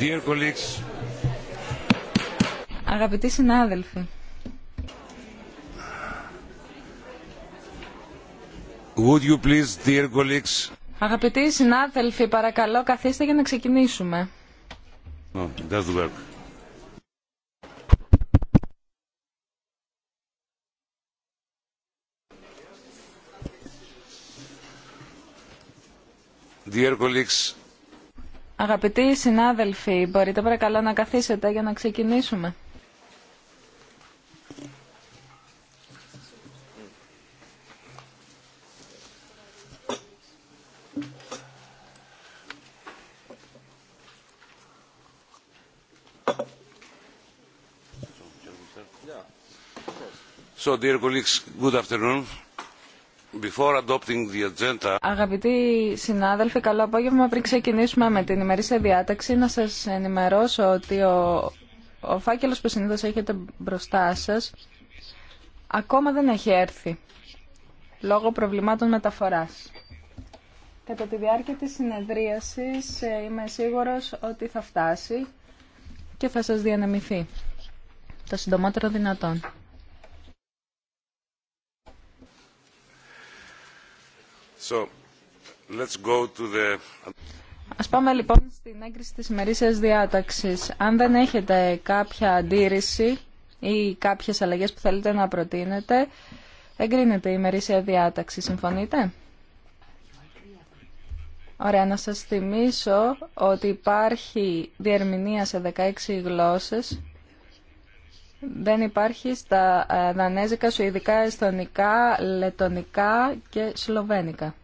Dear colleagues. Αγαπητοί συνάδελφοι. Would you please, dear colleagues. Αγαπητοί συνάδελφοι, παρακαλώ καθίστε για να ξεκινήσουμε. Oh, work. Dear colleagues, Αγαπητοί συνάδελφοι, μπορείτε παρακαλώ να καθίσετε για να ξεκινήσουμε. So, dear colleagues, good afternoon. Αγαπητοί συνάδελφοι, καλό απόγευμα. Πριν ξεκινήσουμε με την ημερήσια διάταξη, να σας ενημερώσω ότι ο, ο φάκελος που συνήθως έχετε μπροστά σας ακόμα δεν έχει έρθει λόγω προβλημάτων μεταφοράς. Κατά τη διάρκεια της συνεδρίασης ε, είμαι σίγουρος ότι θα φτάσει και θα σας διανεμηθεί το συντομότερο δυνατόν. Α Ας πάμε λοιπόν στην έγκριση της ημερήσιας διάταξης. Αν δεν έχετε κάποια αντίρρηση ή κάποιες αλλαγές που θέλετε να προτείνετε, εγκρίνεται η ημερήσια διάταξη. Συμφωνείτε? Ωραία, να σας θυμίσω ότι υπάρχει διερμηνία σε 16 γλώσσες. Δεν υπάρχει στα ε, δανέζικα, σουηδικά, εσθονικά, λετονικά και σλοβένικα.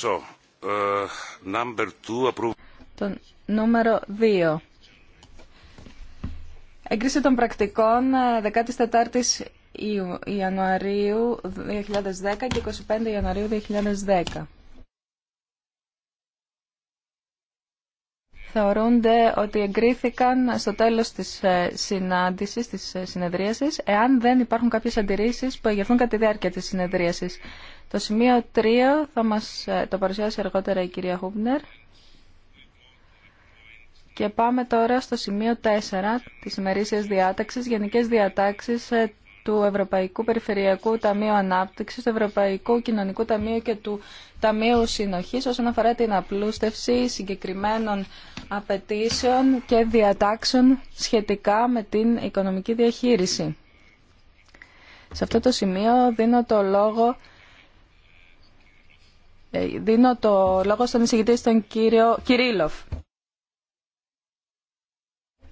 Uh, το νούμερο 2. Εγκρίση των πρακτικών 4η ε, Ιανουαρίου 2010 και 25 Ιανουαρίου 2010. θεωρούνται ότι εγκρίθηκαν στο τέλος της ε, συνάντησης, της ε, συνεδρίασης, εάν δεν υπάρχουν κάποιες αντιρρήσεις που αγευθούν κατά τη διάρκεια της συνεδρίασης. Το σημείο 3 θα μας ε, το παρουσιάσει αργότερα η κυρία Χούμπνερ. Και πάμε τώρα στο σημείο 4 της ημερήσιας διάταξης, γενικές διατάξεις του Ευρωπαϊκού Περιφερειακού Ταμείου Ανάπτυξης, του Ευρωπαϊκού Κοινωνικού Ταμείου και του Ταμείου Συνοχής όσον αφορά την απλούστευση συγκεκριμένων απαιτήσεων και διατάξεων σχετικά με την οικονομική διαχείριση. Σε αυτό το σημείο δίνω το λόγο ε, δίνω το λόγο στον εισηγητή στον κύριο Κυρίλοφ.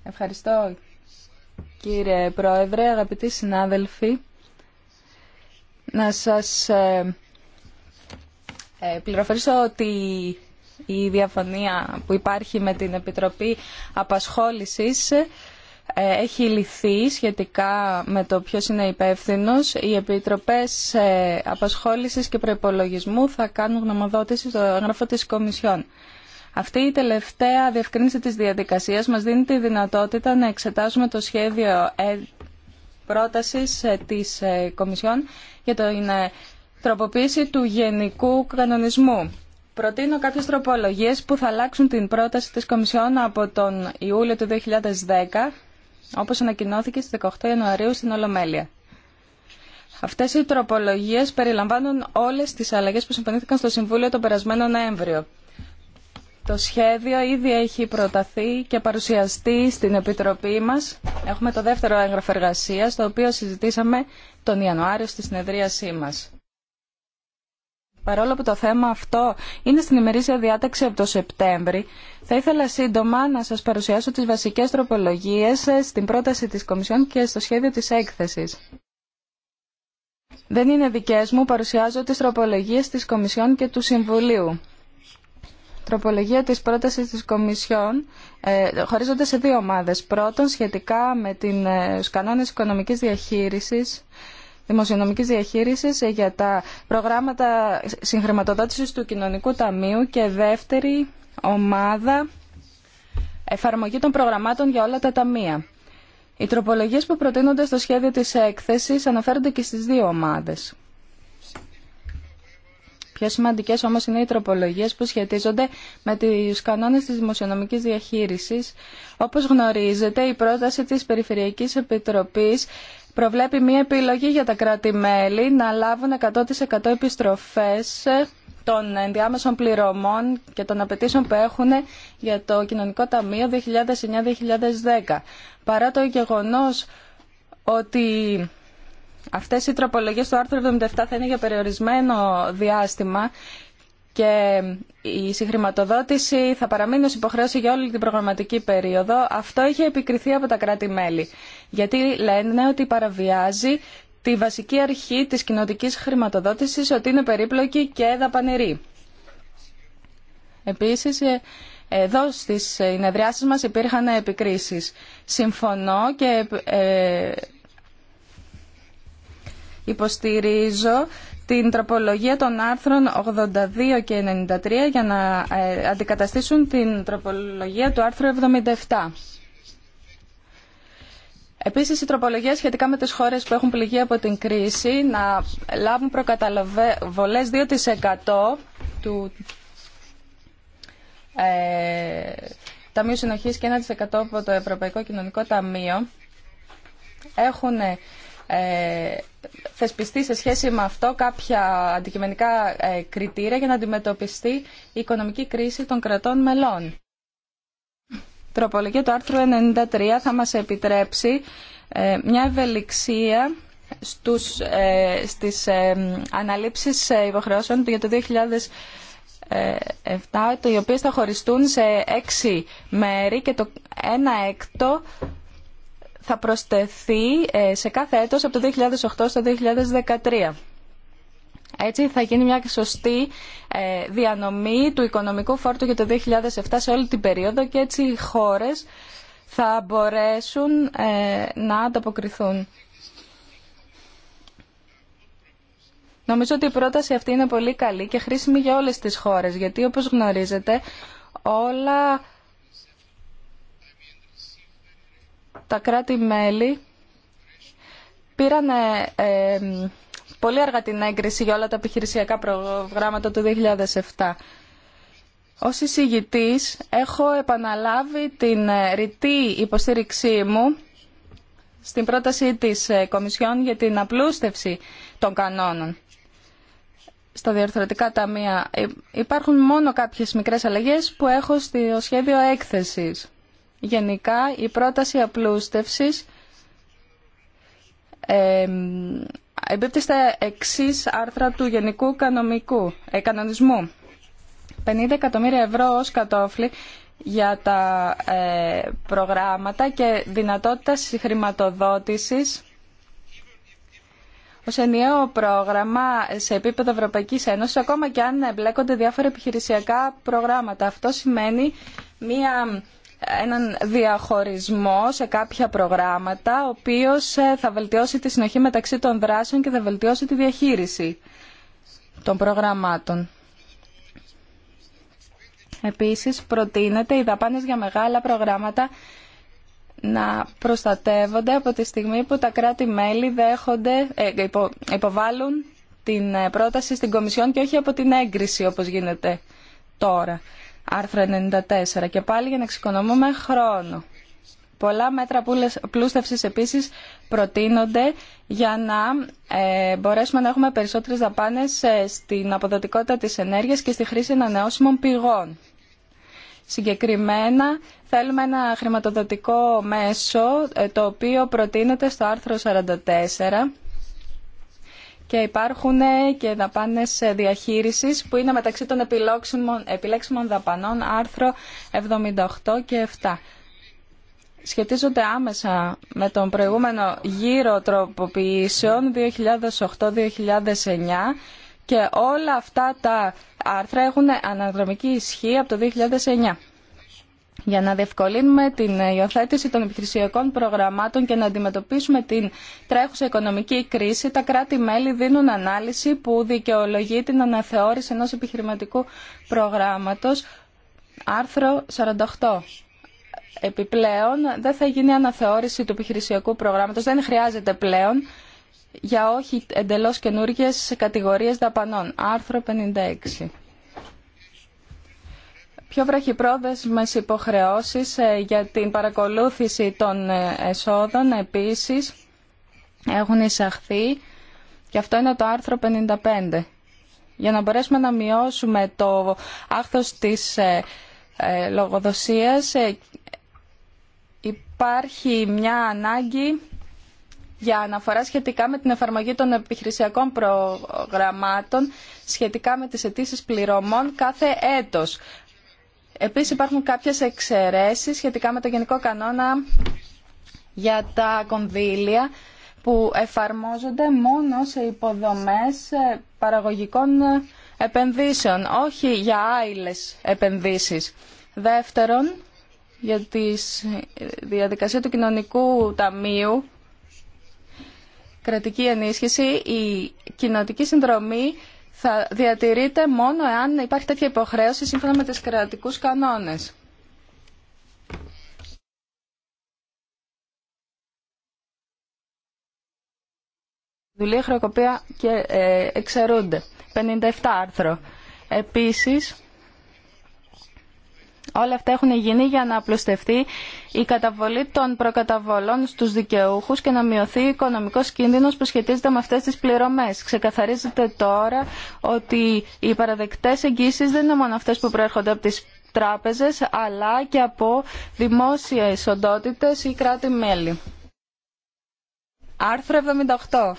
Ευχαριστώ Κύριε Πρόεδρε, αγαπητοί συνάδελφοι, να σας ε, ε, πληροφορήσω ότι η διαφωνία που υπάρχει με την Επιτροπή Απασχόλησης ε, έχει λυθεί σχετικά με το ποιος είναι υπεύθυνο. Οι Επιτροπές Απασχόλησης και Προϋπολογισμού θα κάνουν γνωμοδότηση στο έγγραφο της Κομισιόν. Αυτή η τελευταία διευκρίνηση της διαδικασίας μας δίνει τη δυνατότητα να εξετάσουμε το σχέδιο ε, πρότασης ε, της ε, Κομισιόν για την τροποποίηση του γενικού κανονισμού. Προτείνω κάποιες τροπολογίες που θα αλλάξουν την πρόταση της Κομισιόν από τον Ιούλιο του 2010, όπως ανακοινώθηκε στις 18 Ιανουαρίου στην Ολομέλεια. Αυτές οι τροπολογίες περιλαμβάνουν όλες τις αλλαγές που συμφωνήθηκαν στο Συμβούλιο τον περασμένο Νοέμβριο. Το σχέδιο ήδη έχει προταθεί και παρουσιαστεί στην Επιτροπή μας. Έχουμε το δεύτερο έγγραφο εργασία, το οποίο συζητήσαμε τον Ιανουάριο στη συνεδρίασή μας. Παρόλο που το θέμα αυτό είναι στην ημερήσια διάταξη από το Σεπτέμβρη, θα ήθελα σύντομα να σας παρουσιάσω τις βασικές τροπολογίες στην πρόταση της Κομισιόν και στο σχέδιο της έκθεσης. Δεν είναι δικές μου, παρουσιάζω τις τροπολογίες της Κομισιόν και του Συμβουλίου τροπολογία της πρότασης της Κομισιόν ε, χωρίζονται σε δύο ομάδες. Πρώτον, σχετικά με την, ε, τους κανόνες οικονομικής διαχείρισης δημοσιονομικής διαχείρισης ε, για τα προγράμματα συγχρηματοδότησης του Κοινωνικού Ταμείου και δεύτερη ομάδα εφαρμογή των προγραμμάτων για όλα τα ταμεία. Οι τροπολογίες που προτείνονται στο σχέδιο της έκθεσης αναφέρονται και στις δύο ομάδες. Πιο σημαντικέ όμω είναι οι τροπολογίε που σχετίζονται με του κανόνες της δημοσιονομική διαχείριση. Όπως γνωρίζετε, η πρόταση της περιφερειακή Επιτροπής προβλέπει μία επιλογή για τα κράτη-μέλη να λάβουν 100% επιστροφές των ενδιάμεσων πληρωμών και των απαιτήσεων που έχουν για το Κοινωνικό Ταμείο 2009-2010. Παρά το γεγονός ότι Αυτέ οι τροπολογίε του άρθρου 77 θα είναι για περιορισμένο διάστημα και η συγχρηματοδότηση θα παραμείνει ως υποχρέωση για όλη την προγραμματική περίοδο. Αυτό είχε επικριθεί από τα κράτη-μέλη, γιατί λένε ότι παραβιάζει τη βασική αρχή της κοινοτικής χρηματοδότησης ότι είναι περίπλοκη και δαπανηρή. Επίσης, ε, εδώ στις συνεδριάσεις μας υπήρχαν επικρίσεις. Συμφωνώ και ε, Υποστηρίζω την τροπολογία των άρθρων 82 και 93 για να ε, αντικαταστήσουν την τροπολογία του άρθρου 77. Επίσης, η τροπολογία σχετικά με τις χώρες που έχουν πληγεί από την κρίση να λάβουν προκαταβολές 2% του ε, Ταμείου Συνοχής και 1% από το Ευρωπαϊκό Κοινωνικό Ταμείο έχουν ε, θεσπιστεί σε σχέση με αυτό κάποια αντικειμενικά ε, κριτήρια για να αντιμετωπιστεί η οικονομική κρίση των κρατών μελών. Τροπολογία του άρθρου 93 θα μας επιτρέψει ε, μια ευελιξία στους, ε, στις αναλήψεις υποχρεώσεων για το 2007, οι οποίες θα χωριστούν σε έξι μέρη και το ένα έκτο θα προσθεθεί ε, σε κάθε έτος από το 2008 στο 2013. Έτσι θα γίνει μια σωστή ε, διανομή του οικονομικού φόρτου για το 2007 σε όλη την περίοδο και έτσι οι χώρες θα μπορέσουν ε, να ανταποκριθούν. Νομίζω ότι η πρόταση αυτή είναι πολύ καλή και χρήσιμη για όλες τις χώρες, γιατί όπως γνωρίζετε όλα τα κράτη-μέλη πήραν ε, πολύ αργά την έγκριση για όλα τα επιχειρησιακά προγράμματα του 2007. Ως εισηγητής έχω επαναλάβει την ε, ρητή υποστήριξή μου στην πρόταση της ε, Κομισιόν για την απλούστευση των κανόνων. Στα διορθωτικά ταμεία ε, υπάρχουν μόνο κάποιες μικρές αλλαγές που έχω στο σχέδιο έκθεσης. Γενικά η πρόταση απλούστευσης ε, εμπίπτει στα εξής άρθρα του Γενικού Κανονικού, ε, Κανονισμού. 50 εκατομμύρια ευρώ ως κατόφλι για τα ε, προγράμματα και δυνατότητα χρηματοδότησης ως ενιαίο πρόγραμμα σε επίπεδο Ευρωπαϊκής Ένωσης, ακόμα και αν εμπλέκονται διάφορα επιχειρησιακά προγράμματα. Αυτό σημαίνει μία έναν διαχωρισμό σε κάποια προγράμματα, ο οποίος ε, θα βελτιώσει τη συνοχή μεταξύ των δράσεων και θα βελτιώσει τη διαχείριση των προγραμμάτων. Επίσης, προτείνεται οι δαπάνες για μεγάλα προγράμματα να προστατεύονται από τη στιγμή που τα κράτη-μέλη δέχονται, ε, υποβάλλουν την ε, πρόταση στην Κομισιόν και όχι από την έγκριση όπως γίνεται τώρα άρθρο 94 και πάλι για να εξοικονομούμε χρόνο. Πολλά μέτρα πλούστευσης επίσης προτείνονται για να ε, μπορέσουμε να έχουμε περισσότερες δαπάνες ε, στην αποδοτικότητα της ενέργειας και στη χρήση ανανεώσιμων πηγών. Συγκεκριμένα θέλουμε ένα χρηματοδοτικό μέσο ε, το οποίο προτείνεται στο άρθρο 44 και υπάρχουν ε, και δαπάνες ε, διαχείρισης που είναι μεταξύ των επιλέξιμων δαπανών άρθρο 78 και 7 σχετίζονται άμεσα με τον προηγούμενο γύρο τροποποιήσεων 2008-2009 και όλα αυτά τα άρθρα έχουν αναδρομική ισχύ από το 2009 για να διευκολύνουμε την υιοθέτηση των επιχειρησιακών προγραμμάτων και να αντιμετωπίσουμε την τρέχουσα οικονομική κρίση, τα κράτη-μέλη δίνουν ανάλυση που δικαιολογεί την αναθεώρηση ενός επιχειρηματικού προγράμματος, άρθρο 48. Επιπλέον, δεν θα γίνει αναθεώρηση του επιχειρησιακού προγράμματος, δεν χρειάζεται πλέον για όχι εντελώ καινούργιε κατηγορίε δαπανών, άρθρο 56 πιο βραχυπρόθεσμες υποχρεώσεις ε, για την παρακολούθηση των ε, εσόδων επίσης έχουν εισαχθεί και αυτό είναι το άρθρο 55. Για να μπορέσουμε να μειώσουμε το άχθος της ε, λογοδοσίας υπάρχει μια ανάγκη για αναφορά σχετικά με την εφαρμογή των επιχειρησιακών προγραμμάτων σχετικά με τις αιτήσει πληρωμών κάθε έτος. Επίσης υπάρχουν κάποιες εξαιρέσεις σχετικά με το γενικό κανόνα για τα κονδύλια που εφαρμόζονται μόνο σε υποδομές ε, παραγωγικών ε, επενδύσεων, όχι για άειλες επενδύσεις. Δεύτερον, για τη ε, διαδικασία του κοινωνικού ταμείου, κρατική ενίσχυση, η κοινοτική συνδρομή θα διατηρείται μόνο εάν υπάρχει τέτοια υποχρέωση σύμφωνα με τις κρατικούς κανόνες. Δουλεία, χρεοκοπία και ε, εξαιρούνται. 57 άρθρο. Επίσης, Όλα αυτά έχουν γίνει για να απλουστευτεί η καταβολή των προκαταβολών στους δικαιούχους και να μειωθεί ο οικονομικός κίνδυνο που σχετίζεται με αυτές τις πληρωμές. Ξεκαθαρίζεται τώρα ότι οι παραδεκτές εγγύσει δεν είναι μόνο αυτές που προέρχονται από τις τράπεζες, αλλά και από δημόσιε οντότητες ή κράτη-μέλη. Άρθρο 78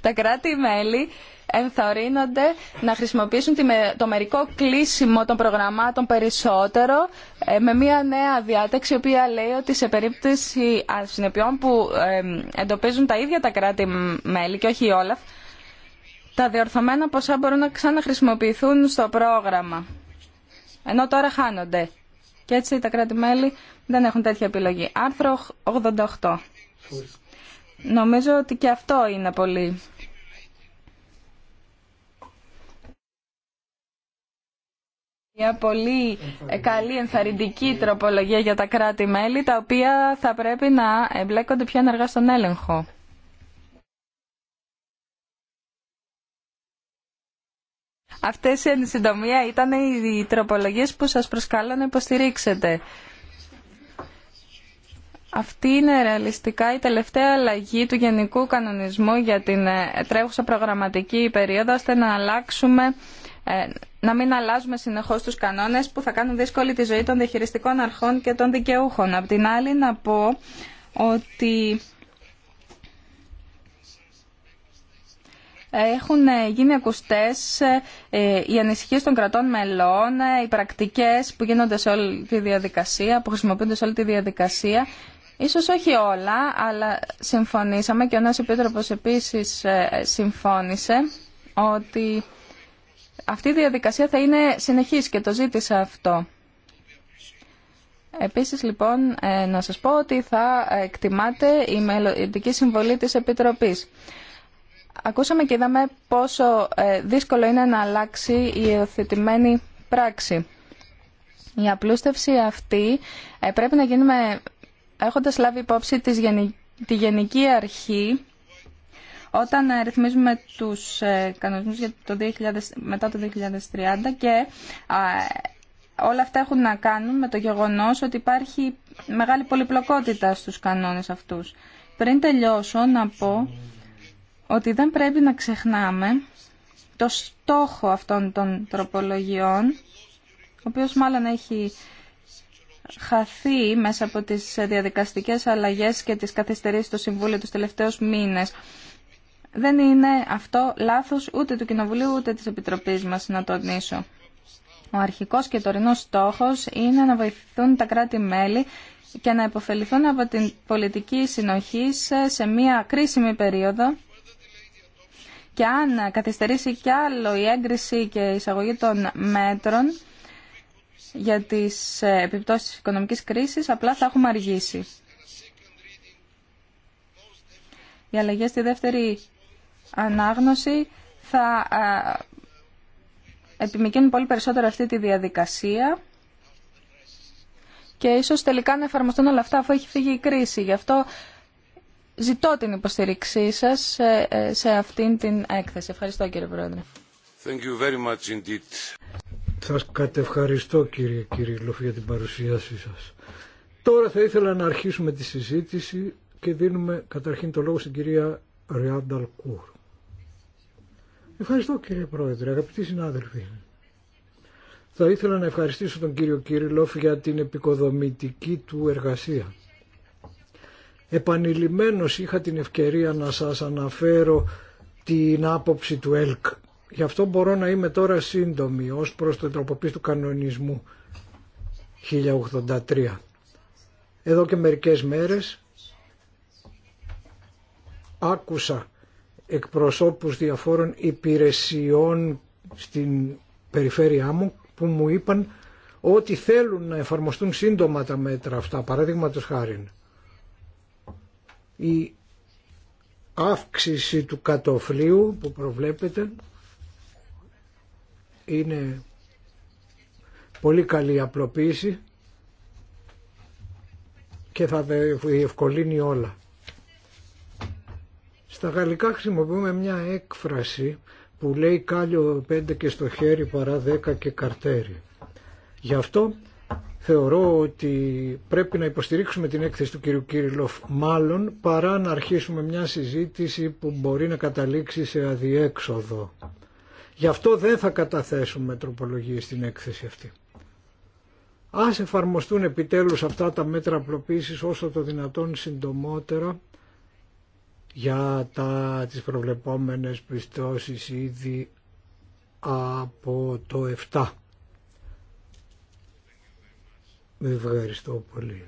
τα κράτη-μέλη ενθαρρύνονται να χρησιμοποιήσουν το μερικό κλείσιμο των προγραμμάτων περισσότερο ε, με μια νέα διάταξη η οποία λέει ότι σε περίπτωση ασυνεπιών που εντοπίζουν τα ίδια τα κράτη-μέλη και όχι η Όλαφ τα διορθωμένα ποσά μπορούν να ξαναχρησιμοποιηθούν στο πρόγραμμα ενώ τώρα χάνονται και έτσι τα κράτη-μέλη δεν έχουν τέτοια επιλογή. Άρθρο 88 Νομίζω ότι και αυτό είναι πολύ μια πολύ ε, καλή ενθαρρυντική τροπολογία για τα κράτη-μέλη, τα οποία θα πρέπει να εμπλέκονται πιο ενεργά στον έλεγχο. Αυτές, εν συντομία, ήταν οι τροπολογίες που σας προσκάλω να υποστηρίξετε. Αυτή είναι ρεαλιστικά η τελευταία αλλαγή του γενικού κανονισμού για την ε, τρέχουσα προγραμματική περίοδο, ώστε να αλλάξουμε ε, να μην αλλάζουμε συνεχώς τους κανόνες που θα κάνουν δύσκολη τη ζωή των διαχειριστικών αρχών και των δικαιούχων. Απ' την άλλη να πω ότι Έχουν γίνει ακουστές ε, οι ανησυχίες των κρατών μελών, οι πρακτικές που γίνονται σε όλη τη διαδικασία, που χρησιμοποιούνται σε όλη τη διαδικασία Ίσως όχι όλα, αλλά συμφωνήσαμε και ο Νέος Επίτροπος επίσης ε, συμφώνησε ότι αυτή η διαδικασία θα είναι συνεχής και το ζήτησα αυτό. Επίσης λοιπόν ε, να σας πω ότι θα εκτιμάτε η μελλοντική συμβολή της Επιτροπής. Ακούσαμε και είδαμε πόσο ε, δύσκολο είναι να αλλάξει η υιοθετημένη πράξη. Η απλούστευση αυτή πρέπει να γίνει με έχοντας λάβει υπόψη τη γενική αρχή όταν αριθμίζουμε τους ε, κανονισμούς για το 2000, μετά το 2030 και όλα αυτά έχουν να κάνουν με το γεγονός ότι υπάρχει μεγάλη πολυπλοκότητα στους κανόνες αυτούς. Πριν τελειώσω να πω ότι δεν πρέπει να ξεχνάμε το στόχο αυτών των τροπολογιών, ο οποίος μάλλον έχει χαθεί μέσα από τις διαδικαστικές αλλαγές και τις καθυστερήσεις στο Συμβούλιο του τελευταίους μήνες. Δεν είναι αυτό λάθος ούτε του Κοινοβουλίου ούτε της Επιτροπής μας να τονίσω. Ο αρχικός και τωρινό στόχος είναι να βοηθούν τα κράτη-μέλη και να υποφεληθούν από την πολιτική συνοχή σε μια κρίσιμη περίοδο και αν καθυστερήσει κι άλλο η έγκριση και η εισαγωγή των μέτρων για τις ε, επιπτώσεις της οικονομικής κρίσης, απλά θα έχουμε αργήσει. Οι αλλαγέ στη δεύτερη ανάγνωση θα ε, επιμηκύνουν πολύ περισσότερο αυτή τη διαδικασία και ίσως τελικά να εφαρμοστούν όλα αυτά αφού έχει φύγει η κρίση. Γι' αυτό ζητώ την υποστήριξή σας ε, σε αυτήν την έκθεση. Ευχαριστώ κύριε Πρόεδρε. Thank you very much indeed σα κατευχαριστώ κύριε Κυρίλοφ για την παρουσίασή σας. Τώρα θα ήθελα να αρχίσουμε τη συζήτηση και δίνουμε καταρχήν το λόγο στην κυρία Ριάνταλ Κούρ. Ευχαριστώ κύριε Πρόεδρε, αγαπητοί συνάδελφοι. Θα ήθελα να ευχαριστήσω τον κύριο Κύριλοφ για την επικοδομητική του εργασία. Επανειλημμένως είχα την ευκαιρία να σας αναφέρω την άποψη του ΕΛΚ Γι' αυτό μπορώ να είμαι τώρα σύντομη ως προς το τροποποίηση του κανονισμού 1083. Εδώ και μερικές μέρες άκουσα εκπροσώπους διαφόρων υπηρεσιών στην περιφέρειά μου που μου είπαν ότι θέλουν να εφαρμοστούν σύντομα τα μέτρα αυτά, παραδείγματος χάρη. Η αύξηση του κατοφλίου που προβλέπεται είναι πολύ καλή απλοποίηση και θα διευκολύνει όλα. Στα γαλλικά χρησιμοποιούμε μια έκφραση που λέει κάλιο 5 και στο χέρι παρά 10 και καρτέρι. Γι' αυτό θεωρώ ότι πρέπει να υποστηρίξουμε την έκθεση του κύριου Κύριλοφ μάλλον παρά να αρχίσουμε μια συζήτηση που μπορεί να καταλήξει σε αδιέξοδο. Γι' αυτό δεν θα καταθέσουμε τροπολογίες στην έκθεση αυτή. Ας εφαρμοστούν επιτέλους αυτά τα μέτρα απλοποίησης όσο το δυνατόν συντομότερα για τα, τις προβλεπόμενες πιστώσεις ήδη από το 7. Ευχαριστώ πολύ.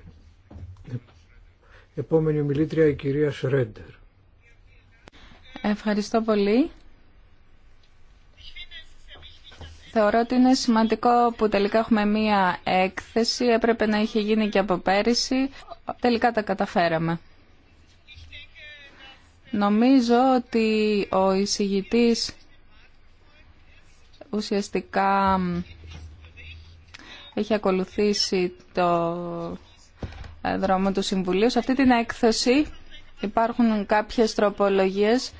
Επόμενη μιλήτρια η κυρία Σρέντερ. Ευχαριστώ πολύ. Θεωρώ ότι είναι σημαντικό που τελικά έχουμε μία έκθεση. Έπρεπε να είχε γίνει και από πέρυσι. Τελικά τα καταφέραμε. Νομίζω ότι ο εισηγητής ουσιαστικά έχει ακολουθήσει το δρόμο του Συμβουλίου. Σε αυτή την έκθεση υπάρχουν κάποιες τροπολογίες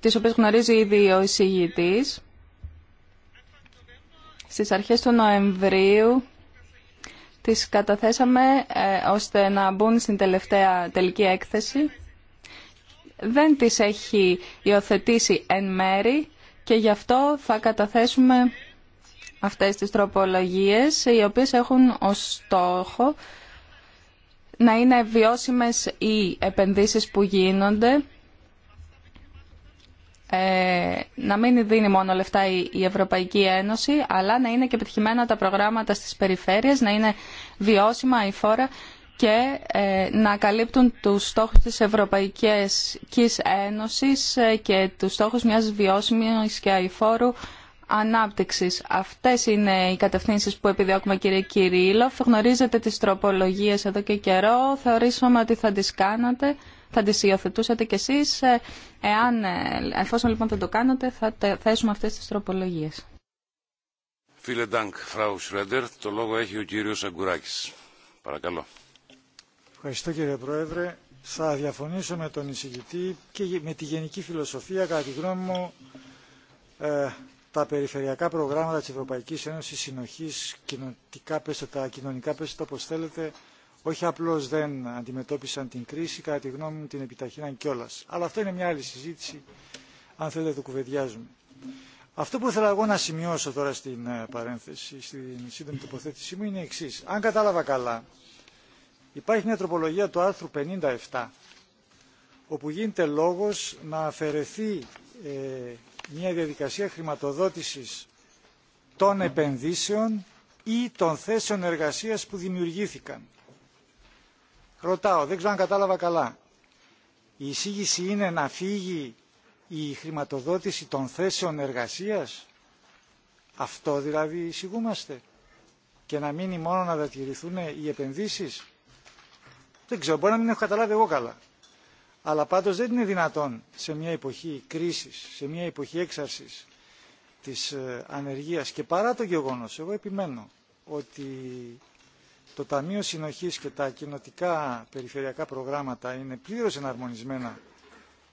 τις οποίες γνωρίζει ήδη ο εισηγητής. Στις αρχές του Νοεμβρίου τις καταθέσαμε ε, ώστε να μπουν στην τελευταία τελική έκθεση. Δεν τις έχει υιοθετήσει εν μέρη και γι' αυτό θα καταθέσουμε αυτές τις τροπολογίες οι οποίες έχουν ως στόχο να είναι βιώσιμες οι επενδύσεις που γίνονται ε, να μην δίνει μόνο λεφτά η Ευρωπαϊκή Ένωση, αλλά να είναι και επιτυχημένα τα προγράμματα στις περιφέρειες, να είναι βιώσιμα η και ε, να καλύπτουν τους στόχους της Ευρωπαϊκής Ένωσης ε, και τους στόχους μιας βιώσιμης και αηφόρου ανάπτυξης. Αυτές είναι οι κατευθύνσεις που επιδιώκουμε κύριε Κυρίλοφ. Γνωρίζετε τις τροπολογίες εδώ και καιρό. Θεωρήσαμε ότι θα τις κάνατε θα τις υιοθετούσατε κι εσείς. Ε, εάν, ε, εφόσον λοιπόν δεν το κάνετε, θα θέσουμε αυτές τις τροπολογίες. Φίλε Ντάνκ, Φράου Σρέντερ, το λόγο έχει ο κύριος Αγκουράκης. Παρακαλώ. Ευχαριστώ κύριε Πρόεδρε. Θα διαφωνήσω με τον εισηγητή και με τη γενική φιλοσοφία. Κατά τη γνώμη μου, ε, τα περιφερειακά προγράμματα της Ευρωπαϊκής Ένωσης, συνοχής, κοινωνικά πέστε τα, κοινωνικά πέστε όπως θέλετε, όχι απλώς δεν αντιμετώπισαν την κρίση, κατά τη γνώμη μου την επιταχύναν κιόλα. Αλλά αυτό είναι μια άλλη συζήτηση, αν θέλετε το κουβεντιάζουμε. Αυτό που ήθελα εγώ να σημειώσω τώρα στην ε, παρένθεση, στην σύντομη τοποθέτησή μου, είναι εξή. Αν κατάλαβα καλά, υπάρχει μια τροπολογία του άρθρου 57, όπου γίνεται λόγος να αφαιρεθεί ε, μια διαδικασία χρηματοδότησης των επενδύσεων ή των θέσεων εργασίας που δημιουργήθηκαν. Ρωτάω, δεν ξέρω αν κατάλαβα καλά. Η εισήγηση είναι να φύγει η χρηματοδότηση των θέσεων εργασίας. Αυτό δηλαδή εισηγούμαστε. Και να μείνει μόνο να διατηρηθούν οι επενδύσεις. Δεν ξέρω, μπορεί να μην έχω καταλάβει εγώ καλά. Αλλά πάντως δεν είναι δυνατόν σε μια εποχή κρίσης, σε μια εποχή έξαρσης της ε, ανεργίας και παρά το γεγονός, εγώ επιμένω ότι το Ταμείο Συνοχής και τα κοινοτικά περιφερειακά προγράμματα είναι πλήρως εναρμονισμένα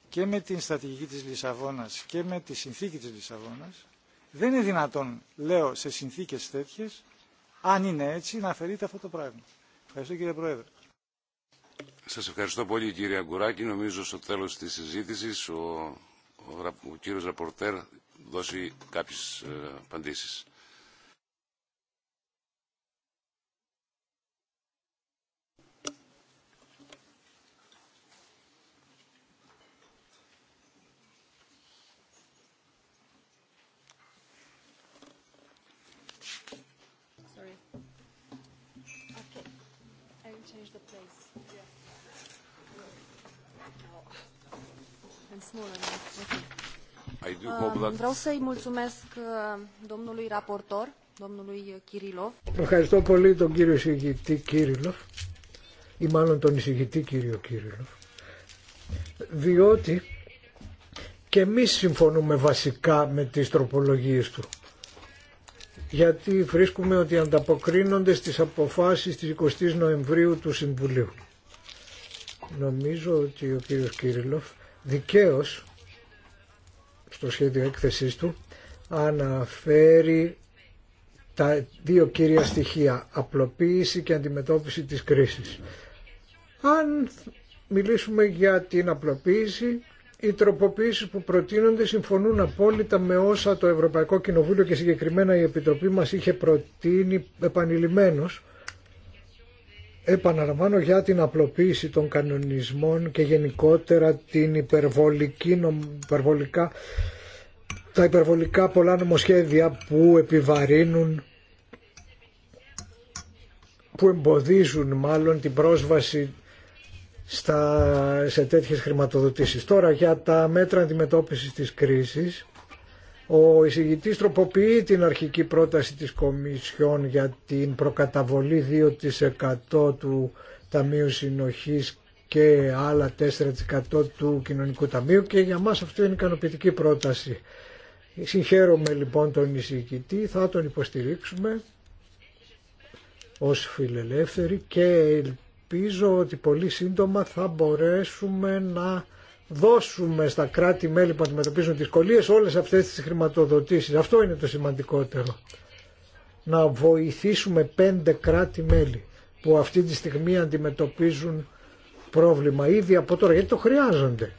και με την στρατηγική της Λισαβόνας και με τη συνθήκη της Λισαβόνας. Δεν είναι δυνατόν, λέω, σε συνθήκες τέτοιες, αν είναι έτσι, να αφαιρείται αυτό το πράγμα. Ευχαριστώ κύριε Πρόεδρε. Σας ευχαριστώ πολύ κύριε Αγκουράκη. Νομίζω στο τέλος της συζήτησης ο, ο, κύριος Ραπορτέρ δώσει κάποιες ε, Uh, vreau sa mulțumesc uh, domnului raportor, domnului Kirilov. Ευχαριστώ πολύ τον κύριο εισηγητή Κύριλοφ ή μάλλον τον εισηγητή κύριο Κύριλοφ διότι και εμεί συμφωνούμε βασικά με τις τροπολογίες του γιατί βρίσκουμε ότι ανταποκρίνονται στις αποφάσεις της 20 Νοεμβρίου του Συμβουλίου. Νομίζω ότι ο κύριος Κύριλοφ δικαίως στο σχέδιο έκθεσής του αναφέρει τα δύο κύρια στοιχεία, απλοποίηση και αντιμετώπιση της κρίσης. Αν μιλήσουμε για την απλοποίηση, οι τροποποιήσεις που προτείνονται συμφωνούν απόλυτα με όσα το Ευρωπαϊκό Κοινοβούλιο και συγκεκριμένα η Επιτροπή μας είχε προτείνει επανειλημμένως επαναλαμβάνω για την απλοποίηση των κανονισμών και γενικότερα την υπερβολική, υπερβολικά, τα υπερβολικά πολλά νομοσχέδια που επιβαρύνουν που εμποδίζουν μάλλον την πρόσβαση στα, σε τέτοιες χρηματοδοτήσεις. Τώρα για τα μέτρα αντιμετώπισης της κρίσης ο εισηγητής τροποποιεί την αρχική πρόταση της Κομισιόν για την προκαταβολή 2% του Ταμείου Συνοχής και άλλα 4% του Κοινωνικού Ταμείου και για μας αυτό είναι ικανοποιητική πρόταση. Συγχαίρομαι λοιπόν τον εισηγητή, θα τον υποστηρίξουμε ως φιλελεύθεροι και ελπίζω ότι πολύ σύντομα θα μπορέσουμε να δώσουμε στα κράτη-μέλη που αντιμετωπίζουν δυσκολίες όλες αυτές τις χρηματοδοτήσεις. Αυτό είναι το σημαντικότερο. Να βοηθήσουμε πέντε κράτη-μέλη που αυτή τη στιγμή αντιμετωπίζουν πρόβλημα ήδη από τώρα, γιατί το χρειάζονται.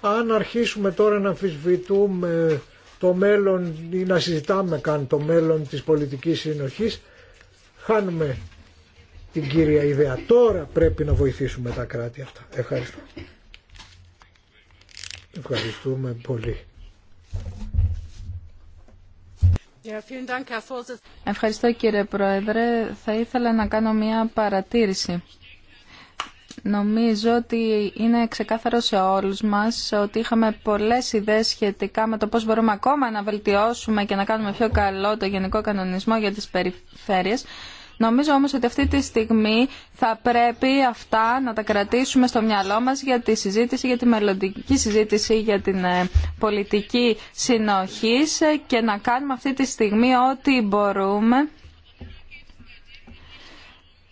Αν αρχίσουμε τώρα να αμφισβητούμε το μέλλον ή να συζητάμε καν το μέλλον της πολιτικής συνοχής, χάνουμε την κύρια ιδέα. Τώρα πρέπει να βοηθήσουμε τα κράτη αυτά. Ευχαριστώ. Ευχαριστούμε πολύ. Ευχαριστώ κύριε Πρόεδρε. Θα ήθελα να κάνω μια παρατήρηση. Νομίζω ότι είναι ξεκάθαρο σε όλους μας ότι είχαμε πολλές ιδέες σχετικά με το πώς μπορούμε ακόμα να βελτιώσουμε και να κάνουμε πιο καλό το γενικό κανονισμό για τις περιφέρειες. Νομίζω όμως ότι αυτή τη στιγμή θα πρέπει αυτά να τα κρατήσουμε στο μυαλό μας για τη συζήτηση, για τη μελλοντική συζήτηση για την ε, πολιτική συνοχής και να κάνουμε αυτή τη στιγμή ό,τι μπορούμε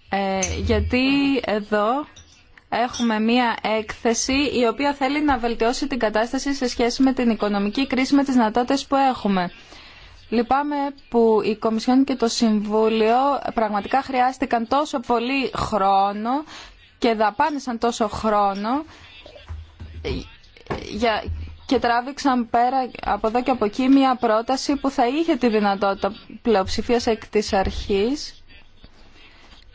ε, γιατί εδώ έχουμε μία έκθεση η οποία θέλει να βελτιώσει την κατάσταση σε σχέση με την οικονομική κρίση με τις δυνατότητες που έχουμε. Λυπάμαι που η Κομισιόν και το Συμβούλιο πραγματικά χρειάστηκαν τόσο πολύ χρόνο και δαπάνησαν τόσο χρόνο για, και τράβηξαν πέρα από εδώ και από εκεί μια πρόταση που θα είχε τη δυνατότητα πλειοψηφίας εκ της αρχής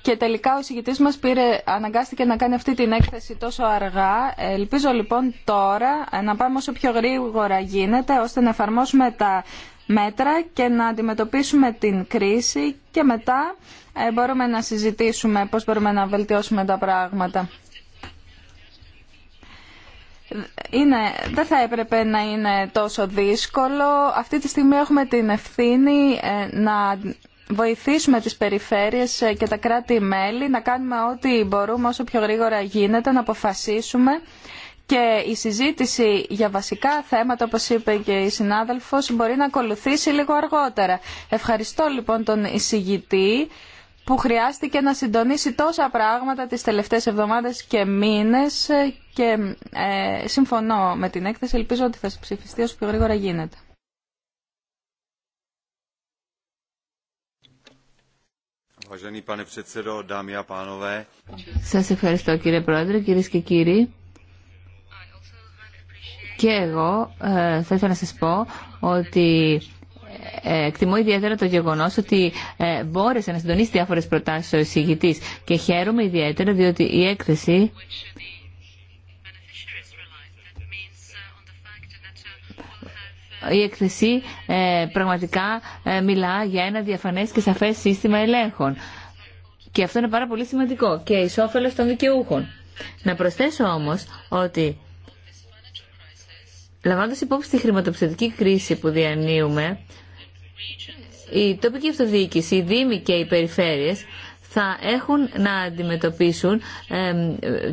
και τελικά ο εισηγητής μας πήρε, αναγκάστηκε να κάνει αυτή την έκθεση τόσο αργά. Ελπίζω λοιπόν τώρα να πάμε όσο πιο γρήγορα γίνεται ώστε να εφαρμόσουμε τα μέτρα και να αντιμετωπίσουμε την κρίση και μετά ε, μπορούμε να συζητήσουμε πώς μπορούμε να βελτιώσουμε τα πράγματα. Είναι, δεν θα έπρεπε να είναι τόσο δύσκολο. Αυτή τη στιγμή έχουμε την ευθύνη ε, να βοηθήσουμε τις περιφέρειες ε, και τα κράτη-μέλη να κάνουμε ό,τι μπορούμε όσο πιο γρήγορα γίνεται, να αποφασίσουμε και η συζήτηση για βασικά θέματα, όπως είπε και η συνάδελφος, μπορεί να ακολουθήσει λίγο αργότερα. Ευχαριστώ λοιπόν τον εισηγητή που χρειάστηκε να συντονίσει τόσα πράγματα τις τελευταίες εβδομάδες και μήνες και ε, συμφωνώ με την έκθεση, ελπίζω ότι θα ψηφιστεί όσο πιο γρήγορα γίνεται. Σας ευχαριστώ κύριε Πρόεδρε, κυρίες και κύριοι. Και εγώ ε, θα ήθελα να σας πω ότι ε, εκτιμώ ιδιαίτερα το γεγονός ότι ε, μπόρεσε να συντονίσει διάφορες προτάσεις ο εισηγητής και χαίρομαι ιδιαίτερα διότι η έκθεση η έκθεση ε, πραγματικά μιλά για ένα διαφανές και σαφές σύστημα ελέγχων. Και αυτό είναι πάρα πολύ σημαντικό και εις των δικαιούχων. Να προσθέσω όμως ότι Λαμβάνοντας υπόψη τη χρηματοπιστωτική κρίση που διανύουμε, η τοπική αυτοδιοίκηση, οι δήμοι και οι περιφέρειες θα έχουν να αντιμετωπίσουν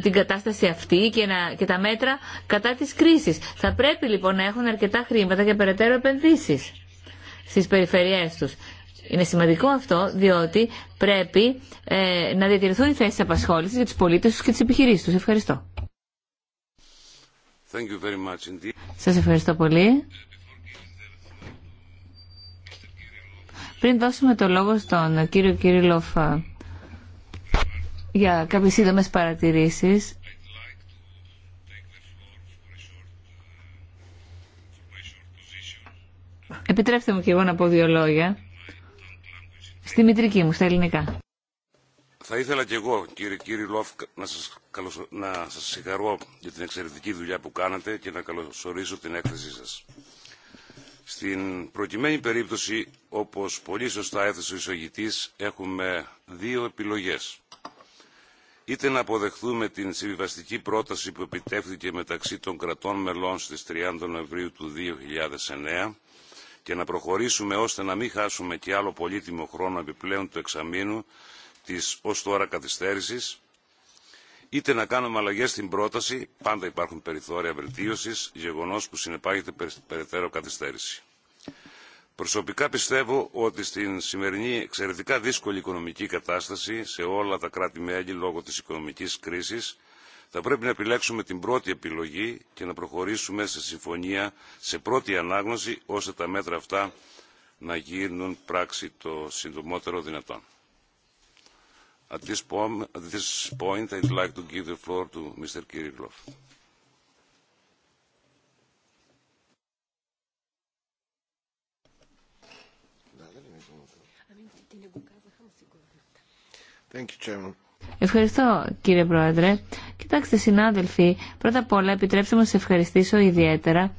την κατάσταση αυτή και, να, και τα μέτρα κατά της κρίσης. Θα πρέπει λοιπόν να έχουν αρκετά χρήματα για περαιτέρω επενδύσεις στις περιφερειές τους. Είναι σημαντικό αυτό διότι πρέπει ε, να διατηρηθούν οι θέσεις απασχόληση για τους πολίτες τους και τις επιχειρήσεις τους. Ευχαριστώ. Thank Σας ευχαριστώ πολύ. Πριν δώσουμε το λόγο στον κύριο Κύριλοφ για κάποιες σύντομες παρατηρήσεις, επιτρέψτε μου και εγώ να πω δύο λόγια στη μητρική μου, στα ελληνικά. Θα ήθελα και εγώ, κύριε Λόφ, να σας, να σας συγχαρώ για την εξαιρετική δουλειά που κάνατε και να καλωσορίσω την έκθεσή σας. Στην προκειμένη περίπτωση, όπως πολύ σωστά έθεσε ο εισογητής, έχουμε δύο επιλογές. Είτε να αποδεχθούμε την συμβιβαστική πρόταση που επιτεύχθηκε μεταξύ των κρατών μελών στις 30 Νοεμβρίου του 2009 και να προχωρήσουμε ώστε να μην χάσουμε και άλλο πολύτιμο χρόνο επιπλέον του εξαμήνου της ως τώρα καθυστέρησης, είτε να κάνουμε αλλαγές στην πρόταση, πάντα υπάρχουν περιθώρια βελτίωσης, γεγονός που συνεπάγεται περαιτέρω καθυστέρηση. Προσωπικά πιστεύω ότι στην σημερινή εξαιρετικά δύσκολη οικονομική κατάσταση σε όλα τα κράτη-μέλη λόγω της οικονομικής κρίσης θα πρέπει να επιλέξουμε την πρώτη επιλογή και να προχωρήσουμε σε συμφωνία σε πρώτη ανάγνωση ώστε τα μέτρα αυτά να γίνουν πράξη το συντομότερο δυνατόν. At this point, I would like to give the floor to Mr. Kirillov. Ευχαριστώ κύριε Πρόεδρε. Κοιτάξτε συνάδελφοι, πρώτα απ' όλα επιτρέψτε μου να σε ευχαριστήσω ιδιαίτερα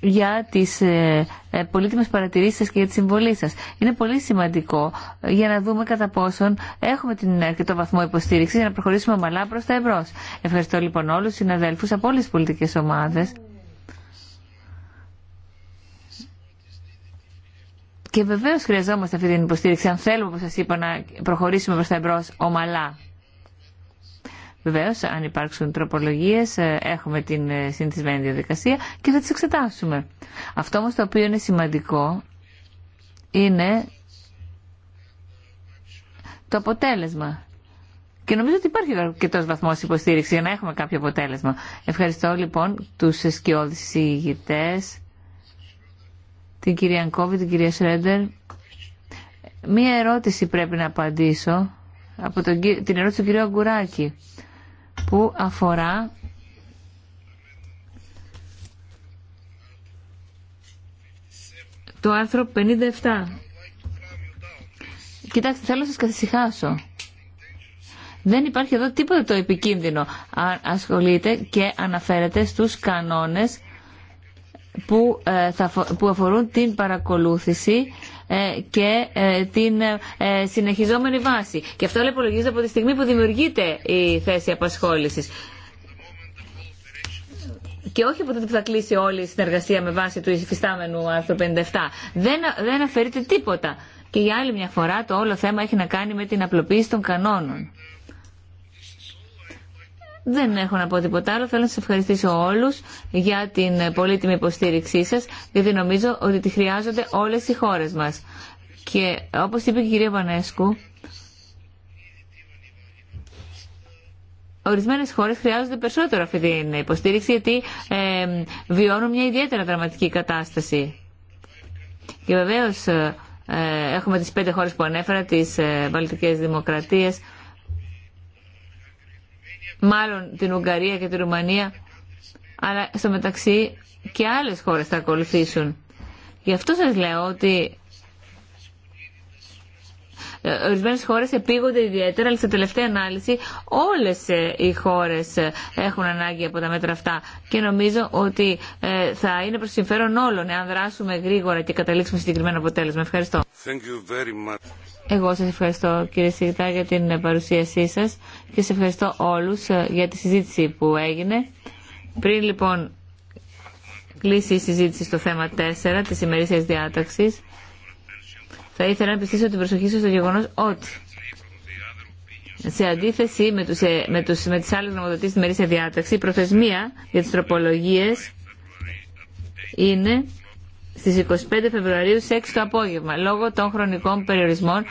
για τις ε, ε, πολύτιμες παρατηρήσεις και για τη συμβολή σας. Είναι πολύ σημαντικό ε, για να δούμε κατά πόσον έχουμε την ε, αρκετό βαθμό υποστήριξη για να προχωρήσουμε ομαλά προς τα εμπρό. Ευχαριστώ λοιπόν όλους τους συναδέλφους από όλες τις πολιτικές ομάδες. Και βεβαίως χρειαζόμαστε αυτή την υποστήριξη αν θέλουμε, όπως σας είπα, να προχωρήσουμε προς τα εμπρό ομαλά. Βεβαίω, αν υπάρξουν τροπολογίε, ε, έχουμε την ε, συνηθισμένη διαδικασία και θα τι εξετάσουμε. Αυτό όμω το οποίο είναι σημαντικό είναι το αποτέλεσμα. Και νομίζω ότι υπάρχει και τόσο βαθμό υποστήριξη για να έχουμε κάποιο αποτέλεσμα. Ευχαριστώ λοιπόν του σκιώδει εισηγητέ, την κυρία Κόβη, την κυρία Σρέντερ. Μία ερώτηση πρέπει να απαντήσω από τον, την ερώτηση του κυρίου Αγκουράκη που αφορά το άρθρο 57. Κοιτάξτε, θέλω να σας καθησυχάσω. Δεν υπάρχει εδώ τίποτα το επικίνδυνο. Ασχολείται και αναφέρεται στους κανόνες που ε, αφορούν την παρακολούθηση ε, και ε, την ε, συνεχιζόμενη βάση. Και αυτό όλα υπολογίζεται από τη στιγμή που δημιουργείται η θέση απασχόλησης και όχι από τότε που θα κλείσει όλη η συνεργασία με βάση του υφιστάμενου άρθρου 57. Δεν, δεν αφαιρείται τίποτα. Και για άλλη μια φορά το όλο θέμα έχει να κάνει με την απλοποίηση των κανόνων. Δεν έχω να πω τίποτα άλλο. Θέλω να σα ευχαριστήσω όλους για την πολύτιμη υποστήριξή σας, γιατί νομίζω ότι τη χρειάζονται όλες οι χώρες μας. Και όπως είπε η κυρία Βανέσκου, Ορισμένε χώρε χρειάζονται περισσότερο αυτή την υποστήριξη γιατί ε, βιώνουν μια ιδιαίτερα δραματική κατάσταση. Και βεβαίω ε, έχουμε τι πέντε χώρε που ανέφερα, τι ε, βαλτικέ δημοκρατίε, μάλλον την Ουγγαρία και τη Ρουμανία, αλλά στο μεταξύ και άλλες χώρες θα ακολουθήσουν. Γι' αυτό σας λέω ότι ε, Ορισμένε χώρε επίγονται ιδιαίτερα, αλλά σε τελευταία ανάλυση όλε ε, οι χώρε ε, έχουν ανάγκη από τα μέτρα αυτά. Και νομίζω ότι θα είναι προ συμφέρον όλων εάν δράσουμε γρήγορα και καταλήξουμε συγκεκριμένο αποτέλεσμα. Ευχαριστώ. Εγώ σας ευχαριστώ κύριε Σιγητά για την παρουσίασή σας και σας ευχαριστώ όλους για τη συζήτηση που έγινε. Πριν λοιπόν κλείσει η συζήτηση στο θέμα 4 της ημερήσιας διάταξης, θα ήθελα να πιστήσω την προσοχή σας στο γεγονός ότι σε αντίθεση με, τους, ε, με, τους, με τις άλλες νομοδοτήσεις της μερίσια διάταξη, η προθεσμία για τις τροπολογίες είναι στις 25 Φεβρουαρίου σε 6 το απόγευμα, λόγω των χρονικών περιορισμών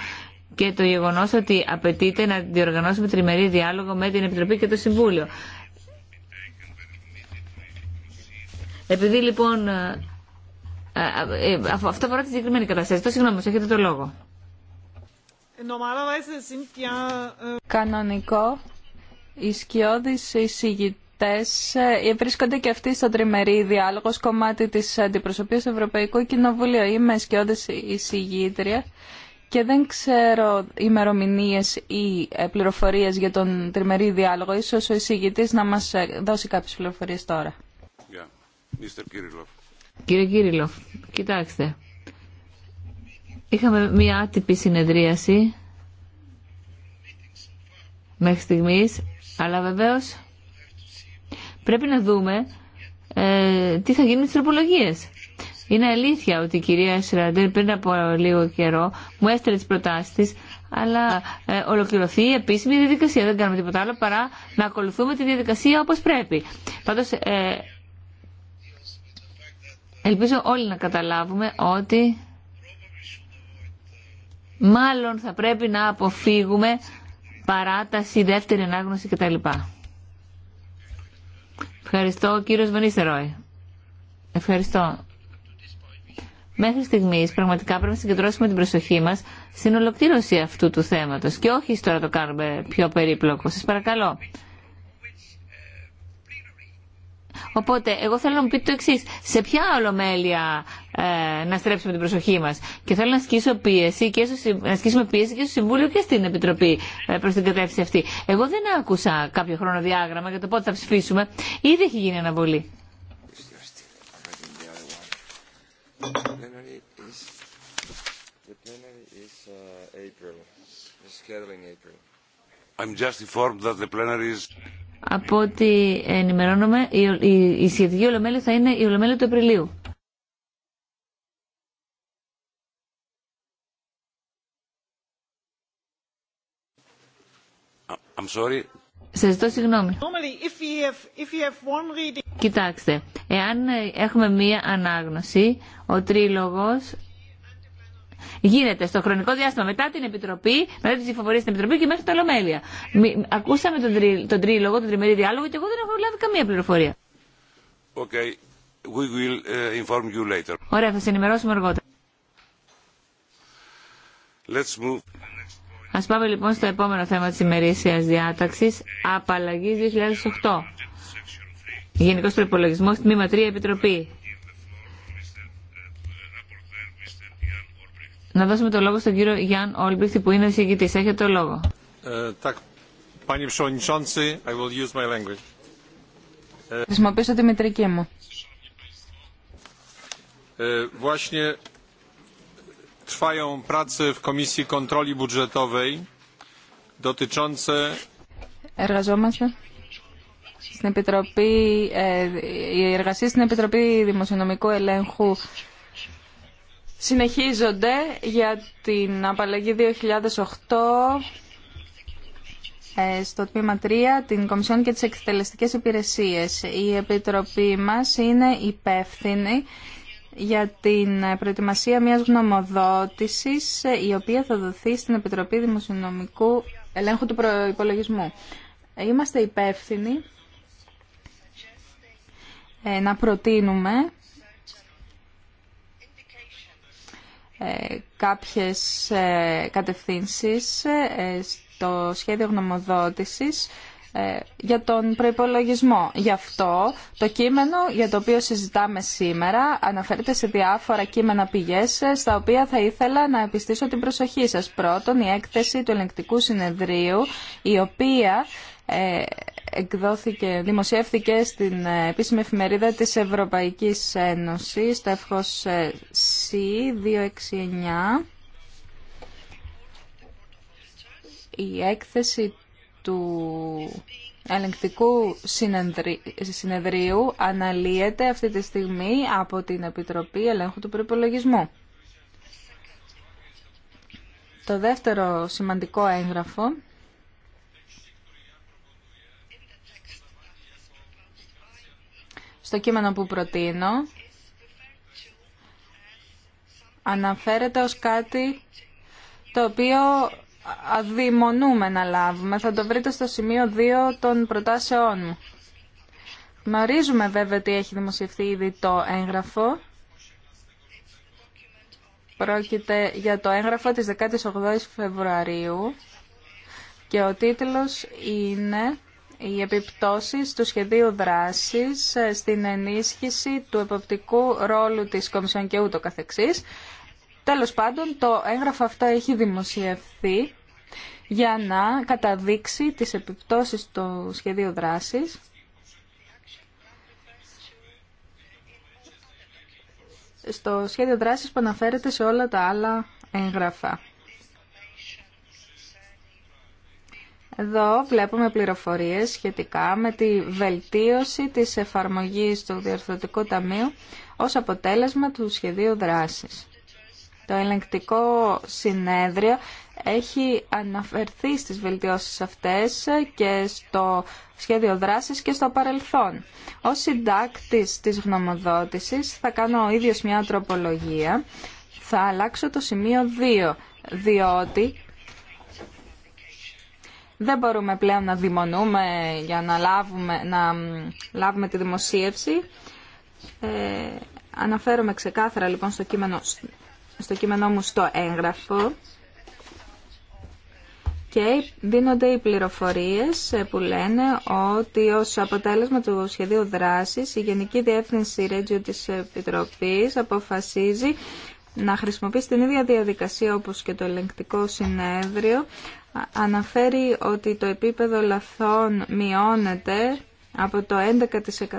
και το γεγονός ότι απαιτείται να διοργανώσουμε τριμερή διάλογο με την Επιτροπή και το Συμβούλιο. Επειδή λοιπόν ε, ε, ε, αυτό αφορά τη συγκεκριμένη κατάσταση. Το συγγνώμη, έχετε το λόγο. Κανονικό, οι σκιώδει εισηγητέ βρίσκονται και αυτοί στον τριμερή διάλογο κομμάτι τη αντιπροσωπείας του Ευρωπαϊκού Κοινοβουλίου. Είμαι σκιώδη εισηγήτρια και δεν ξέρω ημερομηνίε ή πληροφορίε για τον τριμερή διάλογο. Ίσως ο εισηγητή να μα δώσει κάποιε πληροφορίε τώρα. Yeah. Mr. Kirillov. Κύριε Κύριλο, κοιτάξτε. Είχαμε μία άτυπη συνεδρίαση μέχρι στιγμής, αλλά βεβαίως πρέπει να δούμε ε, τι θα γίνει με τις τροπολογίες. Είναι αλήθεια ότι η κυρία Σιραντέρ πριν από λίγο καιρό μου έστειλε τις προτάσεις της, αλλά ε, ολοκληρωθεί η επίσημη διαδικασία. Δεν κάνουμε τίποτα άλλο παρά να ακολουθούμε τη διαδικασία όπως πρέπει. Πάντως, ε, Ελπίζω όλοι να καταλάβουμε ότι μάλλον θα πρέπει να αποφύγουμε παράταση, δεύτερη ανάγνωση κτλ. Ευχαριστώ κύριος Βανίστεροι. Ευχαριστώ. Μέχρι στιγμή πραγματικά πρέπει να συγκεντρώσουμε την προσοχή μα στην ολοκλήρωση αυτού του θέματο και όχι τώρα το κάνουμε πιο περίπλοκο. Σα παρακαλώ. Οπότε, εγώ θέλω να μου πείτε το εξή. Σε ποια ολομέλεια ε, να στρέψουμε την προσοχή μα. Και θέλω να ασκήσω πίεση και στο, να ασκήσουμε πίεση και στο Συμβούλιο και στην Επιτροπή ε, προ την κατεύθυνση αυτή. Εγώ δεν άκουσα κάποιο χρονοδιάγραμμα για το πότε θα ψηφίσουμε. Ήδη έχει γίνει αναβολή. I'm just informed that the plenary από ό,τι ενημερώνομαι, η, η, η σχετική ολομέλεια θα είναι η ολομέλεια του Απριλίου. I'm Σε ζητώ συγγνώμη. Κοιτάξτε, εάν έχουμε μία ανάγνωση, ο τρίλογος γίνεται στο χρονικό διάστημα μετά την Επιτροπή, μετά τι ψηφοφορία στην Επιτροπή και μέχρι τα λομέλια Ακούσαμε τον, τον τρίλογο, τον τριμερή διάλογο και εγώ δεν έχω λάβει καμία πληροφορία. Okay. We will uh, inform you later. Ωραία, θα σε ενημερώσουμε αργότερα. Let's move. Ας πάμε λοιπόν στο επόμενο θέμα της ημερήσιας διάταξης, απαλλαγή 2008. Γενικός Προπολογισμό, τμήμα 3, Επιτροπή. να δώσουμε το λόγο στον κύριο Γιάν Όλμπιχτη που είναι ο εισηγητής. Έχετε το λόγο. Ε, ε, Χρησιμοποιήσω τη μητρική μου. Ε, właśnie trwają prace w Komisji Kontroli Budżetowej dotyczące Εργαζόμαστε στην Επιτροπή, ε, οι εργασίες στην Επιτροπή Δημοσιονομικού Ελέγχου συνεχίζονται για την απαλλαγή 2008 ε, στο τμήμα 3, την Κομισιόν και τις εκτελεστικές υπηρεσίες. Η Επιτροπή μας είναι υπεύθυνη για την προετοιμασία μιας γνωμοδότησης η οποία θα δοθεί στην Επιτροπή Δημοσιονομικού Ελέγχου του Προϋπολογισμού. Είμαστε υπεύθυνοι ε, να προτείνουμε Ε, κάποιες ε, κατευθύνσεις ε, στο σχέδιο γνωμοδότησης για τον προϋπολογισμό. Γι' αυτό το κείμενο για το οποίο συζητάμε σήμερα αναφέρεται σε διάφορα κείμενα πηγές στα οποία θα ήθελα να επιστήσω την προσοχή σας. Πρώτον, η έκθεση του ελεγκτικού συνεδρίου η οποία ε, εκδόθηκε, δημοσιεύθηκε στην ε, επίσημη εφημερίδα της Ευρωπαϊκής Ένωσης, το ευχός ε, C269. Η έκθεση του ελεγκτικού συνεδρίου αναλύεται αυτή τη στιγμή από την Επιτροπή Ελέγχου του Προϋπολογισμού. Το δεύτερο σημαντικό έγγραφο στο κείμενο που προτείνω αναφέρεται ως κάτι το οποίο αδειμονούμε να λάβουμε. Θα το βρείτε στο σημείο 2 των προτάσεών μου. Γνωρίζουμε βέβαια ότι έχει δημοσιευθεί ήδη το έγγραφο. Πρόκειται για το έγγραφο της 18ης Φεβρουαρίου και ο τίτλος είναι οι επιπτώσεις του σχεδίου δράσης ε, στην ενίσχυση του εποπτικού ρόλου της Κομισιόν και ούτω καθεξής. Τέλος πάντων, το έγγραφο αυτό έχει δημοσιευθεί για να καταδείξει τις επιπτώσεις του σχεδίου δράσης στο σχέδιο δράσης που αναφέρεται σε όλα τα άλλα έγγραφα. Εδώ βλέπουμε πληροφορίες σχετικά με τη βελτίωση της εφαρμογής του Διαρθρωτικού Ταμείου ως αποτέλεσμα του σχεδίου δράσης. Το ελεγκτικό συνέδριο έχει αναφερθεί στις βελτιώσεις αυτές και στο σχέδιο δράσης και στο παρελθόν. Ως συντάκτης της γνωμοδότησης θα κάνω ο ίδιος μια τροπολογία. Θα αλλάξω το σημείο 2, διότι δεν μπορούμε πλέον να δημονούμε για να λάβουμε, να λάβουμε τη δημοσίευση. Ε, αναφέρομαι ξεκάθαρα λοιπόν στο κείμενο, στο κείμενό μου στο έγγραφο και δίνονται οι πληροφορίες ε, που λένε ότι ως αποτέλεσμα του σχεδίου δράσης η Γενική Διεύθυνση Ρέτζιο της Επιτροπής αποφασίζει να χρησιμοποιήσει την ίδια διαδικασία όπως και το ελεγκτικό συνέδριο αναφέρει ότι το επίπεδο λαθών μειώνεται από το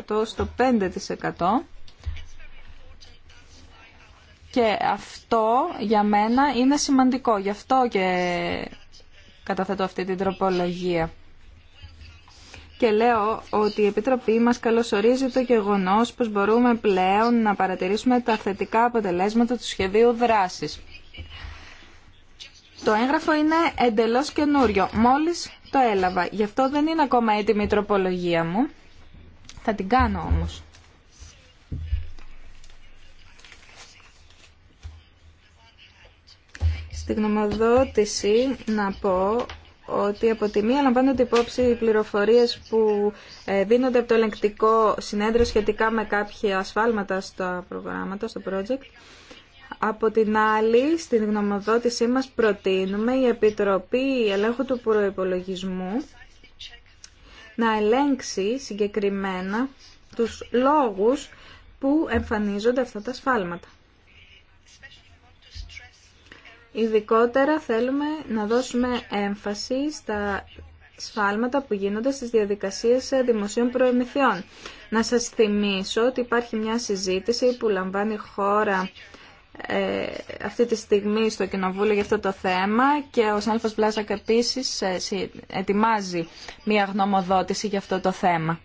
11% στο 5% και αυτό για μένα είναι σημαντικό. Γι' αυτό και καταθέτω αυτή την τροπολογία. Και λέω ότι η Επιτροπή μας καλωσορίζει το γεγονός πως μπορούμε πλέον να παρατηρήσουμε τα θετικά αποτελέσματα του σχεδίου δράσης. Το έγγραφο είναι εντελώς καινούριο. Μόλις το έλαβα. Γι' αυτό δεν είναι ακόμα έτοιμη η τροπολογία μου. Θα την κάνω όμως. Στην γνωμοδότηση να πω ότι από τη μία λαμβάνονται υπόψη οι πληροφορίες που ε, δίνονται από το ελεγκτικό συνέδριο σχετικά με κάποια ασφάλματα στα προγράμματα, στο project από την άλλη, στην γνωμοδότησή μας προτείνουμε η Επιτροπή Ελέγχου του Προϋπολογισμού να ελέγξει συγκεκριμένα τους λόγους που εμφανίζονται αυτά τα σφάλματα. Ειδικότερα θέλουμε να δώσουμε έμφαση στα σφάλματα που γίνονται στις διαδικασίες δημοσίων προεμιθειών. Να σας θυμίσω ότι υπάρχει μια συζήτηση που λαμβάνει χώρα ε, αυτή τη στιγμή στο Κοινοβούλιο για αυτό το θέμα και ο Σάλφος Βλάζακ επίσης ε, ετοιμάζει μία γνωμοδότηση για αυτό το θέμα.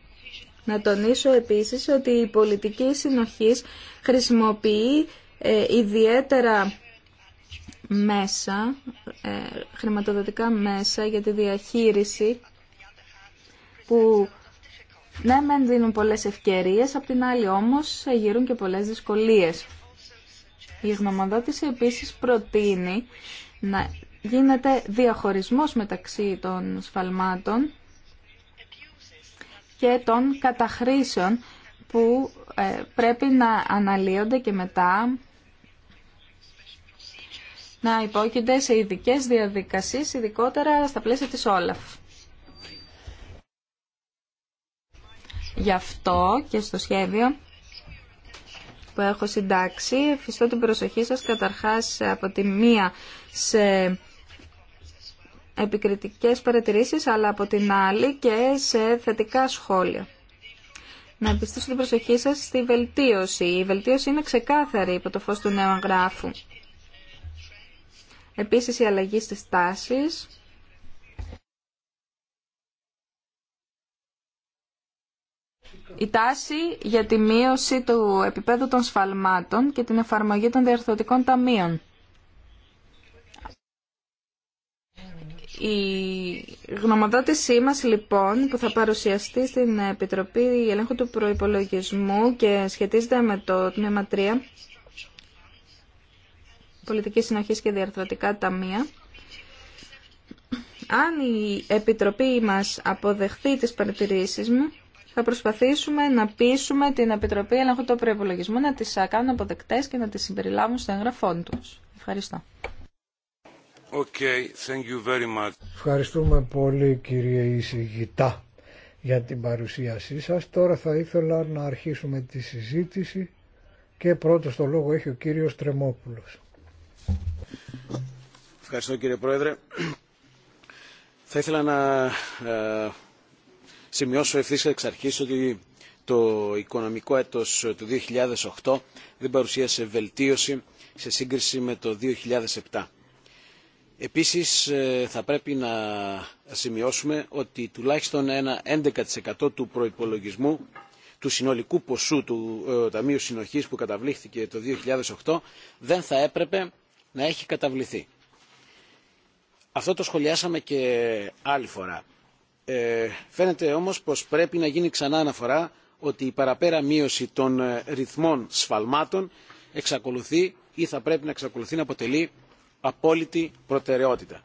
Να τονίσω επίσης ότι η πολιτική συνοχής χρησιμοποιεί ε, ιδιαίτερα μέσα, χρηματοδοτικά μέσα για τη διαχείριση που ναι μεν δίνουν πολλές ευκαιρίες, απ' την άλλη όμως γύρουν και πολλές δυσκολίες. Η γνωμοδότηση επίσης προτείνει να γίνεται διαχωρισμός μεταξύ των σφαλμάτων και των καταχρήσεων που ε, πρέπει να αναλύονται και μετά να υπόκεινται σε ειδικέ διαδικασίες, ειδικότερα στα πλαίσια της Όλαφ. Γι' αυτό και στο σχέδιο που έχω συντάξει. ευχαριστώ την προσοχή σας καταρχάς από τη μία σε επικριτικές παρατηρήσεις, αλλά από την άλλη και σε θετικά σχόλια. Να επιστήσω την προσοχή σας στη βελτίωση. Η βελτίωση είναι ξεκάθαρη υπό το φως του νέου γράφου. Επίσης η αλλαγή στις τάσεις η τάση για τη μείωση του επίπεδου των σφαλμάτων και την εφαρμογή των διαρθρωτικών ταμείων. Η γνωμοδότησή μας λοιπόν που θα παρουσιαστεί στην Επιτροπή Ελέγχου του Προϋπολογισμού και σχετίζεται με το τμήμα 3 Πολιτική Συνοχής και Διαρθρωτικά Ταμεία αν η Επιτροπή μας αποδεχθεί τις παρατηρήσεις μου θα προσπαθήσουμε να πείσουμε την Επιτροπή Ελέγχου του Προπολογισμού να τις κάνουν αποδεκτές και να τις συμπεριλάβουν στο εγγραφό του. Ευχαριστώ. Okay, thank you very much. Ευχαριστούμε πολύ κύριε Ισηγητά για την παρουσίασή σας. Τώρα θα ήθελα να αρχίσουμε τη συζήτηση και πρώτος το λόγο έχει ο κύριος Τρεμόπουλος. Ευχαριστώ κύριε Πρόεδρε. Θα ήθελα να ε, σημειώσω ευθύ εξ αρχή ότι το οικονομικό έτος του 2008 δεν παρουσίασε βελτίωση σε σύγκριση με το 2007. Επίσης ε, θα πρέπει να σημειώσουμε ότι τουλάχιστον ένα 11% του προϋπολογισμού του συνολικού ποσού του ε, Ταμείου Συνοχής που καταβλήθηκε το 2008 δεν θα έπρεπε να έχει καταβληθεί. Αυτό το σχολιάσαμε και άλλη φορά. Ε, φαίνεται όμως πως πρέπει να γίνει ξανά αναφορά ότι η παραπέρα μείωση των ε, ρυθμών σφαλμάτων εξακολουθεί ή θα πρέπει να εξακολουθεί να αποτελεί απόλυτη προτεραιότητα.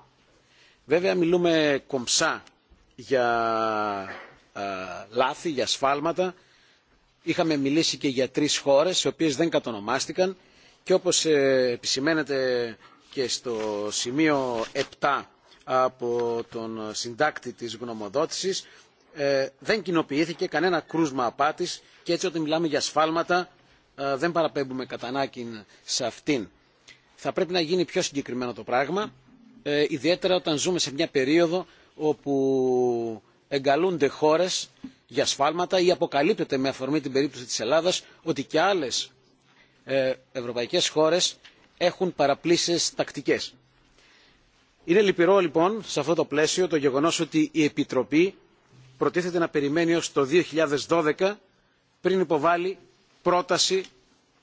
Βέβαια μιλούμε κομψά για ε, λάθη, για σφάλματα. Είχαμε μιλήσει και για τρεις χώρες, οι οποίες δεν κατονομάστηκαν και όπως ε, επισημαίνεται και στο σημείο 7 από τον συντάκτη της γνωμοδότησης ε, δεν κοινοποιήθηκε κανένα κρούσμα απάτης και έτσι όταν μιλάμε για σφάλματα ε, δεν παραπέμπουμε κατανάκιν σε αυτήν. Θα πρέπει να γίνει πιο συγκεκριμένο το πράγμα, ε, ιδιαίτερα όταν ζούμε σε μια περίοδο όπου εγκαλούνται χώρες για σφάλματα ή αποκαλύπτεται με αφορμή την περίπτωση της Ελλάδας ότι και άλλες ευρωπαϊκές χώρες έχουν παραπλήσεις τακτικές είναι λυπηρό λοιπόν σε αυτό το πλαίσιο το γεγονός ότι η επιτροπή προτίθεται να περιμένει ως το 2012 πριν υποβάλει πρόταση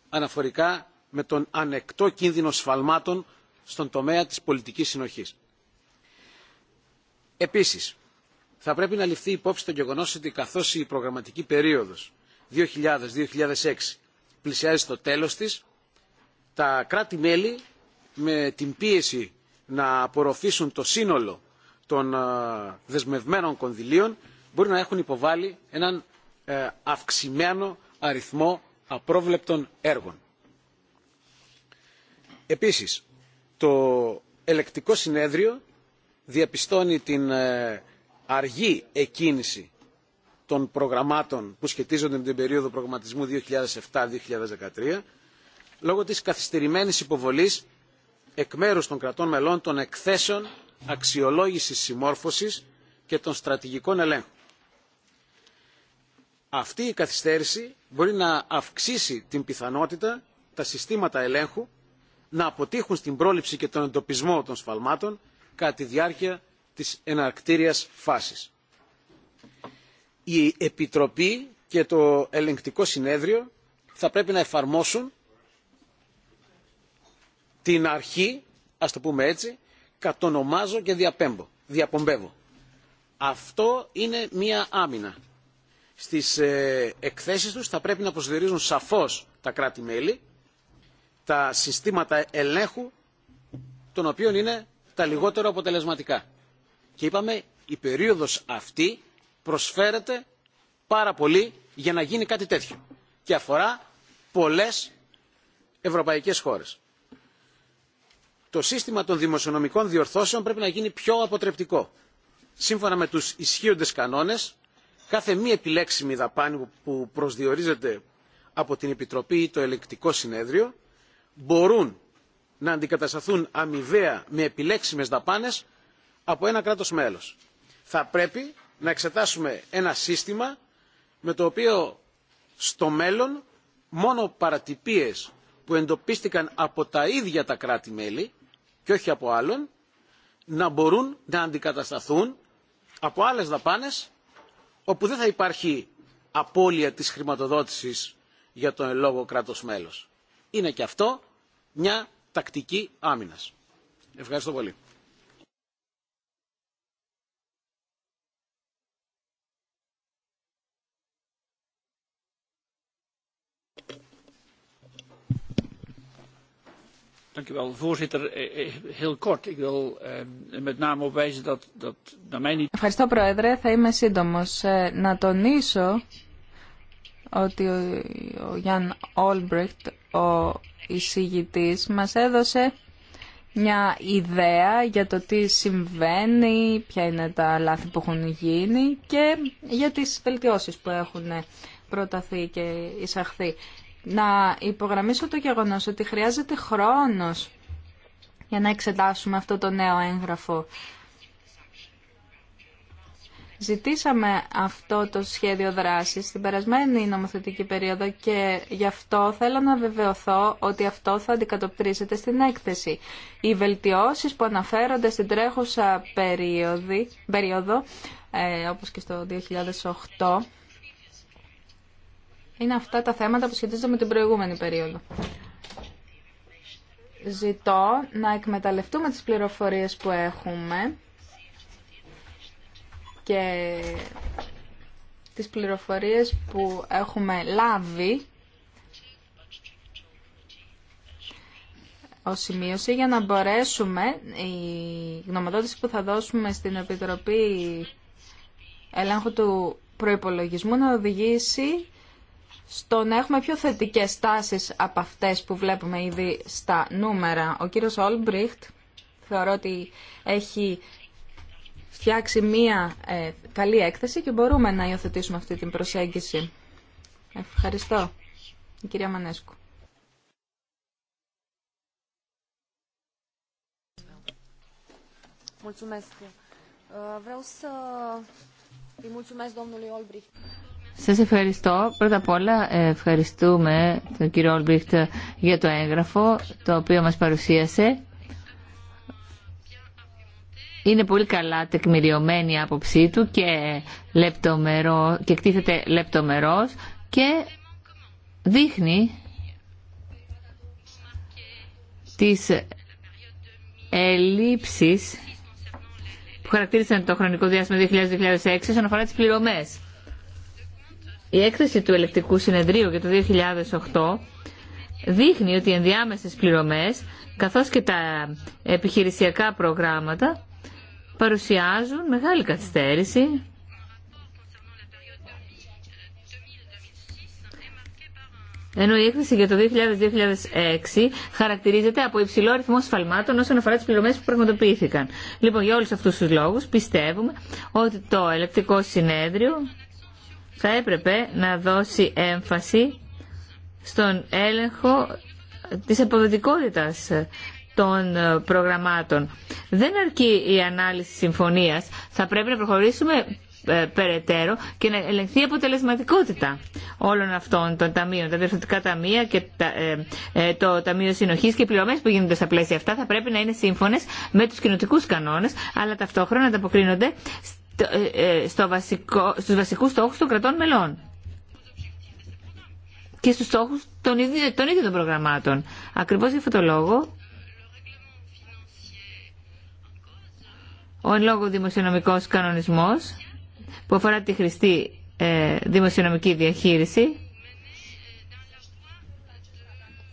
αναφορικά με τον ανεκτό κίνδυνο σφαλμάτων στον τομέα της πολιτικής συνοχής. Επίσης, θα πρέπει να ληφθεί υπόψη το γεγονός ότι καθώς η προγραμματική περίοδος 2000-2006 πλησιάζει στο τέλος της, τα κράτη-μέλη με την πίεση να απορροφήσουν το σύνολο των ε, δεσμευμένων κονδυλίων μπορεί να έχουν υποβάλει έναν ε, αυξημένο αριθμό απρόβλεπτων έργων. Επίσης, το ελεκτικό συνέδριο διαπιστώνει την ε, αργή εκκίνηση των προγραμμάτων που σχετίζονται με την περίοδο προγραμματισμού 2007-2013 λόγω της καθυστερημένης υποβολής εκ μέρου των κρατών μελών των εκθέσεων αξιολόγηση συμμόρφωσης και των στρατηγικών ελέγχων. Αυτή η καθυστέρηση μπορεί να αυξήσει την πιθανότητα τα συστήματα ελέγχου να αποτύχουν στην πρόληψη και τον εντοπισμό των σφαλμάτων κατά τη διάρκεια της εναρκτήριας φάσης. Η Επιτροπή και το Ελεγκτικό Συνέδριο θα πρέπει να εφαρμόσουν την αρχή, ας το πούμε έτσι, κατονομάζω και διαπέμπω, διαπομπεύω. Αυτό είναι μία άμυνα. Στις ε, εκθέσεις τους θα πρέπει να προσδιορίζουν σαφώς τα κράτη-μέλη, τα συστήματα ελέγχου, των οποίων είναι τα λιγότερο αποτελεσματικά. Και είπαμε, η περίοδος αυτή προσφέρεται πάρα πολύ για να γίνει κάτι τέτοιο. Και αφορά πολλές ευρωπαϊκές χώρες το σύστημα των δημοσιονομικών διορθώσεων πρέπει να γίνει πιο αποτρεπτικό. Σύμφωνα με τους ισχύοντες κανόνες, κάθε μη επιλέξιμη δαπάνη που προσδιορίζεται από την Επιτροπή ή το Ελεκτικό Συνέδριο μπορούν να αντικατασταθούν αμοιβαία με επιλέξιμες δαπάνες από ένα κράτος μέλος. Θα πρέπει να εξετάσουμε ένα σύστημα με το οποίο στο μέλλον μόνο παρατυπίες που εντοπίστηκαν από τα ίδια τα κράτη-μέλη και όχι από άλλον, να μπορούν να αντικατασταθούν από άλλες δαπάνες όπου δεν θα υπάρχει απώλεια της χρηματοδότησης για τον λόγο κράτος μέλος. Είναι και αυτό μια τακτική άμυνας. Ευχαριστώ πολύ. Ευχαριστώ, Πρόεδρε. Θα είμαι σύντομος. Ε, να τονίσω ότι ο Γιάνν Όλμπρεχτ, ο εισηγητής, μας έδωσε μια ιδέα για το τι συμβαίνει, ποια είναι τα λάθη που έχουν γίνει και για τις βελτιώσεις που έχουν προταθεί και εισαχθεί να υπογραμμίσω το γεγονός ότι χρειάζεται χρόνος για να εξετάσουμε αυτό το νέο έγγραφο. Ζητήσαμε αυτό το σχέδιο δράσης στην περασμένη νομοθετική περίοδο και γι' αυτό θέλω να βεβαιωθώ ότι αυτό θα αντικατοπτρίζεται στην έκθεση. Οι βελτιώσεις που αναφέρονται στην τρέχουσα περίοδο, ε, όπως και στο 2008, είναι αυτά τα θέματα που σχετίζονται με την προηγούμενη περίοδο. Ζητώ να εκμεταλλευτούμε τις πληροφορίες που έχουμε και τις πληροφορίες που έχουμε λάβει ο σημείωση για να μπορέσουμε η γνωμοδότηση που θα δώσουμε στην Επιτροπή Ελέγχου του Προϋπολογισμού να οδηγήσει στο να έχουμε πιο θετικές τάσεις από αυτές που βλέπουμε ήδη στα νούμερα. Ο κύριος Όλμπριχτ θεωρώ ότι έχει φτιάξει μία ε, καλή έκθεση και μπορούμε να υιοθετήσουμε αυτή την προσέγγιση. Ευχαριστώ. Η κυρία Μανέσκου. Σας ευχαριστώ. Πρώτα απ' όλα ε, ευχαριστούμε τον κύριο Όλμπριχτ για το έγγραφο το οποίο μας παρουσίασε. Είναι πολύ καλά τεκμηριωμένη η άποψή του και, λεπτομερό, και εκτίθεται λεπτομερός και δείχνει τις ελλείψεις που χαρακτήρισαν το χρονικό 2000-2006 όσον αφορά τις πληρωμές. Η έκθεση του ελεκτικού συνεδρίου για το 2008 δείχνει ότι οι ενδιάμεσες πληρωμές καθώς και τα επιχειρησιακά προγράμματα παρουσιάζουν μεγάλη καθυστέρηση ενώ η έκθεση για το 2000-2006 χαρακτηρίζεται από υψηλό αριθμό σφαλμάτων όσον αφορά τι πληρωμέ που πραγματοποιήθηκαν. Λοιπόν, για όλου αυτού του λόγου πιστεύουμε ότι το ελεκτικό συνέδριο θα έπρεπε να δώσει έμφαση στον έλεγχο της αποδοτικότητας των ε, προγραμμάτων. Δεν αρκεί η ανάλυση συμφωνίας. Θα πρέπει να προχωρήσουμε ε, περαιτέρω και να ελεγχθεί η αποτελεσματικότητα όλων αυτών των ταμείων. Τα διευθυντικά ταμεία και ε, το Ταμείο Συνοχή και οι πληρωμέ που γίνονται στα πλαίσια αυτά θα πρέπει να είναι σύμφωνε με του κοινοτικού κανόνε, αλλά ταυτόχρονα να ανταποκρίνονται ε, ε, στο βασικό, στους βασικούς στόχους των κρατών μελών και στους στόχους των ίδιων των, προγραμμάτων. Ακριβώς για αυτόν τον λόγο ο εν λόγω δημοσιονομικός κανονισμός που αφορά τη χρηστή ε, δημοσιονομική διαχείριση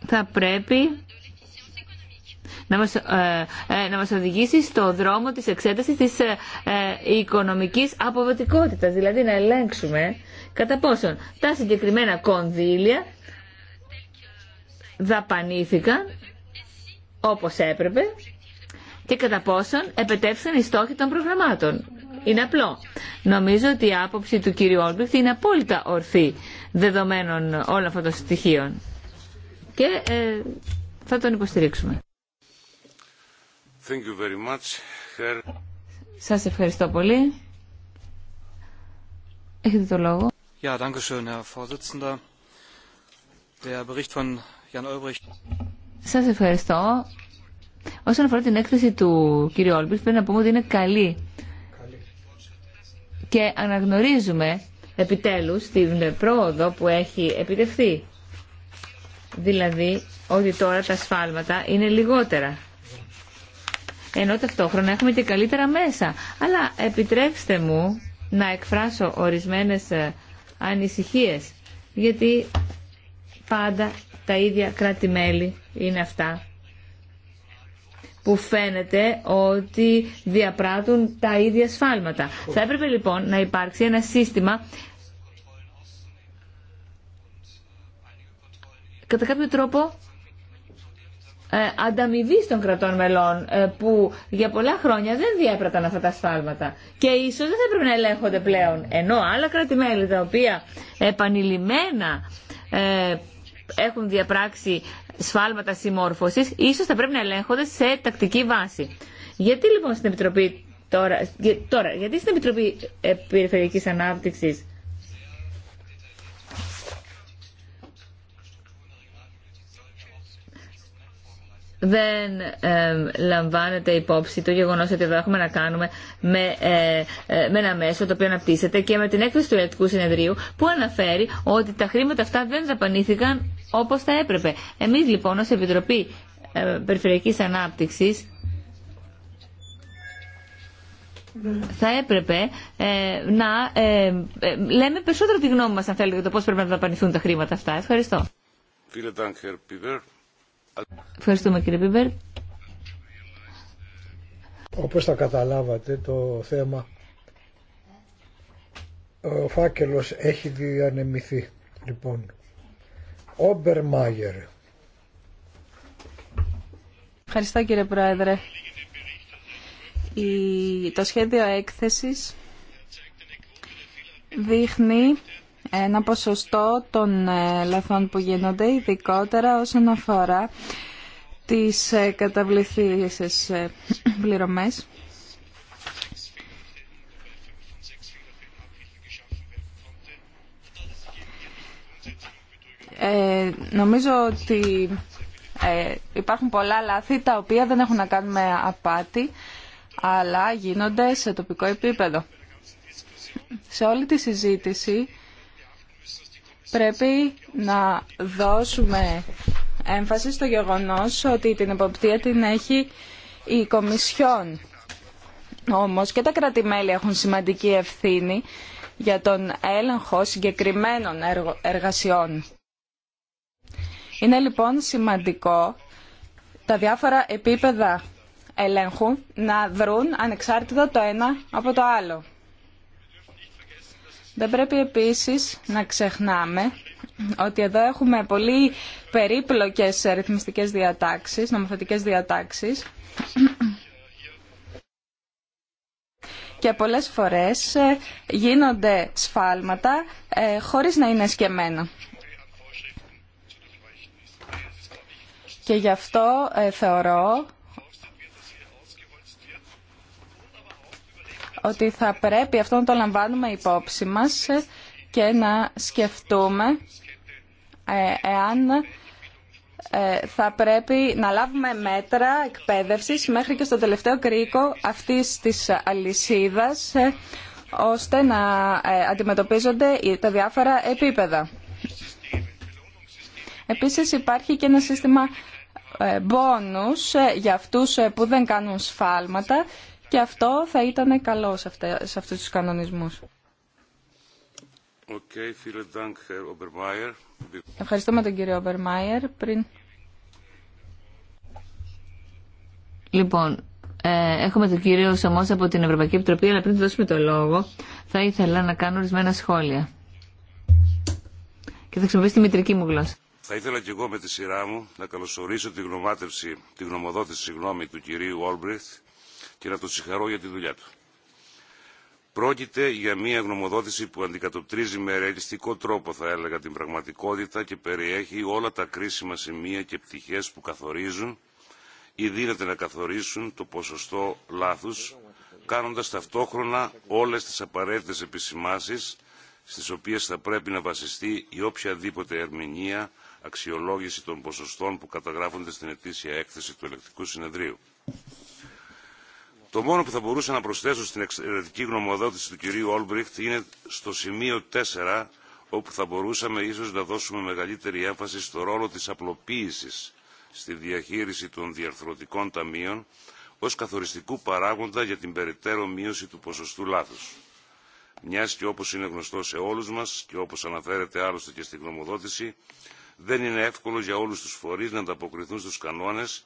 θα πρέπει να μας, ε, ε, να μας οδηγήσει στο δρόμο της εξέτασης της ε, οικονομικής αποδοτικότητας, δηλαδή να ελέγξουμε κατά πόσον τα συγκεκριμένα κονδύλια δαπανήθηκαν όπως έπρεπε και κατά πόσον επετέφθηκαν οι στόχοι των προγραμμάτων. Είναι απλό. Νομίζω ότι η άποψη του κύριου Όλμπριχτ είναι απόλυτα ορθή δεδομένων όλων αυτών των στοιχείων. Και θα τον υποστηρίξουμε. Σας ευχαριστώ πολύ. Έχετε το λόγο. Ja, Σας ευχαριστώ. Όσον αφορά την έκθεση του κ. Όλμπριχτ, πρέπει να πούμε ότι είναι καλή. καλή. Και αναγνωρίζουμε επιτέλους την πρόοδο που έχει επιτευχθεί. Δηλαδή ότι τώρα τα σφάλματα είναι λιγότερα ενώ ταυτόχρονα έχουμε και καλύτερα μέσα. Αλλά επιτρέψτε μου να εκφράσω ορισμένες ε, ανησυχίες, γιατί πάντα τα ίδια κράτη-μέλη είναι αυτά που φαίνεται ότι διαπράττουν τα ίδια σφάλματα. Θα έπρεπε λοιπόν να υπάρξει ένα σύστημα κατά κάποιο τρόπο ε, ανταμοιβή των κρατών μελών ε, που για πολλά χρόνια δεν διέπραταν αυτά τα σφάλματα και ίσως δεν θα έπρεπε να ελέγχονται πλέον ενώ άλλα κράτη-μέλη τα οποία επανειλημμένα ε, έχουν διαπράξει σφάλματα συμμόρφωσης ίσως θα πρέπει να ελέγχονται σε τακτική βάση. Γιατί λοιπόν στην Επιτροπή τώρα, τώρα γιατί στην Επιτροπή Περιφερειακής Ανάπτυξης δεν ε, λαμβάνεται υπόψη το γεγονός ότι εδώ έχουμε να κάνουμε με, ε, ε, με ένα μέσο το οποίο αναπτύσσεται και με την έκθεση του Ελεκτικού Συνεδρίου που αναφέρει ότι τα χρήματα αυτά δεν δαπανήθηκαν όπως θα έπρεπε. Εμείς λοιπόν ως Επιτροπή ε, Περιφερειακής Ανάπτυξης θα έπρεπε να λέμε περισσότερο τη γνώμη μας αν θέλετε για το πώς πρέπει να δαπανηθούν τα χρήματα αυτά. Ευχαριστώ. Ευχαριστούμε κύριε Πίπερ. Όπως θα καταλάβατε το θέμα ο φάκελος έχει διανεμηθεί λοιπόν. Όμπερ Μάγερ. Ευχαριστώ κύριε Πρόεδρε. Η... Το σχέδιο έκθεσης δείχνει ένα ποσοστό των λαθών που γίνονται, ειδικότερα όσον αφορά τις ε, καταβληθήσεις ε, πληρωμές. Ε, νομίζω ότι ε, υπάρχουν πολλά λάθη τα οποία δεν έχουν να κάνουν με απάτη αλλά γίνονται σε τοπικό επίπεδο. Σε όλη τη συζήτηση πρέπει να δώσουμε έμφαση στο γεγονός ότι την εποπτεία την έχει η Κομισιόν. Όμως και τα κρατημέλη έχουν σημαντική ευθύνη για τον έλεγχο συγκεκριμένων εργασιών. Είναι λοιπόν σημαντικό τα διάφορα επίπεδα ελέγχου να δρουν ανεξάρτητα το ένα από το άλλο. Δεν πρέπει επίσης να ξεχνάμε ότι εδώ έχουμε πολύ περίπλοκες ρυθμιστικές διατάξεις, νομοθετικές διατάξεις και πολλές φορές ε, γίνονται σφάλματα ε, χωρίς να είναι σκεμμένα. Και γι' αυτό ε, θεωρώ ότι θα πρέπει αυτό να το λαμβάνουμε υπόψη μας και να σκεφτούμε ε, εάν ε, θα πρέπει να λάβουμε μέτρα εκπαίδευσης μέχρι και στο τελευταίο κρίκο αυτής της αλυσίδας ε, ώστε να αντιμετωπίζονται τα διάφορα επίπεδα. Επίσης υπάρχει και ένα σύστημα μπόνους για αυτούς που δεν κάνουν σφάλματα και αυτό θα ήταν καλό σε, σε αυτούς τους κανονισμούς. Ευχαριστούμε τον κύριο Ομπερ Πριν... Λοιπόν, ε, έχουμε τον κύριο Σωμό από την Ευρωπαϊκή Επιτροπή, αλλά πριν δώσουμε το λόγο, θα ήθελα να κάνω ορισμένα σχόλια. Και θα χρησιμοποιήσω τη μητρική μου γλώσσα. Θα ήθελα και εγώ με τη σειρά μου να καλωσορίσω τη, γνωμάτευση, τη γνωμοδότηση συγγνώμη, του κυρίου Όλμπριθ και να τον συγχαρώ για τη δουλειά του. Πρόκειται για μια γνωμοδότηση που αντικατοπτρίζει με ρεαλιστικό τρόπο, θα έλεγα, την πραγματικότητα και περιέχει όλα τα κρίσιμα σημεία και πτυχές που καθορίζουν ή δύναται να καθορίσουν το ποσοστό λάθους, κάνοντας ταυτόχρονα όλες τις απαραίτητες επισημάσεις στις οποίες θα πρέπει να βασιστεί η δινεται να καθορισουν το ποσοστο λαθους κανοντας ταυτοχρονα ερμηνεία αξιολόγηση των ποσοστών που καταγράφονται στην ετήσια έκθεση του Ελεκτικού Συνεδρίου. Το μόνο που θα μπορούσα να προσθέσω στην εξαιρετική γνωμοδότηση του κυρίου Όλμπριχτ είναι στο σημείο 4, όπου θα μπορούσαμε ίσως να δώσουμε μεγαλύτερη έμφαση στο ρόλο της απλοποίησης στη διαχείριση των διαρθρωτικών ταμείων ως καθοριστικού παράγοντα για την περαιτέρω μείωση του ποσοστού λάθους. Μιας και όπως είναι γνωστό σε όλους μας και όπως αναφέρεται άλλωστε και στην γνωμοδότηση, δεν είναι εύκολο για όλους τους φορείς να ανταποκριθούν στους κανόνες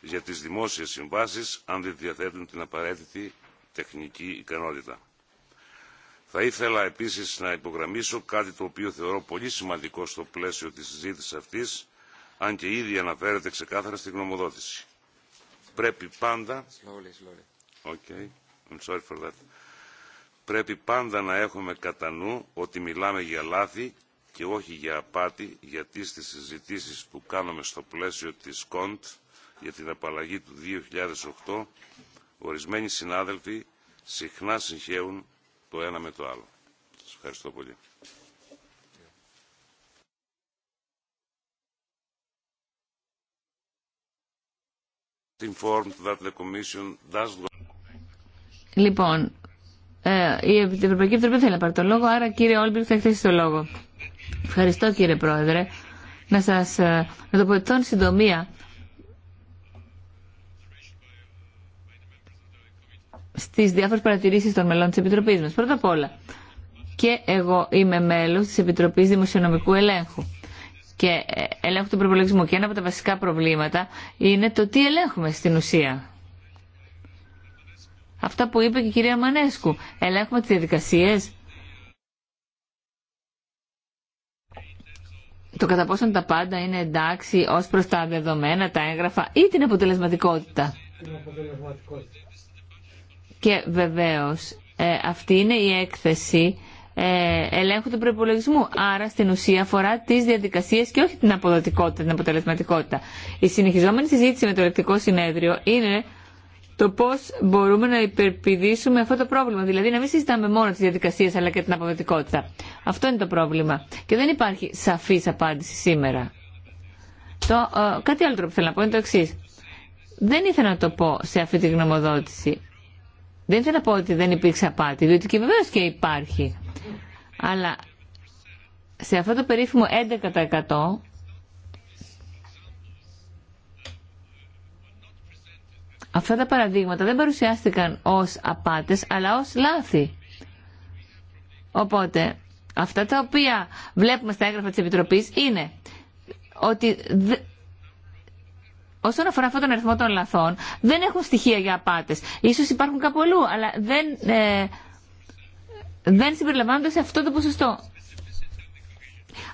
για τις δημόσιες συμβάσεις αν δεν διαθέτουν την απαραίτητη τεχνική ικανότητα. Θα ήθελα επίσης να υπογραμμίσω κάτι το οποίο θεωρώ πολύ σημαντικό στο πλαίσιο της συζήτησης αυτής, αν και ήδη αναφέρεται ξεκάθαρα στην γνωμοδότηση. Πρέπει πάντα... Okay. I'm sorry for that. Πρέπει πάντα να έχουμε κατά νου ότι μιλάμε για λάθη και όχι για απάτη, γιατί στις συζητήσεις που κάνουμε στο πλαίσιο της ΚΟΝΤ για την απαλλαγή του 2008, ορισμένοι συνάδελφοι συχνά συγχαίουν το ένα με το άλλο. Σας ευχαριστώ πολύ. Λοιπόν, ε, η Ευρωπαϊκή Επιτροπή θέλει να πάρει το λόγο, άρα κύριε Όλμπιρ θα εκθέσει το λόγο. Ευχαριστώ κύριε Πρόεδρε. Να σας ε, να το συντομία στις διάφορες παρατηρήσεις των μελών τη επιτροπή μα. Πρώτα απ' όλα, και εγώ είμαι μέλο της Επιτροπής Δημοσιονομικού Ελέγχου και ε, ελέγχου του προπολογισμού. Και ένα από τα βασικά προβλήματα είναι το τι ελέγχουμε στην ουσία. Αυτά που είπε και η κυρία Μανέσκου. Ελέγχουμε τις διαδικασίες. Το κατά πόσον τα πάντα είναι εντάξει ως προς τα δεδομένα, τα έγγραφα ή Την αποτελεσματικότητα. Και βεβαίως ε, αυτή είναι η έκθεση ε, ελέγχου του προπολογισμού. Άρα στην ουσία αφορά τι διαδικασίε και όχι την αποδοτικότητα, την αποτελεσματικότητα. Η συνεχιζόμενη συζήτηση με το ελεκτικό συνέδριο είναι το πώ μπορούμε να υπερπηδήσουμε αυτό το πρόβλημα. Δηλαδή να μην συζητάμε μόνο τι διαδικασίε αλλά και την αποδοτικότητα. Αυτό είναι το πρόβλημα. Και δεν υπάρχει σαφή απάντηση σήμερα. Το, ε, κάτι άλλο που θέλω να πω είναι το εξή. Δεν ήθελα να το πω σε αυτή τη γνωμοδότηση δεν θέλω να πω ότι δεν υπήρξε απάτη, διότι και βεβαίω και υπάρχει. Αλλά σε αυτό το περίφημο 11% αυτά τα παραδείγματα δεν παρουσιάστηκαν ως απάτες, αλλά ως λάθη. Οπότε, αυτά τα οποία βλέπουμε στα έγγραφα της Επιτροπής είναι ότι Όσον αφορά αυτόν τον αριθμό των λαθών, δεν έχουν στοιχεία για απάτε. σω υπάρχουν κάπου αλλού, αλλά δεν, ε, δεν συμπεριλαμβάνονται σε αυτό το ποσοστό.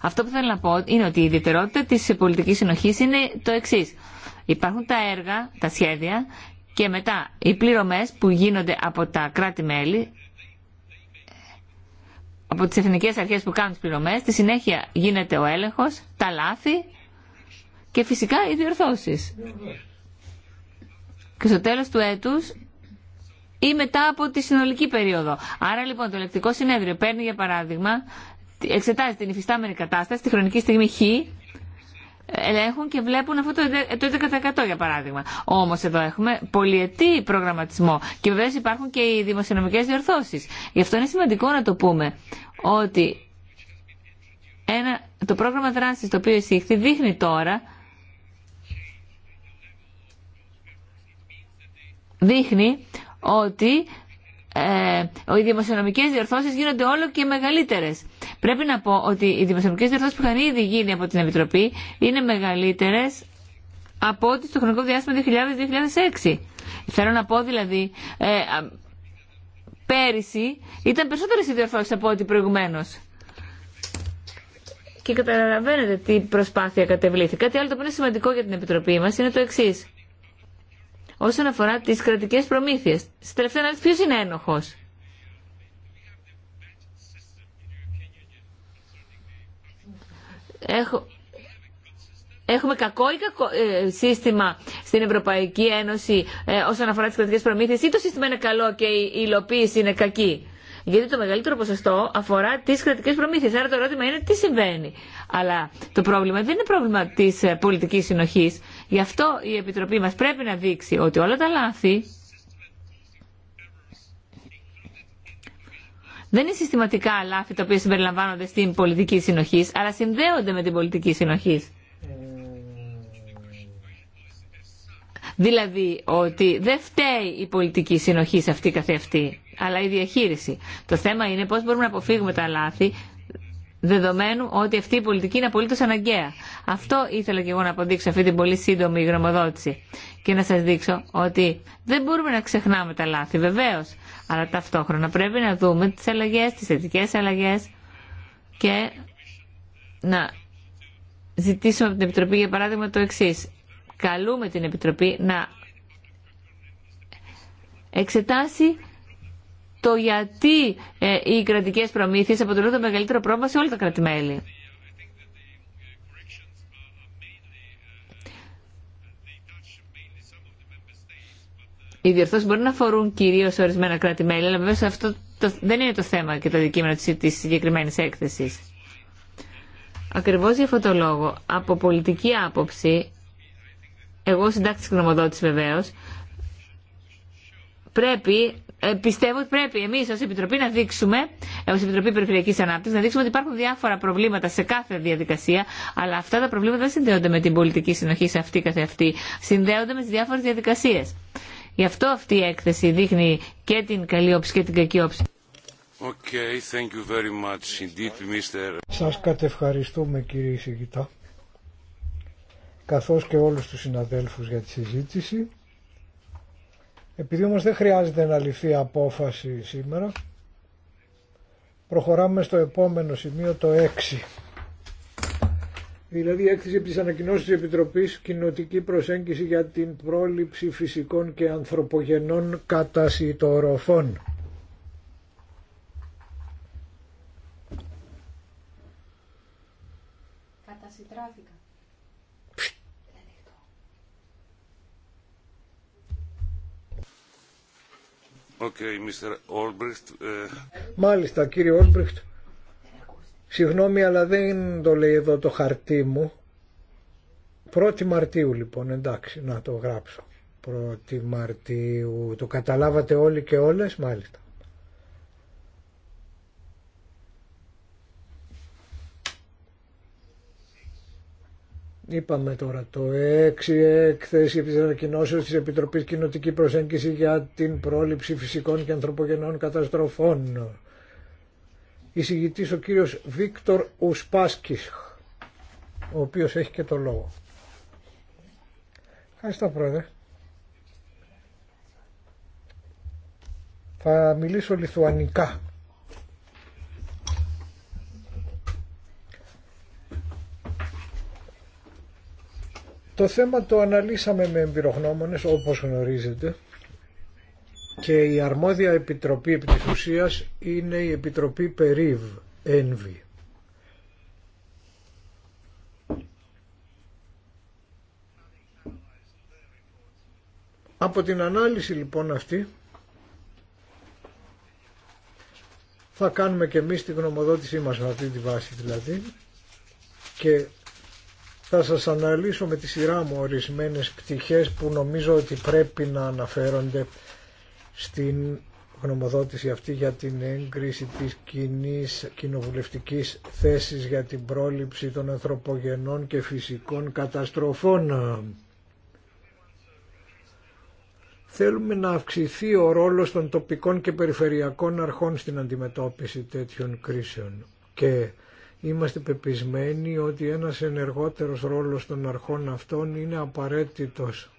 Αυτό που θέλω να πω είναι ότι η ιδιαιτερότητα τη πολιτική συνοχή είναι το εξή. Υπάρχουν τα έργα, τα σχέδια και μετά οι πληρωμές που γίνονται από τα κράτη-μέλη από τι εθνικέ αρχέ που κάνουν τι πληρωμές, στη συνέχεια γίνεται ο έλεγχο, τα λάθη και φυσικά οι διορθώσεις. Και στο τέλος του έτου ή μετά από τη συνολική περίοδο. Άρα λοιπόν το ελεκτικό συνέδριο παίρνει για παράδειγμα, εξετάζει την υφιστάμενη κατάσταση, τη χρονική στιγμή χ, ελέγχουν και βλέπουν αυτό το 11% για παράδειγμα. Όμω εδώ έχουμε πολυετή προγραμματισμό και βεβαίω υπάρχουν και οι δημοσιονομικέ διορθώσει. Γι' αυτό είναι σημαντικό να το πούμε ότι ένα, το πρόγραμμα δράσης το οποίο εισήχθη δείχνει τώρα δείχνει ότι ε, οι δημοσιονομικές διορθώσεις γίνονται όλο και μεγαλύτερες. Πρέπει να πω ότι οι δημοσιονομικές διορθώσεις που είχαν ήδη γίνει από την Επιτροπή είναι μεγαλύτερες από ό,τι στο χρονικό διάστημα 2000-2006. Θέλω να πω δηλαδή, ε, πέρυσι ήταν περισσότερες οι διορθώσεις από ό,τι προηγουμένως. Και καταλαβαίνετε τι προσπάθεια κατεβλήθηκε. Κάτι άλλο το είναι σημαντικό για την Επιτροπή μας είναι το εξή. Όσον αφορά τις κρατικές προμήθειες, Στην τελευταία ανάλυση ποιος είναι ένοχος. Έχουμε κακό ή κακό ε, σύστημα στην Ευρωπαϊκή Ένωση ε, όσον αφορά τις κρατικές προμήθειες ή το σύστημα είναι καλό και η υλοποίηση είναι κακή. Γιατί το μεγαλύτερο ποσοστό αφορά τι κρατικέ προμήθειε. Άρα το ερώτημα είναι τι συμβαίνει. Αλλά το πρόβλημα δεν είναι πρόβλημα τη ε, πολιτική συνοχή. Γι' αυτό η Επιτροπή μα πρέπει να δείξει ότι όλα τα λάθη δεν είναι συστηματικά λάθη τα οποία συμπεριλαμβάνονται στην πολιτική συνοχή, αλλά συνδέονται με την πολιτική συνοχή. Δηλαδή ότι δεν φταίει η πολιτική συνοχή σε αυτή καθεαυτή αλλά η διαχείριση. Το θέμα είναι πώς μπορούμε να αποφύγουμε τα λάθη δεδομένου ότι αυτή η πολιτική είναι απολύτως αναγκαία. Αυτό ήθελα και εγώ να αποδείξω αυτή την πολύ σύντομη γνωμοδότηση και να σας δείξω ότι δεν μπορούμε να ξεχνάμε τα λάθη βεβαίως, αλλά ταυτόχρονα πρέπει να δούμε τις αλλαγές, τις θετικές αλλαγές και να ζητήσουμε από την Επιτροπή για παράδειγμα το εξή. Καλούμε την Επιτροπή να εξετάσει το γιατί ε, οι κρατικές προμήθειες αποτελούν το μεγαλύτερο πρόβλημα σε όλα τα κρατημέλη. Οι διορθώσει μπορεί να αφορούν κυρίω ορισμένα κράτη-μέλη, αλλά βεβαίω αυτό δεν είναι το θέμα και το αντικείμενο τη συγκεκριμένη έκθεση. Ακριβώ για αυτό το λόγο, από πολιτική άποψη, εγώ συντάκτη γνωμοδότηση βεβαίω, πρέπει ε, πιστεύω ότι πρέπει εμεί ω Επιτροπή να δείξουμε, ε, ω Επιτροπή Περιφερειακή Ανάπτυξη, να δείξουμε ότι υπάρχουν διάφορα προβλήματα σε κάθε διαδικασία, αλλά αυτά τα προβλήματα δεν συνδέονται με την πολιτική συνοχή σε αυτή καθε αυτή. Συνδέονται με τι διάφορε διαδικασίε. Γι' αυτό αυτή η έκθεση δείχνει και την καλή όψη και την κακή όψη. Okay, thank you very much indeed, Mr. Σας κατευχαριστούμε κύριε Ισηγητά καθώς και όλους τους συναδέλφους για τη συζήτηση. Επειδή όμως δεν χρειάζεται να ληφθεί απόφαση σήμερα, προχωράμε στο επόμενο σημείο το 6. Δηλαδή έκθεση από τις ανακοινώσεις της Επιτροπής κοινοτική προσέγγιση για την πρόληψη φυσικών και ανθρωπογενών κατασυτοροφών. Ε, μάλιστα κύριε Όλμπριχτ, συγγνώμη αλλά δεν το λέει εδώ το χαρτί μου. 1η Μαρτίου λοιπόν, εντάξει, να το γράψω. 1η Μαρτίου, το καταλάβατε όλοι και όλες, μάλιστα. Είπαμε τώρα το 6 έκθεση της ανακοινώσεως της Επιτροπής Κοινοτική Προσέγγιση για την πρόληψη φυσικών και ανθρωπογενών καταστροφών. Εισηγητής ο κύριος Βίκτορ Ουσπάσκης, ο οποίος έχει και το λόγο. Ευχαριστώ πρόεδρε. Θα μιλήσω λιθουανικά. Το θέμα το αναλύσαμε με εμπειρογνώμονες όπως γνωρίζετε και η αρμόδια επιτροπή επί είναι η Επιτροπή Περίβ, ΕΝΒΗ. Από την ανάλυση λοιπόν αυτή θα κάνουμε και εμείς τη γνωμοδότησή μας με αυτή τη βάση δηλαδή και θα σας αναλύσω με τη σειρά μου ορισμένες πτυχές που νομίζω ότι πρέπει να αναφέρονται στην γνωμοδότηση αυτή για την έγκριση της κοινή κοινοβουλευτικής θέσης για την πρόληψη των ανθρωπογενών και φυσικών καταστροφών. Θέλουμε να αυξηθεί ο ρόλος των τοπικών και περιφερειακών αρχών στην αντιμετώπιση τέτοιων κρίσεων και Είμαστε πεπισμένοι ότι ένας ενεργότερος ρόλος των αρχών αυτών είναι απαραίτητος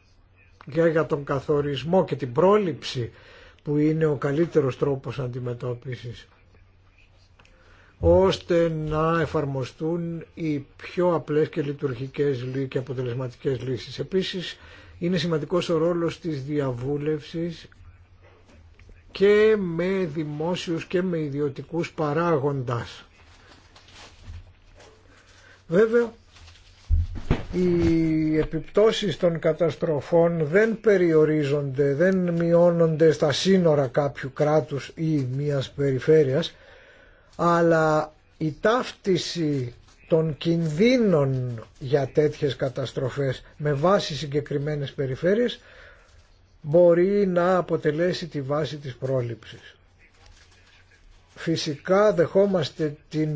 και για τον καθορισμό και την πρόληψη που είναι ο καλύτερος τρόπος αντιμετώπισης ώστε να εφαρμοστούν οι πιο απλές και λειτουργικές και αποτελεσματικές λύσεις. Επίσης, είναι σημαντικός ο ρόλος της διαβούλευσης και με δημόσιους και με ιδιωτικούς παράγοντας Βέβαια, οι επιπτώσεις των καταστροφών δεν περιορίζονται, δεν μειώνονται στα σύνορα κάποιου κράτους ή μιας περιφέρειας, αλλά η ταύτιση των κινδύνων για τέτοιες καταστροφές με βάση συγκεκριμένες περιφέρειες μπορεί να αποτελέσει τη βάση της πρόληψης. Φυσικά δεχόμαστε την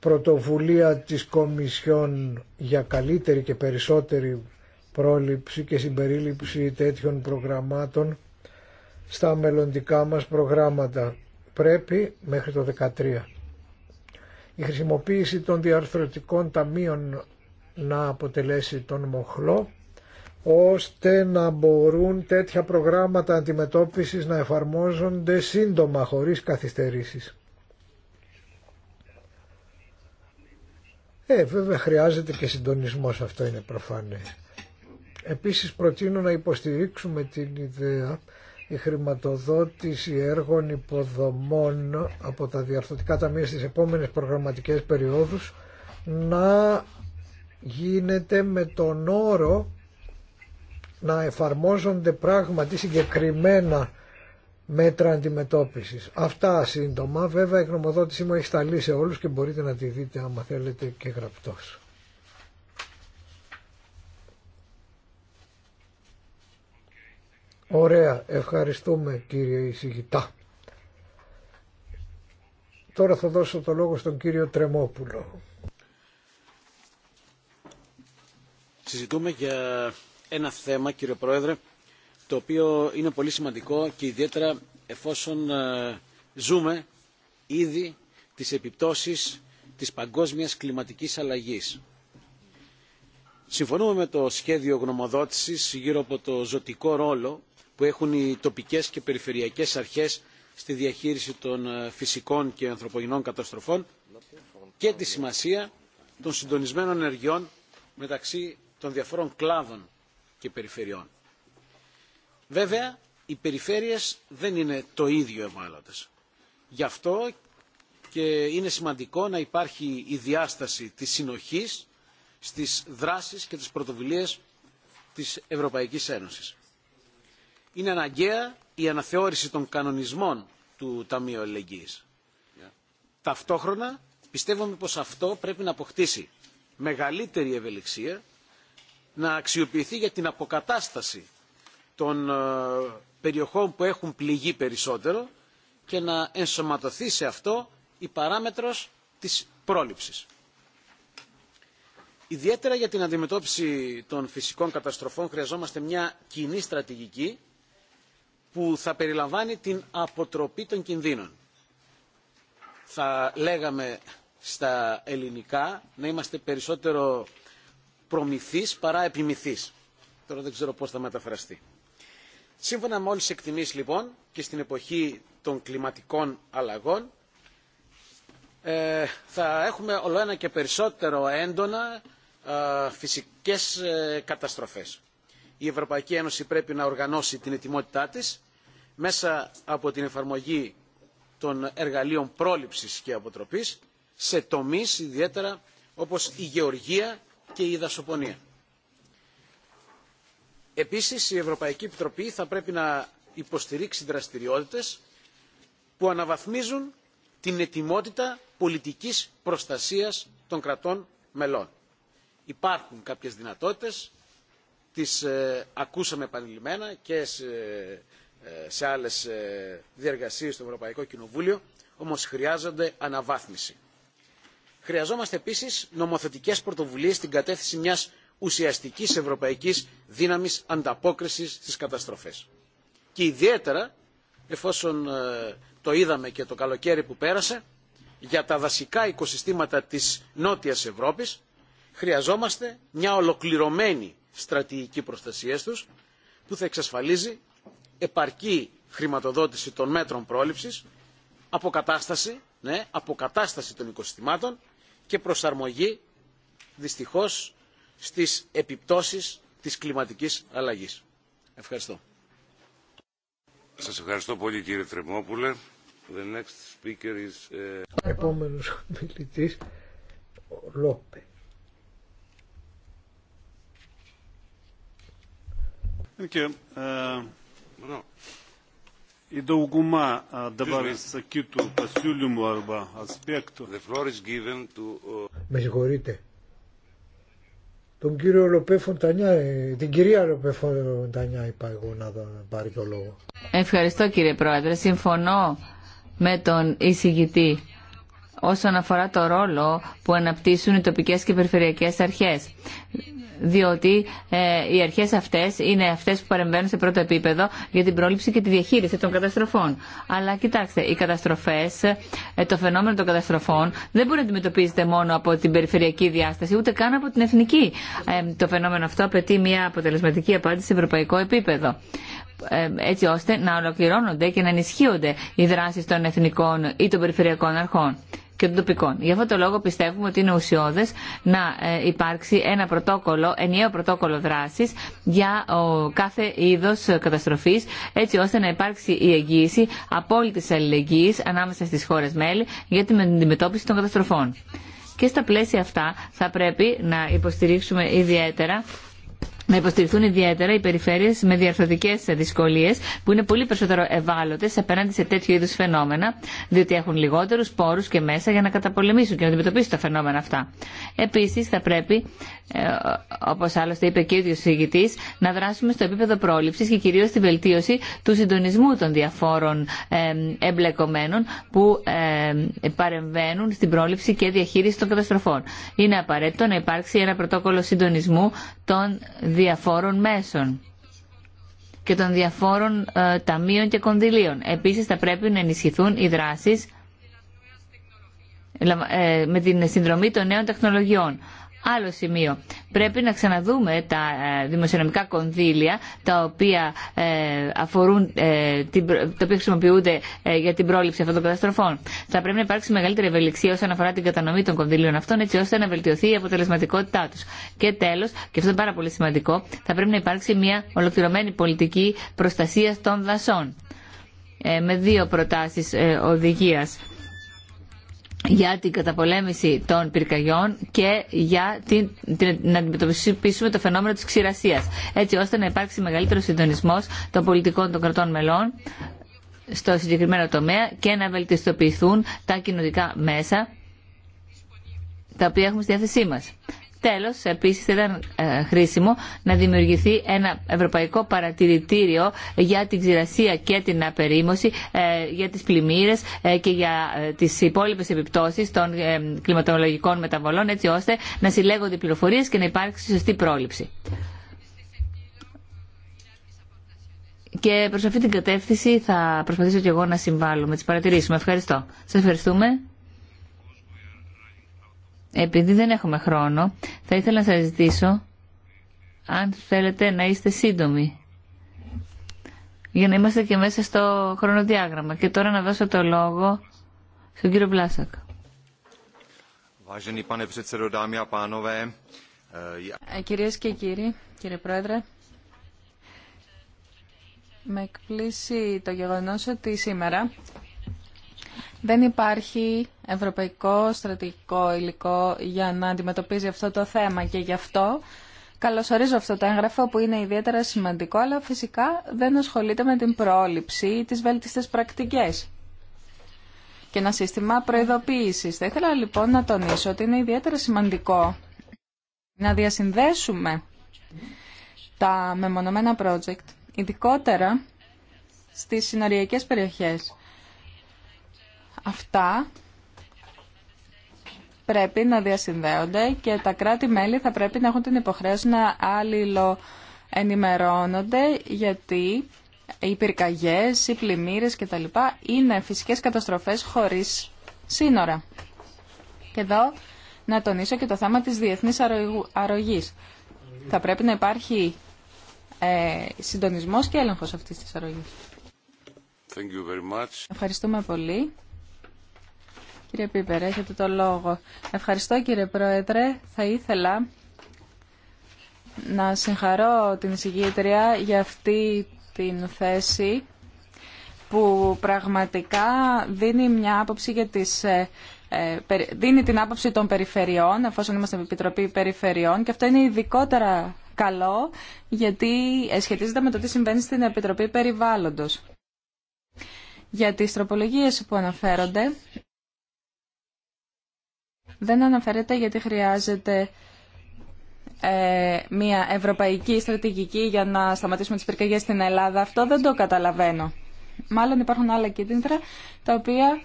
πρωτοβουλία της Κομισιόν για καλύτερη και περισσότερη πρόληψη και συμπερίληψη τέτοιων προγραμμάτων στα μελλοντικά μας προγράμματα. Πρέπει μέχρι το 2013. Η χρησιμοποίηση των διαρθρωτικών ταμείων να αποτελέσει τον μοχλό ώστε να μπορούν τέτοια προγράμματα αντιμετώπισης να εφαρμόζονται σύντομα χωρίς καθυστερήσεις. Ε, βέβαια χρειάζεται και συντονισμός, αυτό είναι προφανές. Επίσης προτείνω να υποστηρίξουμε την ιδέα η χρηματοδότηση έργων υποδομών από τα διαρθωτικά ταμεία στις επόμενες προγραμματικές περιόδους να γίνεται με τον όρο να εφαρμόζονται πράγματι συγκεκριμένα μέτρα αντιμετώπισης. Αυτά σύντομα. Βέβαια η γνωμοδότησή μου έχει σταλεί σε όλους και μπορείτε να τη δείτε άμα θέλετε και γραπτός. Ωραία. Ευχαριστούμε κύριε Ισηγητά. Τώρα θα δώσω το λόγο στον κύριο Τρεμόπουλο. Συζητούμε για ένα θέμα κύριε Πρόεδρε το οποίο είναι πολύ σημαντικό και ιδιαίτερα εφόσον ε, ζούμε ήδη τις επιπτώσεις της παγκόσμιας κλιματικής αλλαγής. Συμφωνούμε με το σχέδιο γνωμοδότησης γύρω από το ζωτικό ρόλο που έχουν οι τοπικές και περιφερειακές αρχές στη διαχείριση των ε, φυσικών και ανθρωπογενών καταστροφών και τη σημασία των συντονισμένων ενεργειών μεταξύ των διαφόρων κλάδων και περιφερειών. Βέβαια, οι περιφέρειες δεν είναι το ίδιο ευάλωτες. Γι' αυτό και είναι σημαντικό να υπάρχει η διάσταση της συνοχής στις δράσεις και τις πρωτοβουλίες της Ευρωπαϊκής Ένωσης. Είναι αναγκαία η αναθεώρηση των κανονισμών του Ταμείου Αλληλεγγύης. Ταυτόχρονα πιστεύουμε πως αυτό πρέπει να αποκτήσει μεγαλύτερη ευελιξία, να αξιοποιηθεί για την αποκατάσταση των ε, περιοχών που έχουν πληγεί περισσότερο και να ενσωματωθεί σε αυτό η παράμετρος της πρόληψης. Ιδιαίτερα για την αντιμετώπιση των φυσικών καταστροφών χρειαζόμαστε μια κοινή στρατηγική που θα περιλαμβάνει την αποτροπή των κινδύνων. Θα λέγαμε στα ελληνικά να είμαστε περισσότερο προμηθείς παρά επιμηθείς. Τώρα δεν ξέρω πώς θα μεταφραστεί. Σύμφωνα με όλες τις εκτιμήσεις λοιπόν και στην εποχή των κλιματικών αλλαγών ε, θα έχουμε ολοένα και περισσότερο έντονα ε, φυσικές ε, καταστροφές. Η Ευρωπαϊκή Ένωση πρέπει να οργανώσει την ετοιμότητά της μέσα από την εφαρμογή των εργαλείων πρόληψης και αποτροπής σε τομείς ιδιαίτερα όπως η γεωργία και η δασοπονία. Επίσης, η Ευρωπαϊκή Επιτροπή θα πρέπει να υποστηρίξει δραστηριότητες που αναβαθμίζουν την ετοιμότητα πολιτικής προστασίας των κρατών μελών. Υπάρχουν κάποιες δυνατότητες, τις ε, ακούσαμε επανειλημμένα και σε, ε, άλλες ε, διεργασίες στο Ευρωπαϊκό Κοινοβούλιο, όμως χρειάζονται αναβάθμιση. Χρειαζόμαστε επίσης νομοθετικές πρωτοβουλίες στην κατεύθυνση μιας ουσιαστικής ευρωπαϊκής δύναμης ανταπόκρισης στις καταστροφές. Και ιδιαίτερα, εφόσον ε, το είδαμε και το καλοκαίρι που πέρασε, για τα δασικά οικοσυστήματα της Νότιας Ευρώπης χρειαζόμαστε μια ολοκληρωμένη στρατηγική προστασία τους που θα εξασφαλίζει επαρκή χρηματοδότηση των μέτρων πρόληψης, αποκατάσταση, ναι, αποκατάσταση των οικοσυστημάτων και προσαρμογή δυστυχώς στις επιπτώσεις της κλιματικής αλλαγής. Ευχαριστώ. Σας ευχαριστώ πολύ κύριε Τρεμόπουλε. The next speaker is... Ο ε, επόμενος μιλητής, ο Λόπε. Thank you. Uh, no. Η dauguma dabar išsakytų pasiūlymų arba aspektų. The ε, Με συγχωρείτε. Τον κύριο Λοπέ Φοντανιά, ε, την κυρία Λοπέ Φοντανιά είπα εγώ να πάρει το λόγο. Ευχαριστώ κύριε Πρόεδρε. Συμφωνώ με τον εισηγητή όσον αφορά το ρόλο που αναπτύσσουν οι τοπικές και περιφερειακές αρχές. Διότι ε, οι αρχές αυτές είναι αυτές που παρεμβαίνουν σε πρώτο επίπεδο για την πρόληψη και τη διαχείριση των καταστροφών. Αλλά κοιτάξτε, οι καταστροφές, ε, το φαινόμενο των καταστροφών δεν μπορεί να αντιμετωπίζεται μόνο από την περιφερειακή διάσταση, ούτε καν από την εθνική. Ε, το φαινόμενο αυτό απαιτεί μια αποτελεσματική απάντηση σε ευρωπαϊκό επίπεδο έτσι ώστε να ολοκληρώνονται και να ενισχύονται οι δράσεις των εθνικών ή των περιφερειακών αρχών και των τοπικών. Γι' αυτό το λόγο πιστεύουμε ότι είναι ουσιώδε να ε, υπάρξει ένα πρωτόκολλο, ενιαίο πρωτόκολλο δράση για κάθε είδο καταστροφή, έτσι ώστε να υπάρξει η εγγύηση απόλυτη αλληλεγγύη ανάμεσα στι χώρε μέλη για την αντιμετώπιση των καταστροφών. Και στα πλαίσια αυτά θα πρέπει να υποστηρίξουμε ιδιαίτερα να υποστηριχθούν ιδιαίτερα οι περιφέρειε με διαρθρωτικέ δυσκολίε, που είναι πολύ περισσότερο ευάλωτε απέναντι σε τέτοιου είδου φαινόμενα, διότι έχουν λιγότερου πόρου και μέσα για να καταπολεμήσουν και να αντιμετωπίσουν τα φαινόμενα αυτά. Επίση, θα πρέπει, ε, όπω άλλωστε είπε και ο ίδιο ηγητή, να δράσουμε στο επίπεδο πρόληψη και κυρίω στη βελτίωση του συντονισμού των διαφόρων ε, εμπλεκομένων που ε, παρεμβαίνουν στην πρόληψη και διαχείριση των καταστροφών. Είναι απαραίτητο να υπάρξει ένα πρωτόκολλο συντονισμού των διαφόρων μέσων και των διαφόρων ε, ταμείων και κονδυλίων. Επίσης θα πρέπει να ενισχυθούν οι δράσεις ε, με την συνδρομή των νέων τεχνολογιών. Άλλο σημείο. Πρέπει να ξαναδούμε τα ε, δημοσιονομικά κονδύλια τα οποία ε, αφορούν, ε, τα οποία χρησιμοποιούνται για την πρόληψη αυτών των καταστροφών. Θα πρέπει να υπάρξει μεγαλύτερη ευελιξία όσον αφορά την κατανομή των κονδύλιων αυτών έτσι ώστε να βελτιωθεί η αποτελεσματικότητά του. Και τέλο, και αυτό είναι πάρα πολύ σημαντικό, θα πρέπει να υπάρξει μια ολοκληρωμένη πολιτική προστασία των δασών. Με δύο προτάσει οδηγία για την καταπολέμηση των πυρκαγιών και για την, την, να αντιμετωπίσουμε το φαινόμενο της ξηρασίας, έτσι ώστε να υπάρξει μεγαλύτερο συντονισμός των πολιτικών των κρατών μελών στο συγκεκριμένο τομέα και να βελτιστοποιηθούν τα κοινωνικά μέσα τα οποία έχουμε στη διάθεσή μας. Τέλο, επίση, θα ήταν ε, χρήσιμο να δημιουργηθεί ένα ευρωπαϊκό παρατηρητήριο για την ξηρασία και την απερίμωση, ε, για τι πλημμύρε ε, και για τι υπόλοιπε επιπτώσει των κλιματολογικών μεταβολών, έτσι ώστε να συλλέγονται πληροφορίε και να υπάρξει σωστή πρόληψη. Και προ αυτή την κατεύθυνση θα προσπαθήσω και εγώ να συμβάλλω με τι παρατηρήσει Ευχαριστώ. Σα ευχαριστούμε. Επειδή δεν έχουμε χρόνο, θα ήθελα να σας ζητήσω αν θέλετε να είστε σύντομοι για να είμαστε και μέσα στο χρονοδιάγραμμα. Και τώρα να δώσω το λόγο στον κύριο Βλάσακ. Eh, ε, κυρίες και κύριοι, κύριε Πρόεδρε, με εκπλήσει το γεγονός ότι σήμερα δεν υπάρχει ευρωπαϊκό στρατηγικό υλικό για να αντιμετωπίζει αυτό το θέμα και γι' αυτό καλωσορίζω αυτό το έγγραφο που είναι ιδιαίτερα σημαντικό, αλλά φυσικά δεν ασχολείται με την πρόληψη ή τις βέλτιστες πρακτικές και ένα σύστημα προειδοποίησης. Θα ήθελα λοιπόν να τονίσω ότι είναι ιδιαίτερα σημαντικό να διασυνδέσουμε τα μεμονωμένα project, ειδικότερα στις συνοριακές περιοχές αυτά πρέπει να διασυνδέονται και τα κράτη-μέλη θα πρέπει να έχουν την υποχρέωση να αλληλοενημερώνονται γιατί οι πυρκαγιές, οι πλημμύρες κτλ. είναι φυσικές καταστροφές χωρίς σύνορα. Και εδώ να τονίσω και το θέμα της διεθνής αρρωγής. Θα πρέπει να υπάρχει ε, συντονισμός και έλεγχος αυτής της αρρωγής. Ευχαριστούμε πολύ. Κύριε Πίπερ, έχετε το λόγο. Ευχαριστώ κύριε Πρόεδρε. Θα ήθελα να συγχαρώ την εισηγήτρια για αυτή την θέση που πραγματικά δίνει μια άποψη για τις ε, ε, δίνει την άποψη των περιφερειών, εφόσον είμαστε Επιτροπή Περιφερειών και αυτό είναι ειδικότερα καλό γιατί ε, σχετίζεται με το τι συμβαίνει στην Επιτροπή Περιβάλλοντος. Για τις τροπολογίες που αναφέρονται, δεν αναφέρεται γιατί χρειάζεται ε, μια ευρωπαϊκή στρατηγική για να σταματήσουμε τις πυρκαγιές στην Ελλάδα. Αυτό δεν το καταλαβαίνω. Μάλλον υπάρχουν άλλα κίνδυνα τα οποία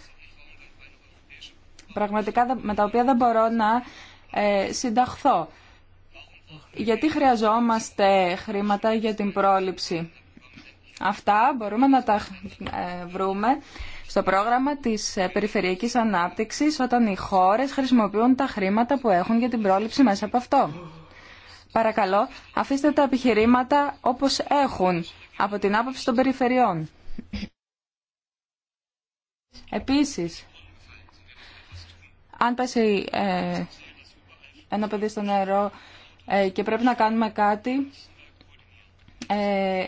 πραγματικά με τα οποία δεν μπορώ να ε, συνταχθώ. Γιατί χρειαζόμαστε χρήματα για την πρόληψη. Αυτά μπορούμε να τα ε, βρούμε στο πρόγραμμα της ε, περιφερειακής ανάπτυξης όταν οι χώρες χρησιμοποιούν τα χρήματα που έχουν για την πρόληψη μέσα από αυτό. Παρακαλώ, αφήστε τα επιχειρήματα όπως έχουν από την άποψη των περιφερειών. Επίσης, αν πέσει ε, ένα παιδί στο νερό ε, και πρέπει να κάνουμε κάτι, ε,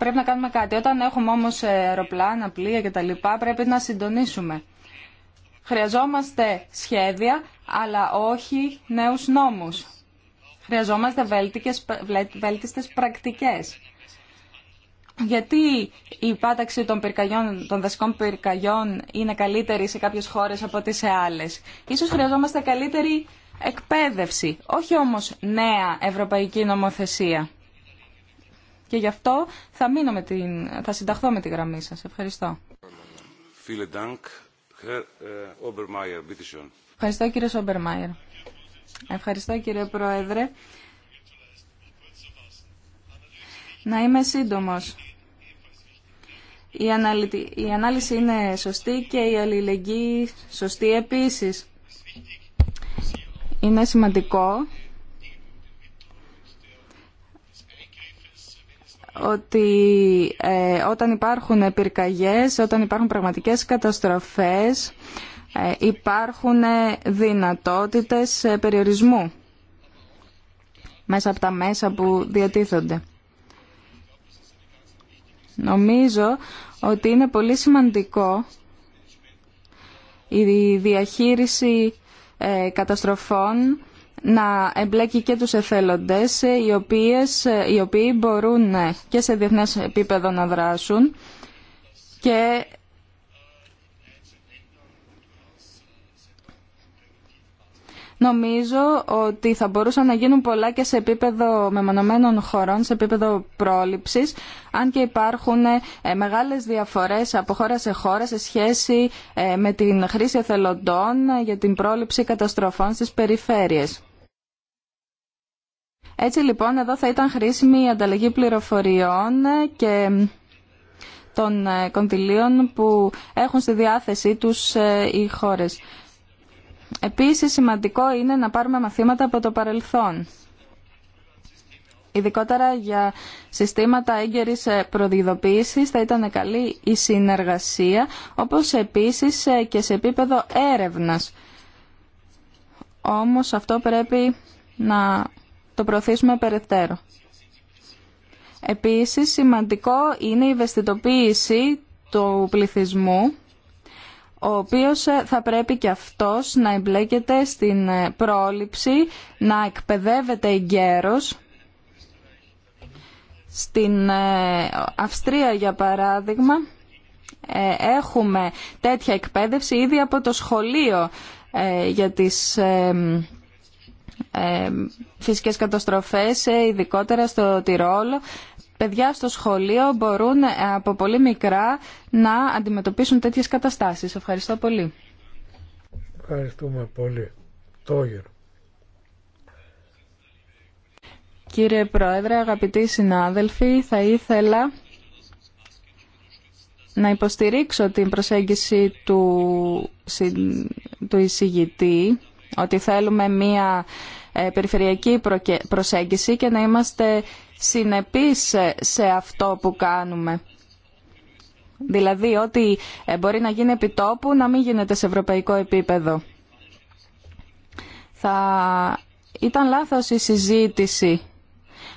πρέπει να κάνουμε κάτι. Όταν έχουμε όμω ε, αεροπλάνα, πλοία κτλ. πρέπει να συντονίσουμε. Χρειαζόμαστε σχέδια, αλλά όχι νέους νόμους. Χρειαζόμαστε βέλτιστες πρακτικές. Γιατί η πάταξη των, πυρκαγιών, των δασικών πυρκαγιών είναι καλύτερη σε κάποιες χώρες από τις σε άλλες. Ίσως χρειαζόμαστε καλύτερη εκπαίδευση, όχι όμως νέα ευρωπαϊκή νομοθεσία. Και γι' αυτό θα, μείνω με την, θα συνταχθώ με τη γραμμή σας. Ευχαριστώ. Äh, Ευχαριστώ κύριε Σόμπερμαϊερ. Ευχαριστώ κύριε Πρόεδρε. Να είμαι σύντομος. Η, η ανάλυση είναι σωστή και η αλληλεγγύη σωστή επίσης. Είναι σημαντικό ότι ε, όταν υπάρχουν πυρκαγιές, όταν υπάρχουν πραγματικές καταστροφές, ε, υπάρχουν δυνατότητες ε, περιορισμού μέσα από τα μέσα που διατίθονται. Νομίζω ότι είναι πολύ σημαντικό η διαχείριση καταστροφών να εμπλέκει και τους εθελοντές ε, οι, οποίες, ε, οι οποίοι μπορούν ε, και σε διεθνές επίπεδο να δράσουν και Νομίζω ότι θα μπορούσαν να γίνουν πολλά και σε επίπεδο μεμονωμένων χωρών, σε επίπεδο πρόληψης, αν και υπάρχουν μεγάλες διαφορές από χώρα σε χώρα σε σχέση με την χρήση εθελοντών για την πρόληψη καταστροφών στις περιφέρειες. Έτσι λοιπόν εδώ θα ήταν χρήσιμη η ανταλλαγή πληροφοριών και των ε, κοντιλίων που έχουν στη διάθεσή τους ε, οι χώρες. Επίσης σημαντικό είναι να πάρουμε μαθήματα από το παρελθόν. Ειδικότερα για συστήματα έγκαιρης ε, προειδοποίησης θα ήταν καλή η συνεργασία, όπως επίσης και σε επίπεδο έρευνας. Όμως αυτό πρέπει να το προωθήσουμε περαιτέρω. Επίσης, σημαντικό είναι η ευαισθητοποίηση του πληθυσμού, ο οποίος ε, θα πρέπει και αυτός να εμπλέκεται στην ε, πρόληψη, να εκπαιδεύεται εγκαίρος. Στην ε, Αυστρία, για παράδειγμα, έχουμε τέτοια εκπαίδευση ήδη από το σχολείο για τις ε, φυσικές καταστροφές, ε, ειδικότερα στο Τυρόλο. Παιδιά στο σχολείο μπορούν ε, από πολύ μικρά να αντιμετωπίσουν τέτοιες καταστάσεις. Ευχαριστώ πολύ. Ευχαριστούμε πολύ. Τόγερ. Κύριε Πρόεδρε, αγαπητοί συνάδελφοι, θα ήθελα να υποστηρίξω την προσέγγιση του, του εισηγητή ότι θέλουμε μία ε, περιφερειακή προσέγγιση και να είμαστε συνεπείς σε αυτό που κάνουμε. Δηλαδή ότι ε, μπορεί να γίνει επιτόπου να μην γίνεται σε ευρωπαϊκό επίπεδο. Θα ήταν λάθος η συζήτηση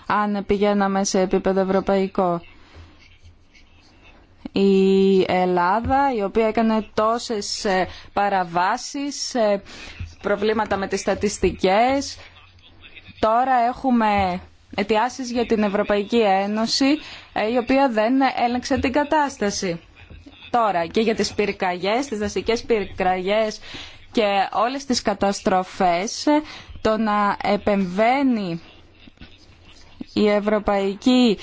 αν πηγαίναμε σε επίπεδο ευρωπαϊκό. Η Ελλάδα, η οποία έκανε τόσες ε, παραβάσεις, προβλήματα με τις στατιστικές. Τώρα έχουμε αιτιάσεις για την Ευρωπαϊκή Ένωση, ε, η οποία δεν έλεγξε την κατάσταση. Τώρα και για τις πυρκαγιές, τις δασικές πυρκαγιές και όλες τις καταστροφές, το να επεμβαίνει η Ευρωπαϊκή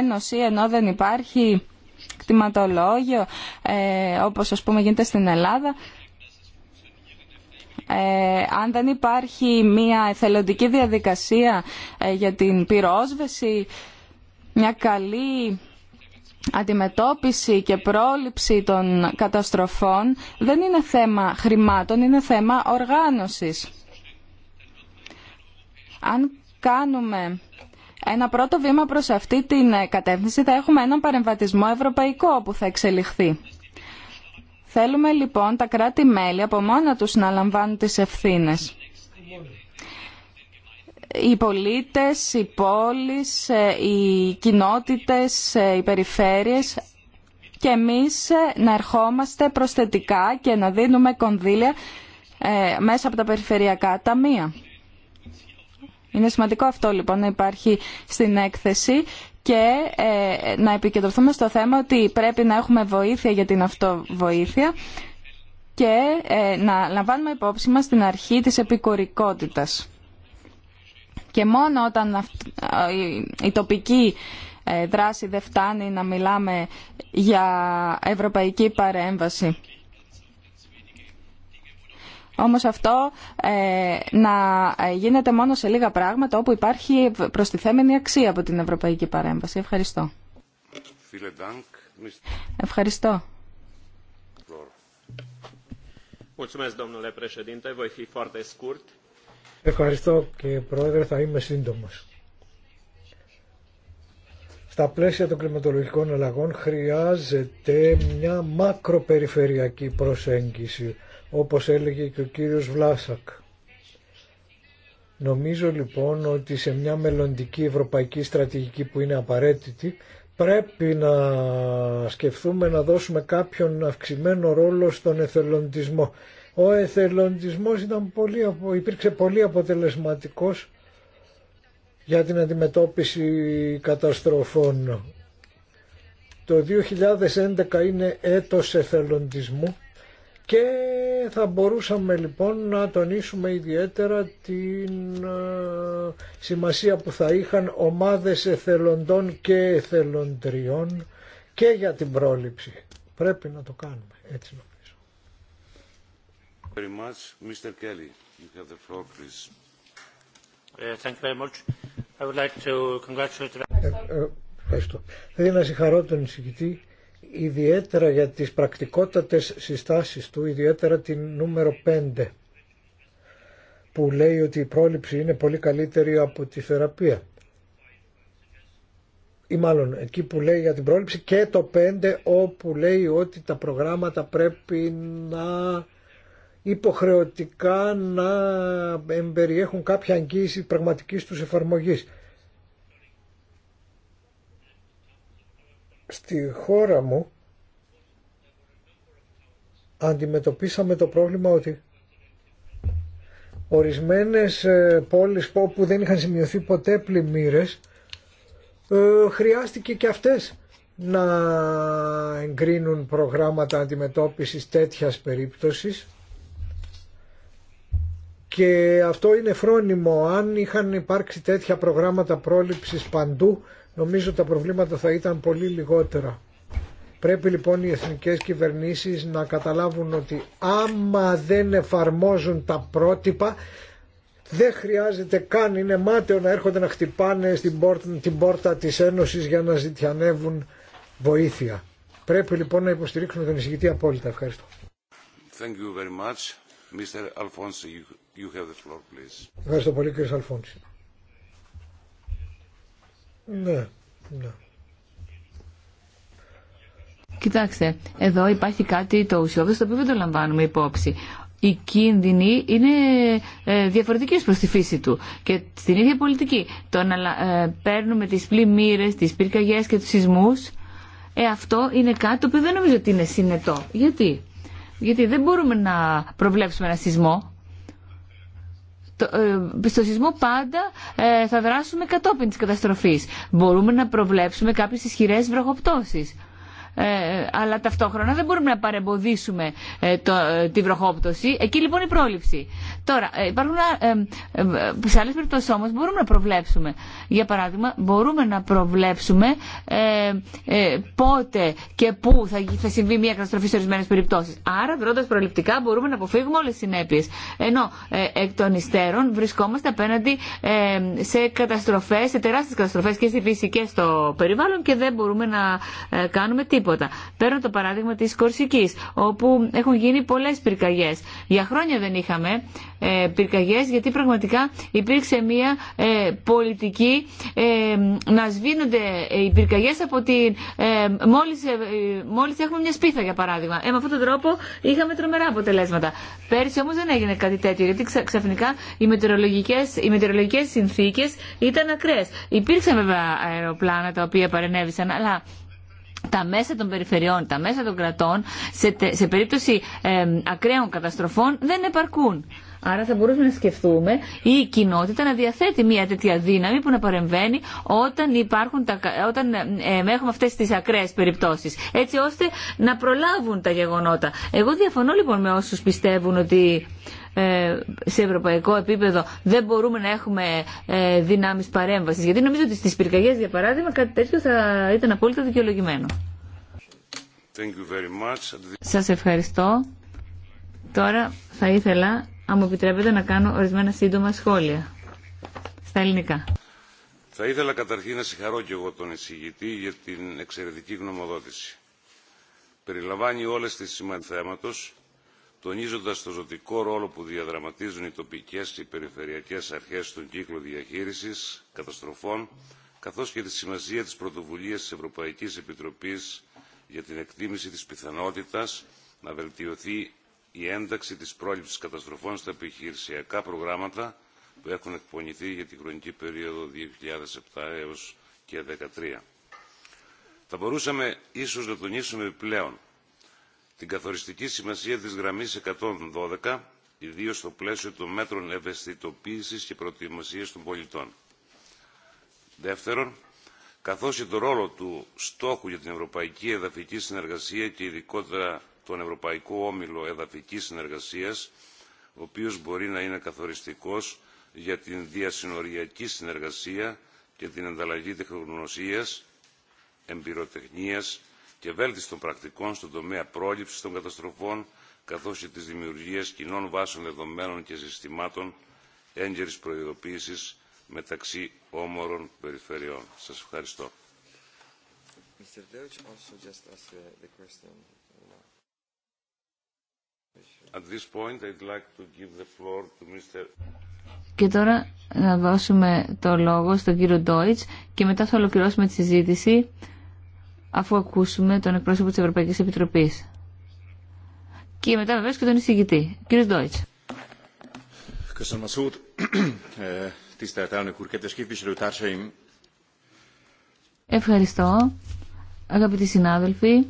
Ένωση ενώ δεν υπάρχει κτηματολόγιο, ε, όπως ας πούμε γίνεται στην Ελλάδα, ε, αν δεν υπάρχει μια εθελοντική διαδικασία ε, για την πυρόσβεση, μια καλή αντιμετώπιση και πρόληψη των καταστροφών, δεν είναι θέμα χρημάτων, είναι θέμα οργάνωσης. Αν κάνουμε ένα πρώτο βήμα προς αυτή την κατεύθυνση, θα έχουμε έναν παρεμβατισμό ευρωπαϊκό που θα εξελιχθεί. Θέλουμε λοιπόν τα κράτη-μέλη από μόνα τους να λαμβάνουν τις ευθύνες. Οι πολίτες, οι πόλεις, ε, οι κοινότητες, ε, οι περιφέρειες και εμείς ε, να ερχόμαστε προσθετικά και να δίνουμε κονδύλια μέσα από τα περιφερειακά ταμεία. Είναι σημαντικό αυτό λοιπόν να υπάρχει στην έκθεση και ε, να επικεντρωθούμε στο θέμα ότι πρέπει να έχουμε βοήθεια για την αυτοβοήθεια και ε, να λαμβάνουμε υπόψη μας την αρχή της επικορικότητας Και μόνο όταν ε, η τοπική δράση δεν φτάνει να μιλάμε για ευρωπαϊκή παρέμβαση. Όμως αυτό ε, να ε, γίνεται μόνο σε λίγα πράγματα όπου υπάρχει προστιθέμενη αξία από την Ευρωπαϊκή Παρέμβαση. Ευχαριστώ. Ευχαριστώ. Ευχαριστώ και Πρόεδρε, θα είμαι σύντομο. Στα πλαίσια των κλιματολογικών αλλαγών χρειάζεται μια μακροπεριφερειακή προσέγγιση όπως έλεγε και ο κύριος Βλάσακ. Νομίζω λοιπόν ότι σε μια μελλοντική ευρωπαϊκή στρατηγική που είναι απαραίτητη πρέπει να σκεφτούμε να δώσουμε κάποιον αυξημένο ρόλο στον εθελοντισμό. Ο εθελοντισμός ήταν πολύ, υπήρξε πολύ αποτελεσματικός για την αντιμετώπιση καταστροφών. Το 2011 είναι έτος εθελοντισμού και θα μπορούσαμε λοιπόν να τονίσουμε ιδιαίτερα την ε, σημασία που θα είχαν ομάδες εθελοντών και εθελοντριών και για την πρόληψη. Πρέπει να το κάνουμε, έτσι νομίζω. Very Mr. Kelly, you have the Ευχαριστώ. Θα ήθελα να συγχαρώ τον εισηγητή ιδιαίτερα για τις πρακτικότατες συστάσεις του, ιδιαίτερα την νούμερο 5 που λέει ότι η πρόληψη είναι πολύ καλύτερη από τη θεραπεία. Ή μάλλον εκεί που λέει για την πρόληψη και το 5 όπου λέει ότι τα προγράμματα πρέπει να υποχρεωτικά να εμπεριέχουν κάποια αγγίηση πραγματικής τους εφαρμογής. Στη χώρα μου αντιμετωπίσαμε το πρόβλημα ότι ορισμένες ε, πόλεις που δεν είχαν σημειωθεί ποτέ πλημμύρες ε, χρειάστηκε και αυτές να εγκρίνουν προγράμματα αντιμετώπισης τέτοιας περίπτωσης και αυτό είναι φρόνιμο. Αν είχαν υπάρξει τέτοια προγράμματα πρόληψης παντού νομίζω τα προβλήματα θα ήταν πολύ λιγότερα. Πρέπει λοιπόν οι εθνικές κυβερνήσεις να καταλάβουν ότι άμα δεν εφαρμόζουν τα πρότυπα δεν χρειάζεται καν, είναι μάταιο να έρχονται να χτυπάνε στην πόρτα, την πόρτα της Ένωσης για να ζητιανεύουν βοήθεια. Πρέπει λοιπόν να υποστηρίξουμε τον εισηγητή απόλυτα. Ευχαριστώ. Thank you very much. Mr. you have the floor, Ευχαριστώ πολύ κύριε Αλφόνση. Ναι, ναι. Κοιτάξτε, εδώ υπάρχει κάτι το ουσιώδες το οποίο δεν το λαμβάνουμε υπόψη. Οι κίνδυνοι είναι ε, διαφορετικοί προς τη φύση του και στην ίδια πολιτική. Το να ε, παίρνουμε τις πλημμύρες, τις πυρκαγιές και τους σεισμούς, ε, αυτό είναι κάτι το οποίο δεν νομίζω ότι είναι συνετό. Γιατί? Γιατί δεν μπορούμε να προβλέψουμε ένα σεισμό, ε, σεισμό πάντα ε, θα δράσουμε κατόπιν της καταστροφής. Μπορούμε να προβλέψουμε κάποιες ισχυρές βροχοπτώσεις. Ε, αλλά ταυτόχρονα δεν μπορούμε να παρεμποδίσουμε τη βροχόπτωση. Εκεί λοιπόν η πρόληψη. Τώρα, ε, υπάρχουν ε, ε, σε άλλε περιπτώσει όμω μπορούμε να προβλέψουμε. Για παράδειγμα, μπορούμε να προβλέψουμε πότε και πού θα συμβεί μια καταστροφή σε ορισμένε περιπτώσει. Άρα, δρώντα προληπτικά, μπορούμε να αποφύγουμε όλε τι συνέπειε. Ενώ εκ των υστέρων βρισκόμαστε απέναντι σε καταστροφέ, σε τεράστιε καταστροφέ και στη φύση και στο περιβάλλον και δεν μπορούμε να κάνουμε τίποτα. Παίρνω το παράδειγμα τη Κορσική, όπου έχουν γίνει πολλέ πυρκαγιέ. Για χρόνια δεν είχαμε ε, πυρκαγιές γιατί πραγματικά υπήρξε μια ε, πολιτική ε, να σβήνονται οι πυρκαγιές από την... μόλις, μόλις έχουμε μια σπίθα για παράδειγμα. Ε, με αυτόν τον τρόπο είχαμε τρομερά αποτελέσματα. Πέρσι όμως δεν έγινε κάτι τέτοιο γιατί ξαφνικά οι μετεωρολογικές, οι συνθήκες ήταν ακραίες. Υπήρξαν βέβαια αεροπλάνα τα οποία παρενέβησαν αλλά τα μέσα των περιφερειών, τα μέσα των κρατών σε, σε περίπτωση ε, ακραίων καταστροφών δεν επαρκούν. Άρα θα μπορούσαμε να σκεφτούμε η κοινότητα να διαθέτει μια τέτοια δύναμη που να παρεμβαίνει όταν, υπάρχουν τα, όταν ε, ε, έχουμε αυτές τις ακραίε περιπτώσεις. Έτσι ώστε να προλάβουν τα γεγονότα. Εγώ διαφωνώ λοιπόν με όσους πιστεύουν ότι ε, σε ευρωπαϊκό επίπεδο δεν μπορούμε να έχουμε ε, δυνάμεις παρέμβασης. Γιατί νομίζω ότι στις πυρκαγιές, για παράδειγμα, κάτι τέτοιο θα ήταν απόλυτα δικαιολογημένο. Thank Σας ευχαριστώ. Τώρα θα ήθελα αν μου επιτρέπετε να κάνω ορισμένα σύντομα σχόλια στα ελληνικά. Θα ήθελα καταρχήν να συγχαρώ και εγώ τον εισηγητή για την εξαιρετική γνωμοδότηση. Περιλαμβάνει όλες τις σημαντικές θέματος, τονίζοντας το ζωτικό ρόλο που διαδραματίζουν οι τοπικές και οι περιφερειακές αρχές στον κύκλο διαχείρισης, καταστροφών, καθώς και τη σημασία της πρωτοβουλίας της Ευρωπαϊκής Επιτροπής για την εκτίμηση της πιθανότητας να βελτιωθεί η ένταξη της πρόληψης καταστροφών στα επιχειρησιακά προγράμματα που έχουν εκπονηθεί για την χρονική περίοδο 2007 έως και 2013. Θα μπορούσαμε ίσως να τονίσουμε επιπλέον την καθοριστική σημασία της γραμμής 112, ιδίως στο πλαίσιο των μέτρων ευαισθητοποίησης και προετοιμασίας των πολιτών. Δεύτερον, καθώς και το ρόλο του στόχου για την ευρωπαϊκή εδαφική συνεργασία και ειδικότερα τον Ευρωπαϊκό Όμιλο Εδαφικής Συνεργασίας, ο οποίος μπορεί να είναι καθοριστικός για την διασυνοριακή συνεργασία και την ανταλλαγή τεχνογνωσίας, εμπειροτεχνίας και των πρακτικών στον τομέα πρόληψης των καταστροφών, καθώς και της δημιουργίας κοινών βάσεων δεδομένων και συστημάτων έγκαιρης προειδοποίησης μεταξύ όμορων περιφερειών. Σας ευχαριστώ. Και τώρα να δώσουμε το λόγο στον κύριο Ντόιτς και μετά θα ολοκληρώσουμε τη συζήτηση αφού ακούσουμε τον εκπρόσωπο της Ευρωπαϊκής Επιτροπής. Και μετά βεβαίως και τον εισηγητή. Κύριος Ντόιτς. Ευχαριστώ, αγαπητοί συνάδελφοι.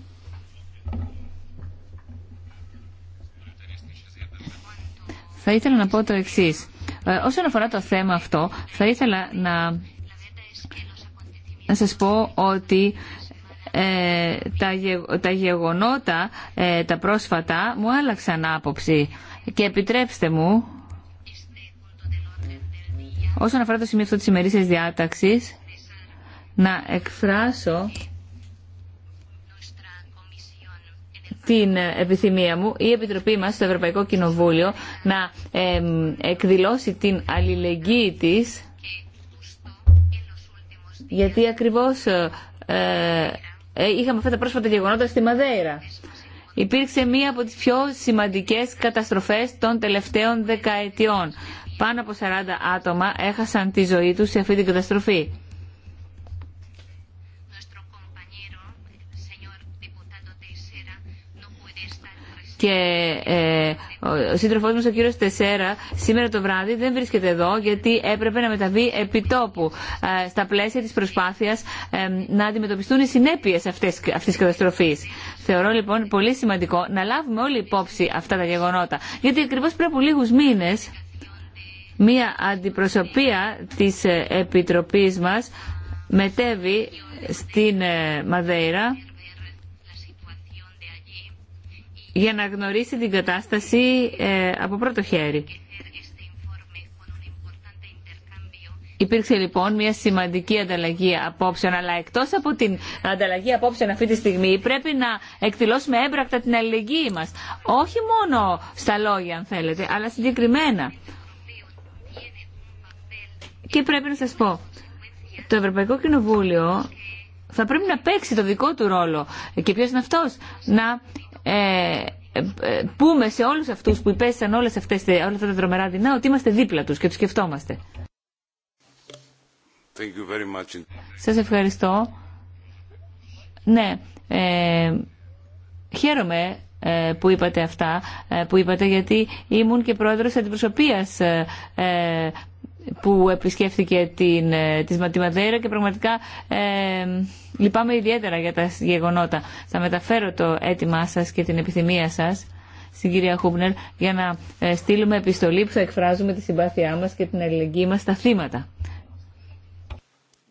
Θα ήθελα να πω το εξή. Ε, όσον αφορά το θέμα αυτό, θα ήθελα να, να σας πω ότι ε, τα, τα γεγονότα, ε, τα πρόσφατα, μου άλλαξαν άποψη. Και επιτρέψτε μου, όσον αφορά το σημείο αυτό της ημερήσιας διάταξης, να εκφράσω την επιθυμία μου η Επιτροπή μας στο Ευρωπαϊκό Κοινοβούλιο να εκδηλώσει την αλληλεγγύη της γιατί ακριβώς ε, ε, είχαμε αυτά τα πρόσφατα γεγονότα στη Μαδέιρα. Υπήρξε μία από τις πιο σημαντικές καταστροφές των τελευταίων δεκαετιών. Πάνω από 40 άτομα έχασαν τη ζωή τους σε αυτή την καταστροφή. και ε, ο σύντροφό μα, ο κύριο Τεσέρα, σήμερα το βράδυ δεν βρίσκεται εδώ γιατί έπρεπε να μεταβεί επιτόπου ε, στα πλαίσια τη προσπάθεια ε, να αντιμετωπιστούν οι συνέπειε αυτή τη καταστροφή. Θεωρώ λοιπόν πολύ σημαντικό να λάβουμε όλη υπόψη αυτά τα γεγονότα. Γιατί ακριβώ πριν από λίγου μήνε μία αντιπροσωπεία της επιτροπή μα μετέβη στην Μαδέιρα για να γνωρίσει την κατάσταση ε, από πρώτο χέρι. Υπήρξε λοιπόν μια σημαντική ανταλλαγή απόψεων, αλλά εκτό από την ανταλλαγή απόψεων αυτή τη στιγμή πρέπει να εκδηλώσουμε έμπρακτα την αλληλεγγύη μα. Όχι μόνο στα λόγια, αν θέλετε, αλλά συγκεκριμένα. Και πρέπει να σα πω, το Ευρωπαϊκό Κοινοβούλιο θα πρέπει να παίξει το δικό του ρόλο. Και ποιο είναι αυτό, να ε, ε, πούμε σε όλους αυτούς που υπέστησαν όλα αυτά τα τρομερά δεινά ότι είμαστε δίπλα τους και τους σκεφτόμαστε. Thank Σας ευχαριστώ. Ναι, ε, χαίρομαι ε, που είπατε αυτά, που είπατε γιατί ήμουν και πρόεδρος αντιπροσωπείας που επισκέφθηκε την, ε, της Ματιμαδέρα και πραγματικά ε, λυπάμαι ιδιαίτερα για τα γεγονότα. Θα μεταφέρω το αίτημά σας και την επιθυμία σας στην κυρία Χούμπνερ για να ε, στείλουμε επιστολή που θα εκφράζουμε τη συμπάθειά μας και την αλληλεγγύη μας στα θύματα.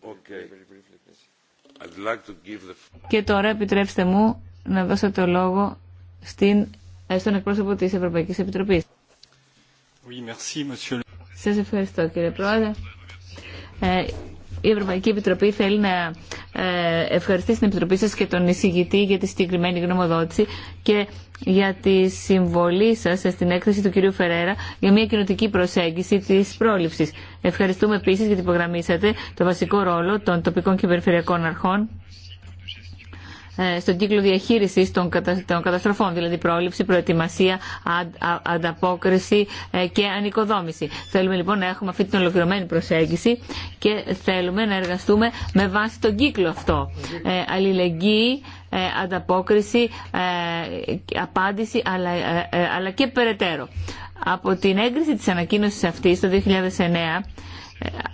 Okay. like the... Και τώρα επιτρέψτε μου να δώσω το λόγο στην, ε, στον εκπρόσωπο της Ευρωπαϊκής Επιτροπής. Oui, merci, σας ευχαριστώ κύριε Πρόεδρε. Ε, η Ευρωπαϊκή Επιτροπή θέλει να ε, ευχαριστήσει την Επιτροπή σας και τον εισηγητή για τη συγκεκριμένη γνωμοδότηση και για τη συμβολή σας στην έκθεση του κυρίου Φεραίρα για μια κοινοτική προσέγγιση της πρόληψης. Ευχαριστούμε επίσης γιατί υπογραμμίσατε το βασικό ρόλο των τοπικών και περιφερειακών αρχών ε, στον κύκλο διαχείρισης των, καταστροφών, δηλαδή πρόληψη, προετοιμασία, ανταπόκριση ε, και ανοικοδόμηση. Θέλουμε λοιπόν να έχουμε αυτή την ολοκληρωμένη προσέγγιση και θέλουμε να εργαστούμε με βάση τον κύκλο αυτό. Ε, αλληλεγγύη, ανταπόκριση, απάντηση, αλλά και περαιτέρω. Από την έγκριση της ανακοίνωσης αυτής το 2009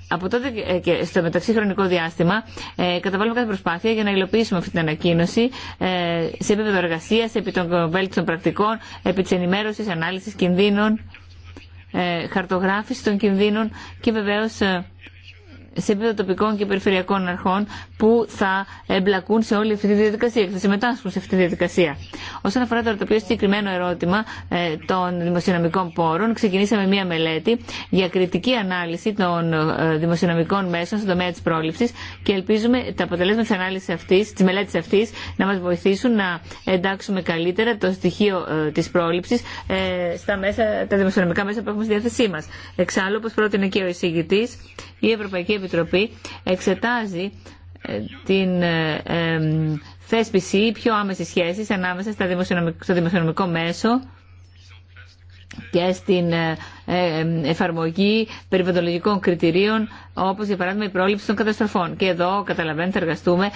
από τότε και στο μεταξύ χρονικό διάστημα ε, καταβάλουμε κάθε προσπάθεια για να υλοποιήσουμε αυτή την ανακοίνωση ε, σε επίπεδο εργασία, επί των βέλτιστων πρακτικών, επί τη ενημέρωση, ανάλυση κινδύνων, ε, χαρτογράφηση των κινδύνων και βεβαίω σε επίπεδο τοπικών και περιφερειακών αρχών που θα εμπλακούν σε όλη αυτή τη διαδικασία και θα συμμετάσχουν σε αυτή τη διαδικασία. Όσον αφορά τώρα το πιο συγκεκριμένο ερώτημα ε, των δημοσιονομικών πόρων, ξεκινήσαμε μία μελέτη για κριτική ανάλυση των ε, δημοσιονομικών μέσων στον τομέα τη πρόληψη και ελπίζουμε τα αποτελέσματα τη ανάλυση αυτή, τη μελέτη αυτή, να μα βοηθήσουν να εντάξουμε καλύτερα το στοιχείο ε, τη πρόληψη στα μέσα, τα δημοσιονομικά μέσα που έχουμε στη διάθεσή μα. Εξάλλου, όπω πρότεινε και ο εισηγητή, η Ευρωπαϊκή Επιτροπή εξετάζει ε, την ε, θέσπιση πιο άμεση σχέση ανάμεσα στο δημοσιονομικό μέσο και στην ε, εφαρμογή περιβαλλοντικών κριτηρίων, όπως για παράδειγμα η πρόληψη των καταστροφών. Και εδώ, καταλαβαίνετε, εργαστούμε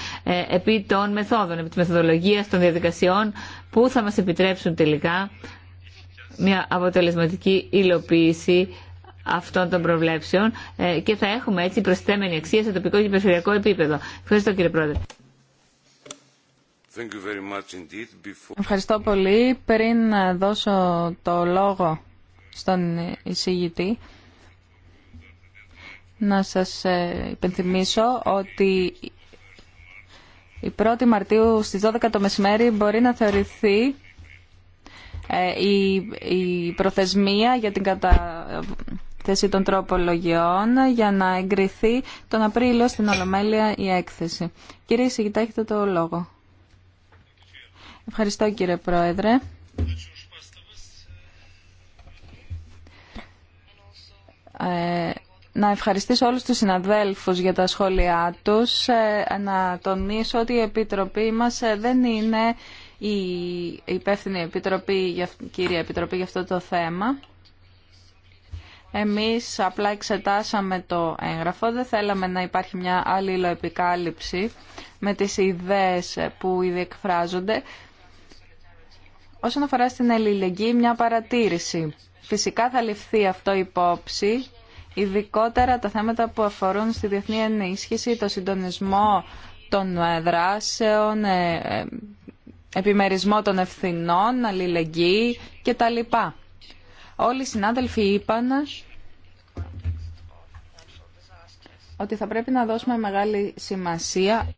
επί των μεθόδων, επί της μεθοδολογίας των διαδικασιών που θα μας επιτρέψουν τελικά μια αποτελεσματική υλοποίηση αυτών των προβλέψεων ε, και θα έχουμε έτσι προσθέμενη αξία σε τοπικό και περιφερειακό επίπεδο. Ευχαριστώ κύριε Πρόεδρε. Ευχαριστώ πολύ. Πριν δώσω το λόγο στον εισηγητή, να σας ε, υπενθυμίσω ότι η 1η Μαρτίου στις 12 το μεσημέρι μπορεί να θεωρηθεί ε, η προθεσμία για την κατα έκθεση των τροπολογιών για να εγκριθεί τον Απρίλιο στην Ολομέλεια η έκθεση. Κύριε Σιγητά, έχετε το λόγο. Ευχαριστώ κύριε Πρόεδρε. Ε, να ευχαριστήσω όλους τους συναδέλφους για τα σχόλιά τους. Ε, να τονίσω ότι η Επιτροπή μας ε, δεν είναι η υπεύθυνη Επιτροπή, κύρια Επιτροπή για αυτό το θέμα. Εμείς απλά εξετάσαμε το έγγραφο, δεν θέλαμε να υπάρχει μια αλληλοεπικάλυψη με τις ιδέες που ήδη εκφράζονται. Όσον αφορά στην αλληλεγγύη, μια παρατήρηση. Φυσικά θα ληφθεί αυτό υπόψη, ειδικότερα τα θέματα που αφορούν στη διεθνή ενίσχυση, το συντονισμό των δράσεων, ε, ε, επιμερισμό των ευθυνών, αλληλεγγύη κτλ. Όλοι οι συνάδελφοι είπαν ότι θα πρέπει να δώσουμε μεγάλη σημασία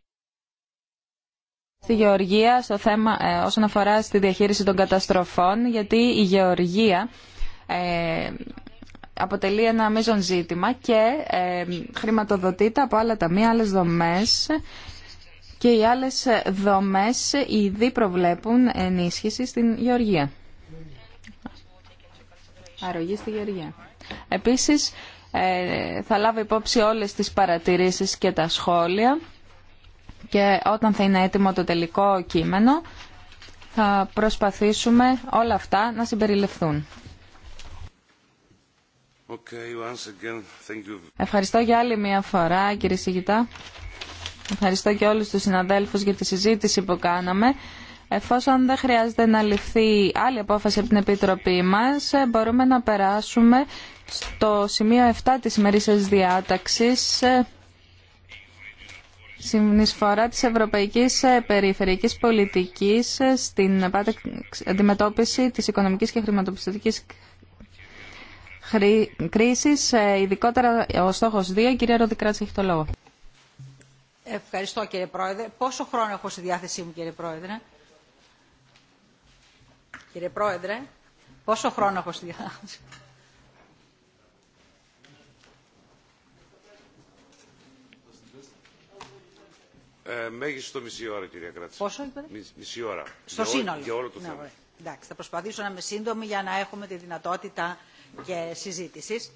στη γεωργία στο θέμα, ε, όσον αφορά στη διαχείριση των καταστροφών, γιατί η γεωργία ε, αποτελεί ένα μείζον ζήτημα και ε, χρηματοδοτείται από άλλα ταμεία, άλλες δομές και οι άλλες δομές ήδη προβλέπουν ενίσχυση στην γεωργία αρρωγή Επίσης, ε, θα λάβω υπόψη όλες τις παρατηρήσεις και τα σχόλια και όταν θα είναι έτοιμο το τελικό κείμενο θα προσπαθήσουμε όλα αυτά να συμπεριληφθούν. Okay, again, Ευχαριστώ για άλλη μια φορά κύριε Σιγητά. Ευχαριστώ και όλους τους συναδέλφους για τη συζήτηση που κάναμε. Εφόσον δεν χρειάζεται να ληφθεί άλλη απόφαση από την Επιτροπή μας, ε, μπορούμε να περάσουμε στο σημείο 7 της ημερήσιας διάταξης ε, συνεισφορά της Ευρωπαϊκής ε, Περιφερειακής Πολιτικής στην αντιμετώπιση της οικονομικής και χρηματοπιστωτικής κρίσης, ειδικότερα ο στόχος 2. Η κυρία Ροδικράτση έχει το λόγο. Ευχαριστώ κύριε Πρόεδρε. Πόσο χρόνο έχω στη διάθεσή μου κύριε Πρόεδρε. Κύριε Πρόεδρε, πόσο χρόνο έχω στη διάθεση. Ε, μέγιστο μισή ώρα, κυρία Κράτση. Πόσο είπατε? Μισή ώρα. Στο για σύνολο. για όλο το ναι, θέμα. Εντάξει, θα προσπαθήσω να είμαι σύντομη για να έχουμε τη δυνατότητα και συζήτησης.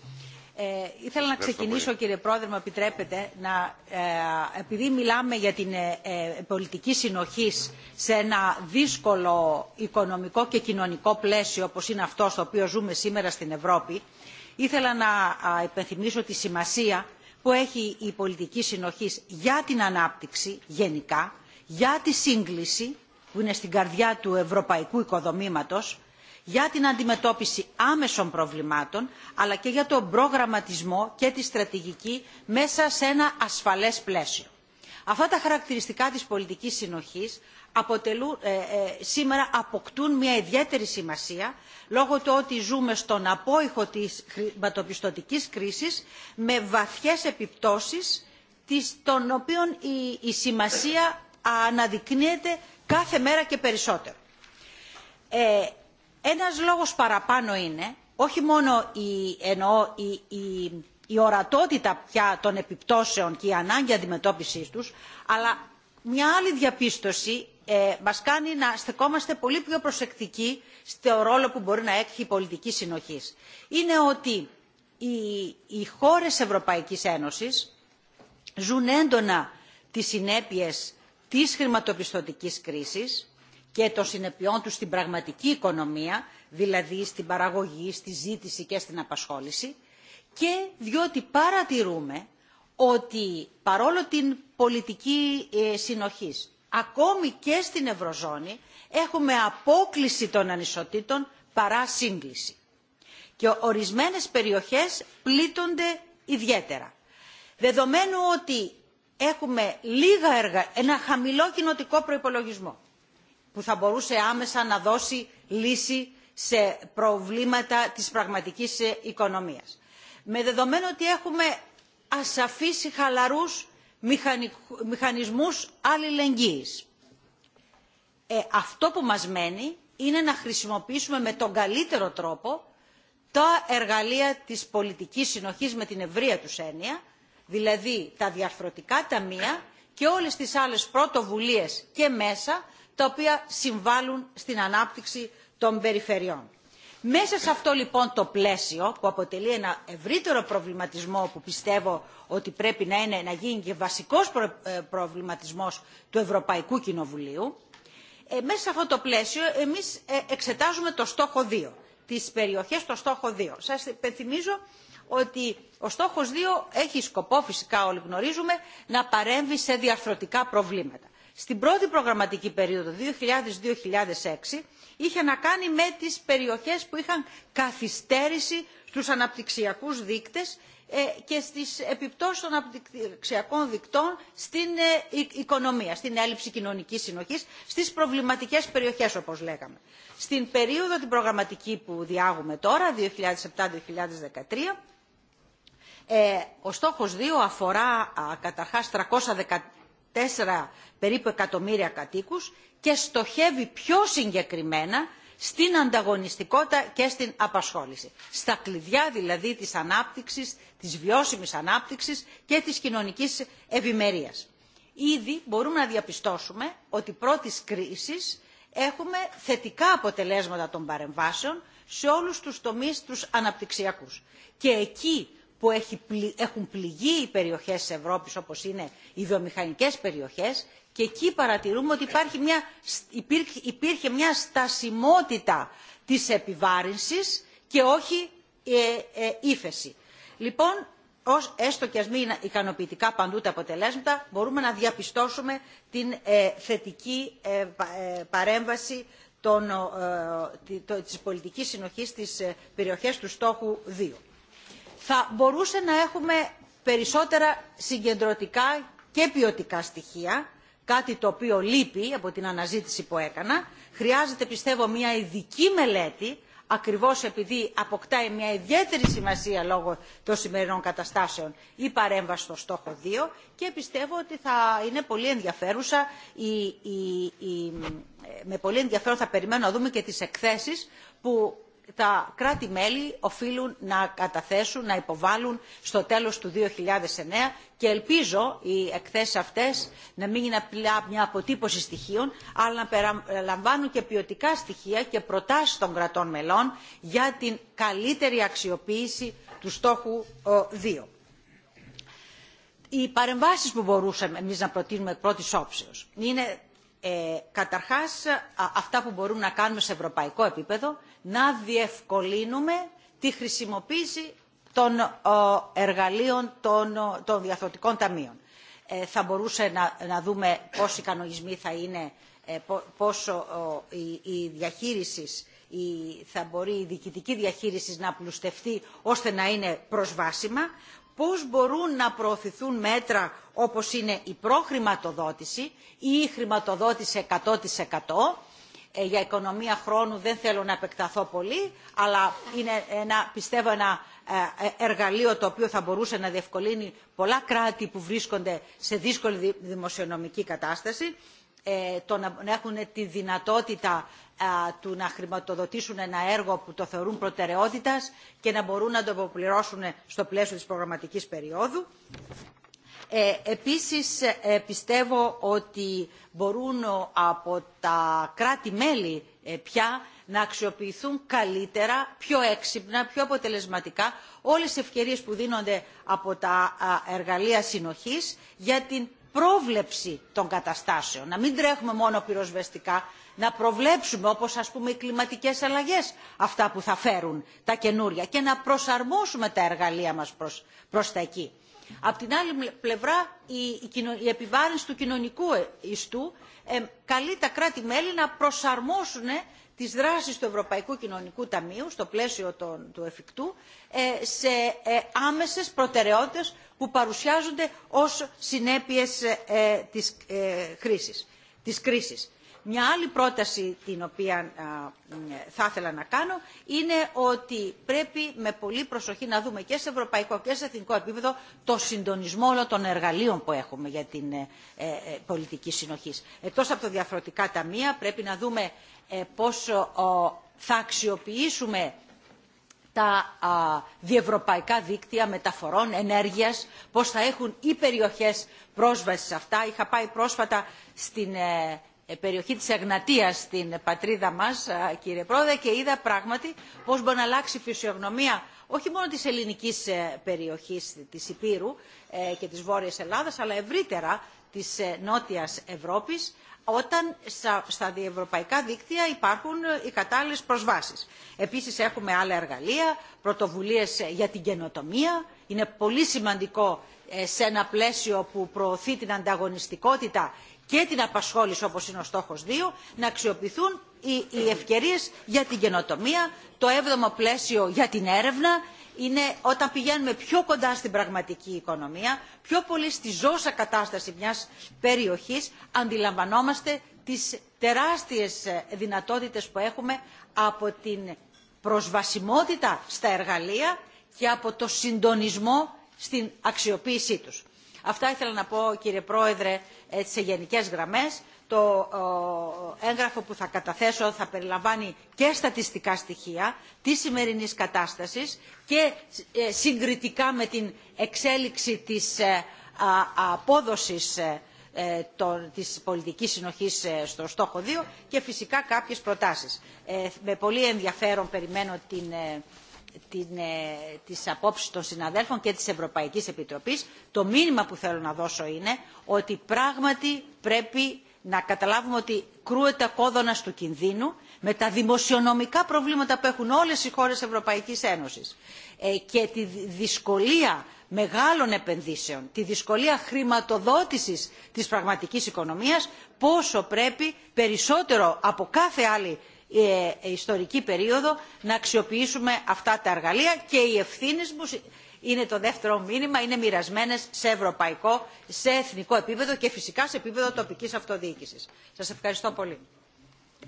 Ε, ήθελα να ξεκινήσω, κύριε Πρόεδρε, με επιτρέπετε, να, ε, επειδή μιλάμε για την ε, πολιτική συνοχή σε ένα δύσκολο οικονομικό και κοινωνικό πλαίσιο, όπως είναι αυτό στο οποίο ζούμε σήμερα στην Ευρώπη, ήθελα να υπενθυμίσω τη σημασία που έχει η πολιτική συνοχή για την ανάπτυξη γενικά, για τη σύγκληση που είναι στην καρδιά του ευρωπαϊκού οικοδομήματος, για την αντιμετώπιση άμεσων προβλημάτων αλλά και για τον προγραμματισμό και τη στρατηγική μέσα σε ένα ασφαλές πλαίσιο. Αυτά τα χαρακτηριστικά της πολιτικής συνοχής ε, ε, σήμερα αποκτούν μια ιδιαίτερη σημασία λόγω του ότι ζούμε στον απόϊχο της χρηματοπιστωτικής κρίσης με βαθιές επιπτώσεις των οποίων η, σημασία αναδεικνύεται κάθε μέρα και περισσότερο. Ε, ένας λόγος παραπάνω είναι όχι μόνο η, ορατότητα των επιπτώσεων και η ανάγκη αντιμετώπισης τους, αλλά μια άλλη διαπίστωση ε, μας κάνει να στεκόμαστε πολύ πιο προσεκτικοί στο ρόλο που μπορεί να έχει η πολιτική συνοχής. Είναι ότι οι, οι χώρες Ευρωπαϊκής Ένωσης ζουν έντονα τις συνέπειες της χρηματοπιστωτικής κρίσης και των συνεπειών του στην πραγματική οικονομία, δηλαδή στην παραγωγή, στη ζήτηση και στην απασχόληση και διότι παρατηρούμε ότι παρόλο την πολιτική ε, συνοχής, ακόμη και στην Ευρωζώνη έχουμε απόκληση των ανισοτήτων παρά σύγκληση. Και ορισμένες περιοχές πλήττονται ιδιαίτερα. Δεδομένου ότι έχουμε λίγα εργα... ένα χαμηλό κοινοτικό προϋπολογισμό που θα μπορούσε άμεσα να δώσει λύση σε προβλήματα της πραγματικής ε, οικονομίας. Με δεδομένο ότι έχουμε ασαφείς χαλαρούς μηχανισμούς αλληλεγγύης. Ε, αυτό που μας μένει είναι να χρησιμοποιήσουμε με τον καλύτερο τρόπο τα εργαλεία της πολιτικής συνοχής με την ευρεία τους έννοια, δηλαδή τα διαρθρωτικά ταμεία και όλες τις άλλες πρωτοβουλίες και μέσα τα οποία συμβάλλουν στην ανάπτυξη των περιφερειών. Μέσα σε αυτό λοιπόν το πλαίσιο που αποτελεί ένα ευρύτερο προβληματισμό που πιστεύω ότι πρέπει να, είναι, να γίνει και βασικός ε, προβληματισμός του Ευρωπαϊκού Κοινοβουλίου, ε, μέσα σε αυτό το πλαίσιο εμείς ε, εξετάζουμε το στόχο 2, τις περιοχές στο στόχο 2. Σας υπενθυμίζω ότι ο στόχος 2 έχει σκοπό, φυσικά όλοι γνωρίζουμε, να παρέμβει σε διαρθρωτικά προβλήματα στην πρώτη προγραμματική περίοδο 2000-2006 είχε να κάνει με τις περιοχές που είχαν καθυστέρηση στους αναπτυξιακούς δείκτες ε, και στις επιπτώσεις των αναπτυξιακών δικτών στην ε, οικονομία, στην έλλειψη κοινωνικής συνοχής, στις προβληματικές περιοχές όπως λέγαμε. Στην περίοδο την προγραμματική που διάγουμε τώρα, 2007-2013, ε, ο στόχος 2 αφορά καταρχάς τέσσερα περίπου εκατομμύρια κατοίκους και στοχεύει πιο συγκεκριμένα στην ανταγωνιστικότητα και στην απασχόληση. Στα κλειδιά δηλαδή της ανάπτυξης, της βιώσιμης ανάπτυξης και της κοινωνικής ευημερίας. Ήδη μπορούμε να διαπιστώσουμε ότι πρώτης κρίσης έχουμε θετικά αποτελέσματα των παρεμβάσεων σε όλους τους τομείς τους αναπτυξιακούς. Και εκεί που έχουν πληγεί οι περιοχές της Ευρώπης όπως είναι οι βιομηχανικές περιοχές και εκεί παρατηρούμε ότι υπάρχει μια, υπήρχε μια στασιμότητα της επιβάρυνσης και όχι ε, ε, ύφεση. Λοιπόν, ως έστω και ας μην είναι ικανοποιητικά παντού τα αποτελέσματα, μπορούμε να διαπιστώσουμε την ε, θετική ε, παρέμβαση των, της πολιτικής συνοχής στις περιοχές του στόχου 2 θα μπορούσε να έχουμε περισσότερα συγκεντρωτικά και ποιοτικά στοιχεία, κάτι το οποίο λείπει από την αναζήτηση που έκανα. Χρειάζεται, πιστεύω, μια ειδική μελέτη, ακριβώς επειδή αποκτάει μια ιδιαίτερη σημασία λόγω των σημερινών καταστάσεων η παρέμβαση στο στόχο 2 και πιστεύω ότι θα είναι πολύ ενδιαφέρουσα, ε, με πολύ ενδιαφέρον θα περιμένω να δούμε και τις εκθέσεις που τα κράτη-μέλη οφείλουν να καταθέσουν, να υποβάλουν στο τέλος του 2009 και ελπίζω οι εκθέσεις αυτές να μην είναι απλά μια αποτύπωση στοιχείων, αλλά να περιλαμβάνουν και ποιοτικά στοιχεία και προτάσεις των κρατών μελών για την καλύτερη αξιοποίηση του στόχου 2 ε, οι παρεμβάσεις που μπορούσαμε εμείς να προτείνουμε εκ πρώτης όψεως είναι ε, καταρχάς, αυτά που μπορούμε να κάνουμε σε ευρωπαϊκό επίπεδο, να διευκολύνουμε τη χρησιμοποίηση των εργαλείων των, των διαθροτικών ταμείων. Ε, θα μπορούσε να, να δούμε πώς οι κανονισμοί θα είναι, ε, πόσο η, η διαχείριση θα μπορεί η διοικητική διαχείριση να πλουστευτεί ώστε να είναι προσβάσιμα πώς μπορούν να προωθηθούν μέτρα όπως είναι η προχρηματοδότηση ή η χρηματοδότηση 100% ε, για οικονομία χρόνου δεν θέλω να επεκταθώ πολύ, αλλά είναι ένα, πιστεύω ένα ε, ε, εργαλείο το οποίο θα μπορούσε να διευκολύνει πολλά κράτη που βρίσκονται σε δύσκολη δημοσιονομική κατάσταση, το να έχουν τη δυνατότητα του να χρηματοδοτήσουν ένα έργο που το θεωρούν προτεραιότητας και να μπορούν να το αποπληρώσουν στο πλαίσιο της προγραμματικής περίοδου. Ε, επίσης ε, πιστεύω ότι μπορούν από τα κράτη-μέλη ε, πια να αξιοποιηθούν καλύτερα, πιο έξυπνα, πιο αποτελεσματικά όλες οι ευκαιρίες που δίνονται από τα εργαλεία συνοχής για την πρόβλεψη των καταστάσεων. Να μην τρέχουμε μόνο πυροσβεστικά, να προβλέψουμε όπως ας πούμε οι κλιματικές αλλαγές αυτά που θα φέρουν τα καινούρια και να προσαρμόσουμε τα εργαλεία μας προς, προς τα εκεί. Απ' την άλλη πλευρά η, επιβάρυνση του κοινωνικού ε, ιστού ε, καλεί τα κράτη-μέλη να προσαρμόσουν ε, τις δράσεις του Ευρωπαϊκού Κοινωνικού Ταμείου στο πλαίσιο του εφικτού ε, σε ε, άμεσες προτεραιότητες που παρουσιάζονται ως συνέπειες της, της κρίσης. Μια άλλη πρόταση την οποία θα ήθελα να κάνω είναι ότι πρέπει με πολύ προσοχή να δούμε και σε ευρωπαϊκό και σε εθνικό επίπεδο το συντονισμό όλων των εργαλείων που έχουμε για την ε, ε, πολιτική συνοχή. Εκτός από τα διαφορετικά ταμεία πρέπει να δούμε ε, πώς θα αξιοποιήσουμε τα α, διευρωπαϊκά δίκτυα μεταφορών ενέργειας, πώς θα έχουν οι περιοχές πρόσβαση σε αυτά. Είχα πάει πρόσφατα στην ε, ε, περιοχή της Εγνατίας στην πατρίδα μας, κύριε Πρόεδρε, και είδα πράγματι πώς μπορεί να αλλάξει η φυσιογνωμία όχι μόνο της ελληνικής ε, περιοχής της Υπήρου ε, και της Βόρειας Ελλάδας, αλλά ευρύτερα της Νότιας Ευρώπης, όταν στα διευρωπαϊκά δίκτυα υπάρχουν οι κατάλληλες προσβάσεις. Επίσης έχουμε άλλα εργαλεία, πρωτοβουλίες για την καινοτομία. Είναι πολύ σημαντικό σε ένα πλαίσιο που προωθεί την ανταγωνιστικότητα και την απασχόληση όπως είναι ο στόχος 2, να αξιοποιηθούν οι, οι ευκαιρίες για την καινοτομία, το έβδομο πλαίσιο για την έρευνα, είναι όταν πηγαίνουμε πιο κοντά στην πραγματική οικονομία, πιο πολύ στη ζώσα κατάσταση μιας περιοχής, αντιλαμβανόμαστε τις τεράστιες ε, δυνατότητες που έχουμε από την προσβασιμότητα στα εργαλεία και από το συντονισμό στην αξιοποίησή τους. Αυτά ήθελα να πω κύριε Πρόεδρε σε γενικές γραμμές. Το έγγραφο που θα καταθέσω θα περιλαμβάνει και στατιστικά στοιχεία της σημερινής κατάστασης και ε, συγκριτικά με την εξέλιξη της ε, απόδοσης ε, της πολιτικής συνοχής στο στόχο 2 και φυσικά κάποιες προτάσεις. Με πολύ ενδιαφέρον περιμένω την την, ε, τις απόψεις των συναδέλφων και της Ευρωπαϊκής Επιτροπής. Το μήνυμα που θέλω να δώσω είναι ότι πράγματι πρέπει να καταλάβουμε ότι κρούεται κόδωνα του κινδύνου με τα δημοσιονομικά προβλήματα που έχουν όλες οι χώρες Ευρωπαϊκής Ένωσης ε, και τη δυσκολία μεγάλων επενδύσεων, τη δυσκολία χρηματοδότησης της πραγματικής οικονομίας, πόσο πρέπει περισσότερο από κάθε άλλη ε, ιστορική περίοδο να αξιοποιήσουμε αυτά τα εργαλεία και οι ευθύνε μου είναι το δεύτερο μήνυμα, είναι μοιρασμένε σε ευρωπαϊκό, σε εθνικό επίπεδο και φυσικά σε επίπεδο τοπική αυτοδιοίκηση. Σα ευχαριστώ πολύ.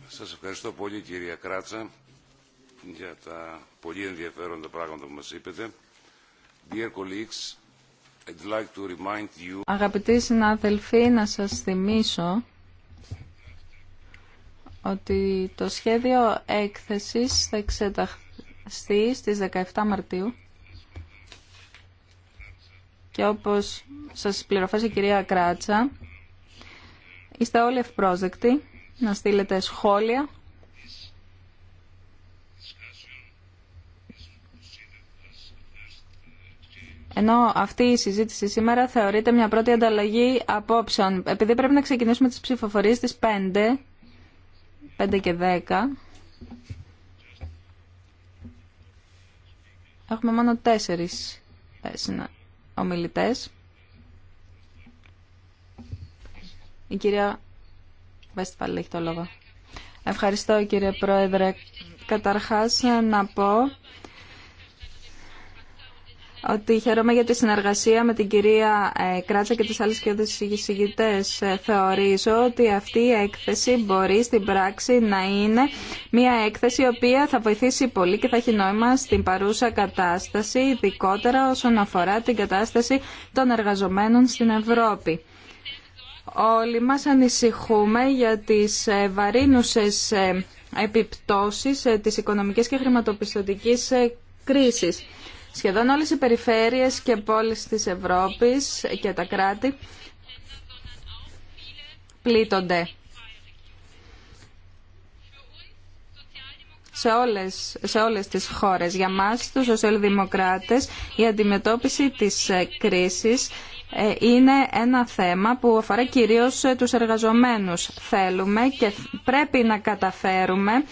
Σα ευχαριστώ πολύ κυρία Κράτσα για τα πολύ ενδιαφέροντα πράγματα που μα είπετε. Dear colleagues, I'd Αγαπητοί συνάδελφοι, να σας θυμίσω ότι το σχέδιο έκθεσης θα εξεταχθεί στις 17 Μαρτίου και όπως σας πληροφέσει η κυρία Κράτσα, είστε όλοι ευπρόσδεκτοι να στείλετε σχόλια Ενώ αυτή η συζήτηση σήμερα θεωρείται μια πρώτη ανταλλαγή απόψεων. Επειδή πρέπει να ξεκινήσουμε τις ψηφοφορίες στις 5, 5 και 10 έχουμε μόνο τέσσερι ε, ομιλητέ. Η κυρία Βέστιφαλ έχει το λόγο. Ευχαριστώ κύριε Πρόεδρε. Καταρχάς να πω ότι χαίρομαι για τη συνεργασία με την κυρία ε, Κράτσα και τις άλλες κοιόδες εισηγητές. Ε, θεωρίζω ότι αυτή η έκθεση μπορεί στην πράξη να είναι μια έκθεση η οποία θα βοηθήσει πολύ και θα έχει νόημα στην παρούσα κατάσταση, ειδικότερα όσον αφορά την κατάσταση των εργαζομένων στην Ευρώπη. Όλοι μας ανησυχούμε για τις ε, βαρύνουσες επιπτώσεις της οικονομικής και χρηματοπιστωτικής κρίσης. Σχεδόν όλες οι περιφέρειες και πόλεις της Ευρώπης και τα κράτη πλήττονται. σε όλες, σε όλες τις χώρες. Για μας, τους σοσιαλδημοκράτες, η αντιμετώπιση της ε, κρίσης ε, είναι ένα θέμα που αφορά κυρίως ε, τους εργαζομένους. Θέλουμε και πρέπει να καταφέρουμε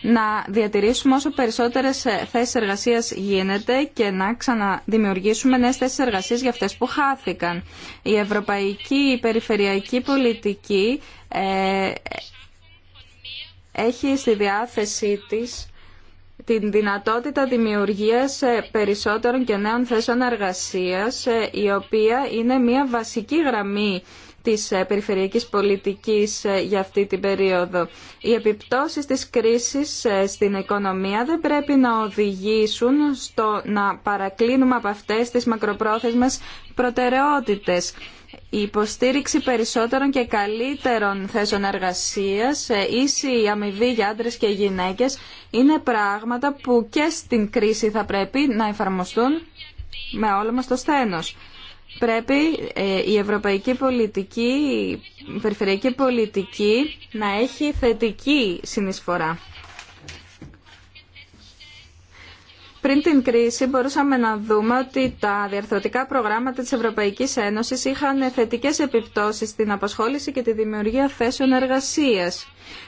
να διατηρήσουμε όσο περισσότερες ε, θέσεις εργασίας γίνεται και να ξαναδημιουργήσουμε νέες θέσεις εργασίας για αυτές που χάθηκαν. Η ευρωπαϊκή η περιφερειακή πολιτική ε, έχει στη διάθεσή της την δυνατότητα δημιουργίας ε, περισσότερων και νέων θέσεων εργασίας, η οποία είναι μια βασική γραμμή της ε, περιφερειακής πολιτικής ε, για αυτή την περίοδο. Οι επιπτώσεις της κρίσης ε, στην οικονομία δεν πρέπει να οδηγήσουν στο να παρακλίνουμε από αυτές τις μακροπρόθεσμες προτεραιότητες. Η υποστήριξη περισσότερων και καλύτερων θέσεων εργασίας, ίση αμοιβή για άντρες και γυναίκες, είναι πράγματα που και στην κρίση θα πρέπει να εφαρμοστούν με όλο μας το σθένος πρέπει ε, η ευρωπαϊκή πολιτική, η περιφερειακή πολιτική να έχει θετική συνεισφορά. Πριν την κρίση μπορούσαμε να δούμε ότι τα διαρθρωτικά προγράμματα της Ευρωπαϊκής Ένωσης είχαν θετικές επιπτώσεις στην απασχόληση και τη δημιουργία θέσεων εργασίας.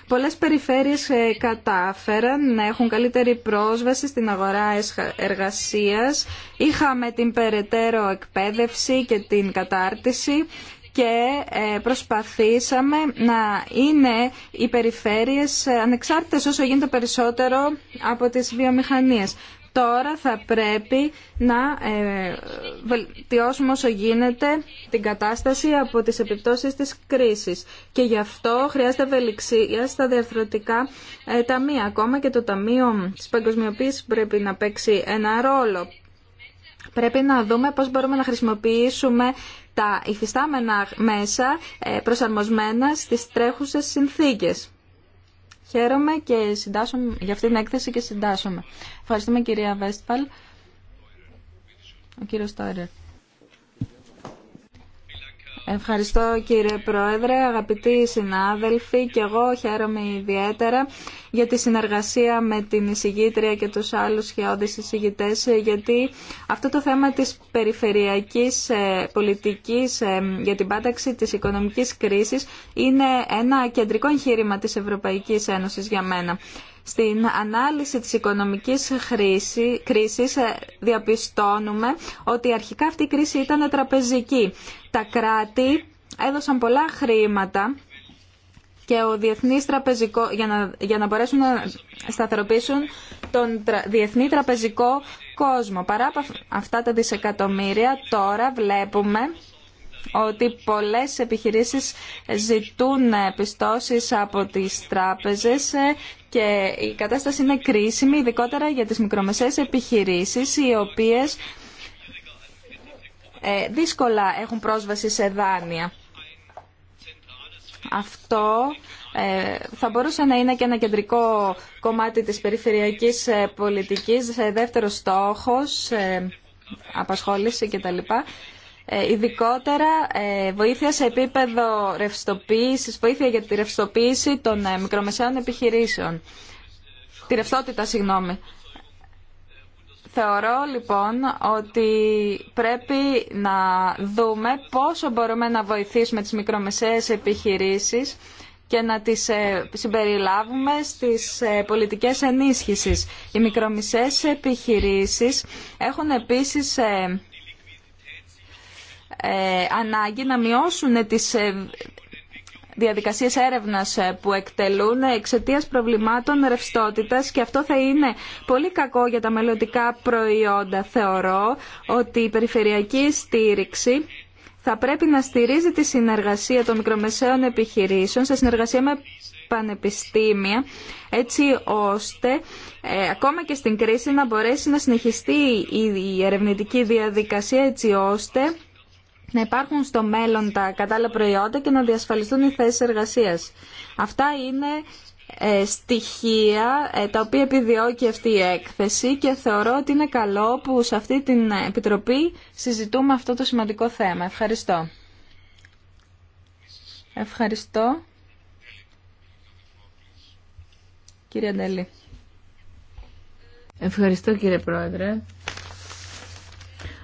Πολλές περιφέρειες ε, κατάφεραν να έχουν καλύτερη πρόσβαση στην αγορά εργασίας. Είχαμε την περαιτέρω εκπαίδευση και την κατάρτιση και ε, προσπαθήσαμε να είναι οι περιφέρειες ε, ανεξάρτητες όσο γίνεται περισσότερο από τις βιομηχανίες. Τώρα θα πρέπει να ε, βελτιώσουμε όσο γίνεται την κατάσταση από τις επιπτώσεις της κρίσης. Και γι' αυτό χρειάζεται ευελιξία στα διαρθρωτικά ε, ταμεία. Ακόμα και το Ταμείο της Παγκοσμιοποίησης πρέπει να παίξει ένα ρόλο. Πρέπει να δούμε πώς μπορούμε να χρησιμοποιήσουμε τα υφιστάμενα μέσα ε, προσαρμοσμένα στις τρέχουσες συνθήκες. Χαίρομαι και συντάσσομαι για αυτή την έκθεση και συντάσσομαι. Ευχαριστούμε κυρία Βέστφαλ. Ο κύριος Ευχαριστώ κύριε Πρόεδρε, αγαπητοί συνάδελφοι και εγώ χαίρομαι ιδιαίτερα για τη συνεργασία με την εισηγήτρια και τους άλλους χειόντες εισηγητές γιατί αυτό το θέμα της περιφερειακής ε, πολιτικής ε, για την πάταξη της οικονομικής κρίσης είναι ένα κεντρικό εγχείρημα της Ευρωπαϊκής Ένωσης για μένα. Στην ανάλυση της οικονομικής κρίσης ε, διαπιστώνουμε ότι αρχικά αυτή η κρίση ήταν τραπεζική. Τα κράτη έδωσαν πολλά χρήματα και ο διεθνής τραπεζικό, για, να, για να μπορέσουν να σταθεροποιήσουν τον διεθνή τραπεζικό κόσμο. Παρά από αυτά τα δισεκατομμύρια τώρα βλέπουμε ότι πολλές επιχειρήσεις ζητούν πιστώσεις από τις τράπεζες και η κατάσταση είναι κρίσιμη, ειδικότερα για τις μικρομεσαίες επιχειρήσεις, οι οποίες ε, δύσκολα έχουν πρόσβαση σε δάνεια. Αυτό ε, θα μπορούσε να είναι και ένα κεντρικό κομμάτι της περιφερειακής ε, πολιτικής, δεύτερος στόχος, απασχόληση κτλ. Ε, ειδικότερα ε, βοήθεια σε επίπεδο ρευστοποίησης, βοήθεια για τη ρευστοποίηση των ε, μικρομεσαίων επιχειρήσεων. Τη ρευστότητα, συγγνώμη. Θεωρώ λοιπόν ότι πρέπει να δούμε πόσο μπορούμε να βοηθήσουμε τις μικρομεσαίες επιχειρήσεις και να τις συμπεριλάβουμε στις πολιτικές ενίσχυσης. Οι μικρομεσαίες επιχειρήσεις έχουν επίσης ε, ανάγκη να μειώσουν τις ε, διαδικασίες έρευνας ε, που εκτελούν εξαιτίας προβλημάτων ρευστότητας και αυτό θα είναι πολύ κακό για τα μελλοντικά προϊόντα. Θεωρώ ότι η περιφερειακή στήριξη θα πρέπει να στηρίζει τη συνεργασία των μικρομεσαίων επιχειρήσεων σε συνεργασία με πανεπιστήμια έτσι ώστε ακόμα και στην κρίση να μπορέσει να συνεχιστεί η ερευνητική διαδικασία έτσι ώστε να υπάρχουν στο μέλλον τα κατάλληλα προϊόντα και να διασφαλιστούν οι θέσεις εργασίας. Αυτά είναι ε, στοιχεία ε, τα οποία επιδιώκει αυτή η έκθεση και θεωρώ ότι είναι καλό που σε αυτή την Επιτροπή συζητούμε αυτό το σημαντικό θέμα. Ευχαριστώ. Ευχαριστώ. Κύριε Αντέλη. Ευχαριστώ κύριε Πρόεδρε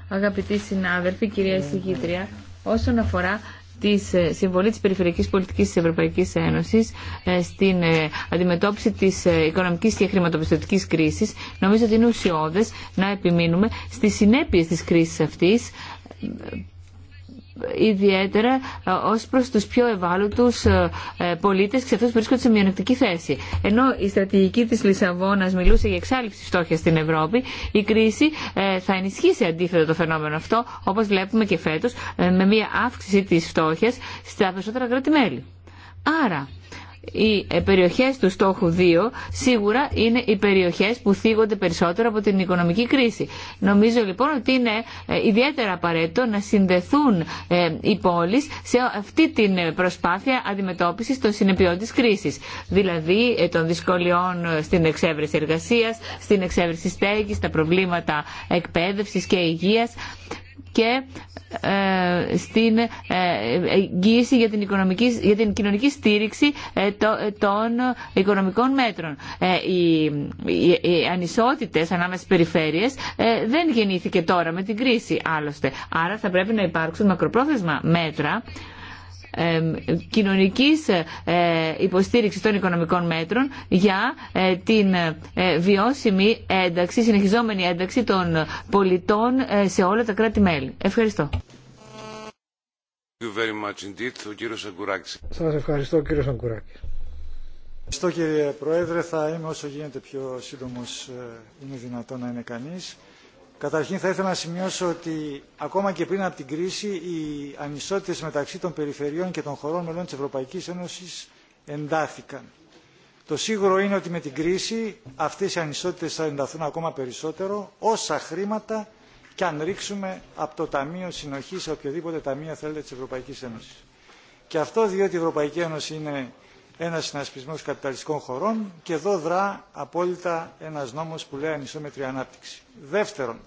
αγαπητοί συνάδελφοι, κυρία εισηγήτρια, όσον αφορά τη ε, συμβολή της περιφερειακής πολιτικής της Ευρωπαϊκής Ένωσης ε, στην ε, αντιμετώπιση της οικονομικής και χρηματοπιστωτικής κρίσης. Νομίζω ότι είναι ουσιώδες να επιμείνουμε στις συνέπειες της κρίσης αυτής ιδιαίτερα ε, ως προς τους πιο ευάλωτους ε, ε, πολίτες και σε που βρίσκονται σε μειονεκτική θέση. Ενώ η στρατηγική της Λισαβόνας μιλούσε για εξάλληψη φτώχεια στην Ευρώπη, η κρίση θα ενισχύσει αντίθετα το φαινόμενο αυτό, όπως βλέπουμε και φέτος, με μια αύξηση της φτώχειας στα περισσότερα κράτη-μέλη. Άρα, οι περιοχές του στόχου 2 σίγουρα είναι οι περιοχές που θίγονται περισσότερο από την οικονομική κρίση. Νομίζω λοιπόν ότι είναι ε, ιδιαίτερα απαραίτητο να συνδεθούν ε, οι πόλεις σε αυτή την ε, προσπάθεια αντιμετώπισης των συνεπειών της κρίσης. Δηλαδή των δυσκολιών στην εξέβρεση εργασίας, στην εξέβρεση στέγης, τα προβλήματα εκπαίδευσης και υγείας και ε, στην ε, εγγύηση για την, οικονομική, για την κοινωνική στήριξη ε, των οικονομικών μέτρων. Οι, οι, οι ανισότητες ανάμεσα στις περιφέρειες δεν γεννήθηκε τώρα με την κρίση άλλωστε. Άρα θα πρέπει να υπάρξουν μακροπρόθεσμα μέτρα κοινωνικής ε, υποστήριξης των οικονομικών μέτρων για ε, την ε, βιώσιμη ένταξη, συνεχιζόμενη ένταξη των πολιτών σε όλα τα κράτη-μέλη. Ευχαριστώ. Σας ευχαριστώ κύριε Σαγκουράκη. Ευχαριστώ κύριε Πρόεδρε. Θα είμαι όσο γίνεται πιο σύντομος είναι δυνατό να είναι κανείς. Καταρχήν θα ήθελα να σημειώσω ότι ακόμα και πριν από την κρίση οι ανισότητες μεταξύ των περιφερειών και των χωρών μελών της Ευρωπαϊκής Ένωσης εντάθηκαν. Το σίγουρο είναι ότι με την κρίση αυτές οι ανισότητες θα ενταθούν ακόμα περισσότερο όσα χρήματα και αν ρίξουμε από το Ταμείο Συνοχής σε οποιοδήποτε ταμείο θέλετε της Ευρωπαϊκής Ένωσης. Και αυτό διότι η Ευρωπαϊκή Ένωση είναι ένα συνασπισμό καπιταλιστικών χωρών και εδώ δρά απόλυτα ένα νόμο που λέει ανισόμετρη ανάπτυξη. Δεύτερον,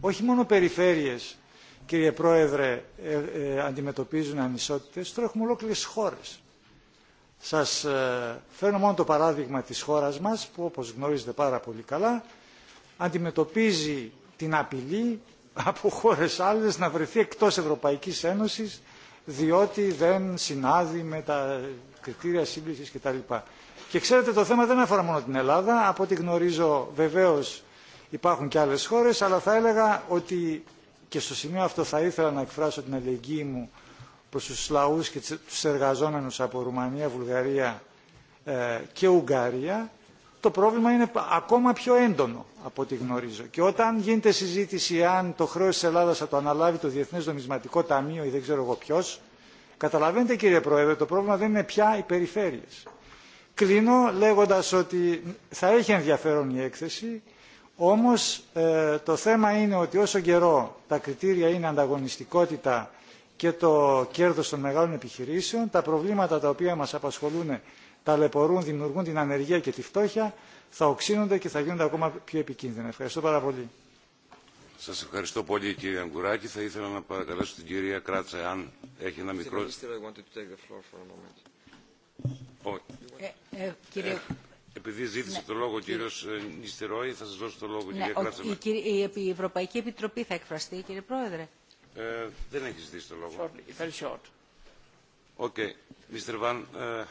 όχι μόνο περιφέρειε, κύριε Πρόεδρε, ε, ε, αντιμετωπίζουν ανισότητε, τώρα έχουμε ολόκληρε χώρε. Σα ε, φέρνω μόνο το παράδειγμα τη χώρα μα, που όπω γνωρίζετε πάρα πολύ καλά, αντιμετωπίζει την απειλή από χώρε άλλε να βρεθεί εκτό Ευρωπαϊκή Ένωση, διότι δεν συνάδει με τα κριτήρια σύμπληξη κτλ. Και ξέρετε το θέμα δεν αφορά μόνο την Ελλάδα, από ό,τι γνωρίζω βεβαίως υπάρχουν και άλλες χώρες, αλλά θα έλεγα ότι και στο σημείο αυτό θα ήθελα να εκφράσω την αλληλεγγύη μου προς τους λαούς και τους εργαζόμενους από Ρουμανία, Βουλγαρία ε, και Ουγγαρία, το πρόβλημα είναι ακόμα πιο έντονο από ό,τι γνωρίζω. Και όταν γίνεται συζήτηση αν το χρέος της Ελλάδας θα το αναλάβει το Διεθνές Νομισματικό Ταμείο ή δεν ξέρω εγώ ποιο, Καταλαβαίνετε κύριε Πρόεδρε, το πρόβλημα δεν είναι πια οι περιφέρειες. Κλείνω λέγοντας ότι θα έχει ενδιαφέρον η έκθεση, όμως ε, το θέμα είναι ότι όσο καιρό τα κριτήρια είναι ανταγωνιστικότητα και το κέρδος των μεγάλων επιχειρήσεων, τα προβλήματα τα οποία μας απασχολούν ταλαιπωρούν, δημιουργούν την ανεργία και τη φτώχεια, θα οξύνονται και θα γίνονται ακόμα πιο επικίνδυνα. Ευχαριστώ πάρα πολύ. Σας ευχαριστώ πολύ κύριε Αγκουράκη. Θα ήθελα να παρακαλέσω την κυρία Κράτσα αν έχει ένα μικρό... Ε, ε, ε, επειδή ζήτησε ναι. το λόγο ο κύριο Νιστερόη, θα σας δώσω το λόγο, ναι, κυρία Κράτσα. Η, η Ευρωπαϊκή Επιτροπή θα εκφραστεί, κύριε Πρόεδρε. Ε, δεν έχει ζητήσει το λόγο. Very short. Okay, Mr. Van uh,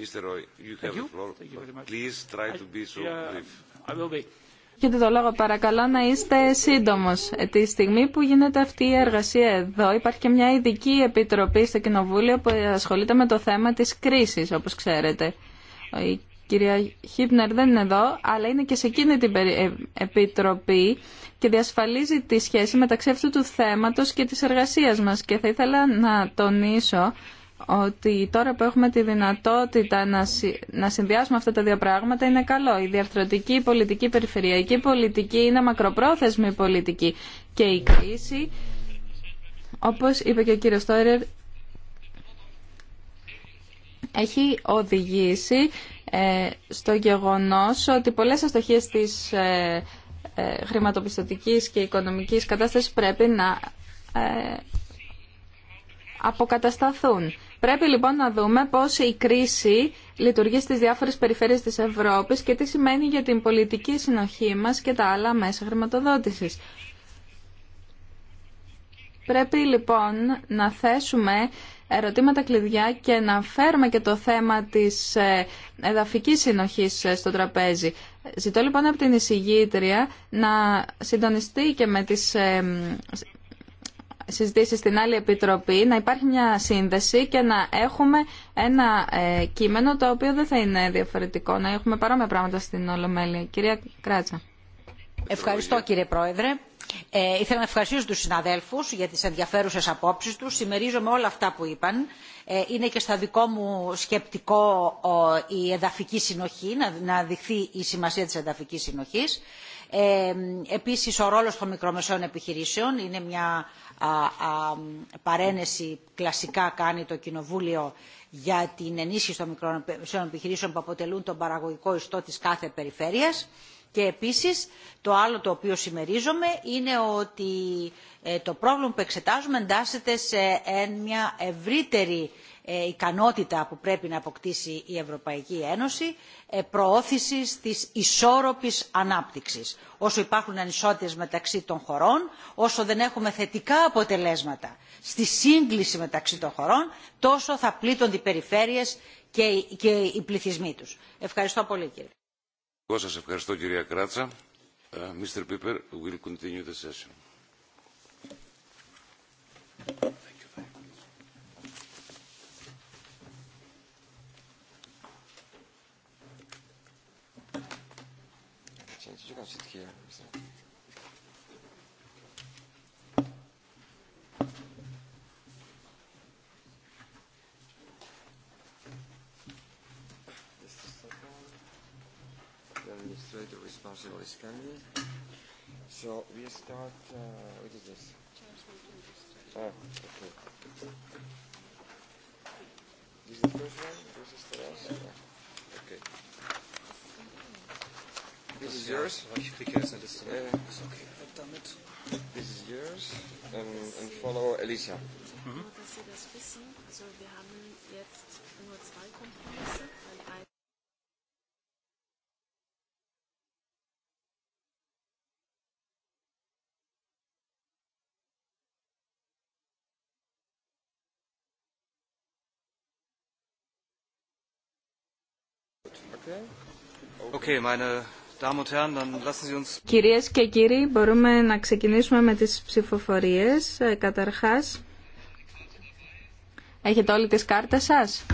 Nistelrooy, you have Thank the floor. Please try I, to be so yeah, brief. I will be. Κύριε το λόγο, παρακαλώ να είστε σύντομο. Ε, τη στιγμή που γίνεται αυτή η εργασία εδώ, υπάρχει και μια ειδική επιτροπή στο Κοινοβούλιο που ασχολείται με το θέμα τη κρίση, όπω ξέρετε. Η κυρία Χίπνερ δεν είναι εδώ, αλλά είναι και σε εκείνη την ε, επιτροπή και διασφαλίζει τη σχέση μεταξύ αυτού του θέματος και της εργασία μα Και θα ήθελα να τονίσω ότι τώρα που έχουμε τη δυνατότητα να συνδυάσουμε αυτά τα δύο πράγματα είναι καλό. Η διαρθρωτική πολιτική, η περιφερειακή πολιτική είναι μακροπρόθεσμη πολιτική και η κρίση, όπως είπε και ο κύριος Στόιρερ, έχει οδηγήσει ε, στο γεγονός ότι πολλές αστοχίες της ε, ε, χρηματοπιστωτικής και οικονομικής κατάστασης πρέπει να αποκατασταθούν. Πρέπει λοιπόν να δούμε πώς η κρίση λειτουργεί στις διάφορες περιφέρειες της Ευρώπης και τι σημαίνει για την πολιτική συνοχή μας και τα άλλα μέσα χρηματοδότησης. Πρέπει λοιπόν να θέσουμε ερωτήματα κλειδιά και να φέρουμε και το θέμα της ε, εδαφικής συνοχής ε, στο τραπέζι. Ζητώ λοιπόν από την εισηγήτρια να συντονιστεί και με τις ε, συζητήσει στην άλλη επιτροπή, να υπάρχει μια σύνδεση και να έχουμε ένα ε, κείμενο το οποίο δεν θα είναι διαφορετικό, να έχουμε παρόμοια πράγματα στην Ολομέλεια. Κυρία Κράτσα. Ευχαριστώ κύριε Πρόεδρε. Ε, ήθελα να ευχαριστήσω τους συναδέλφους για τις ενδιαφέρουσες απόψεις τους. Συμμερίζομαι όλα αυτά που είπαν. Ε, είναι και στα δικό μου σκεπτικό η εδαφική συνοχή, να, να δειχθεί η σημασία της εδαφικής συνοχής. Ε, επίσης, ο ρόλος των μικρομεσαίων επιχειρήσεων είναι μια παρένεση κλασικά κάνει το Κοινοβούλιο για την ενίσχυση των μικρομεσαίων επιχειρήσεων που αποτελούν τον παραγωγικό ιστό της κάθε περιφέρειας. Και επίσης το άλλο το οποίο συμμερίζομαι είναι ότι ε, το πρόβλημα που εξετάζουμε εντάσσεται σε ε, μια ευρύτερη ε, ικανότητα που πρέπει να αποκτήσει η Ευρωπαϊκή Ένωση ε, προώθησης της ισόρροπης ανάπτυξης. Όσο υπάρχουν ανισότητες μεταξύ των χωρών, όσο δεν έχουμε θετικά αποτελέσματα στη σύγκληση μεταξύ των χωρών, τόσο θα πλήττονται οι περιφέρειες και οι πληθυσμοί τους. Ευχαριστώ πολύ κύριε. Εγώ ευχαριστώ κυρία Κράτσα. Ε, is it here? Is it? The administrator responsible is coming. So we start. Uh, what is this? Ah, okay. This is the first one. This is the last. Yeah. Okay. This is yours. This is yours. And follow Elisa. Mhm. Okay, meine Κυρίες και κύριοι, μπορούμε να ξεκινήσουμε με τις ψηφοφορίες. Ε, καταρχάς, έχετε όλοι τις κάρτες σας.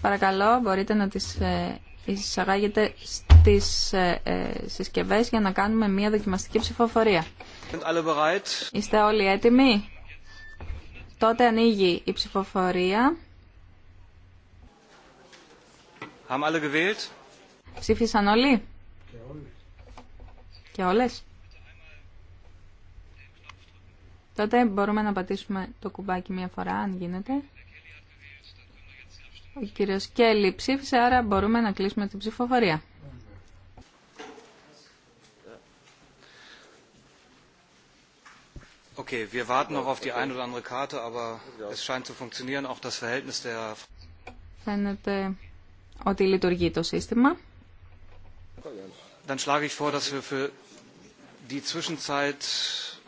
Παρακαλώ, μπορείτε να τις ε, εισαγάγετε στις ε, συσκευές για να κάνουμε μια δοκιμαστική ψηφοφορία. Είστε όλοι έτοιμοι? Τότε ανοίγει η ψηφοφορία. Ψήφισαν όλοι? Και όλες. Τότε μπορούμε να πατήσουμε το κουμπάκι μία φορά, αν γίνεται. Ο κύριος Κέλλη ψήφισε, άρα μπορούμε να κλείσουμε την ψηφοφορία. Okay, der... Φαίνεται ότι λειτουργεί το σύστημα.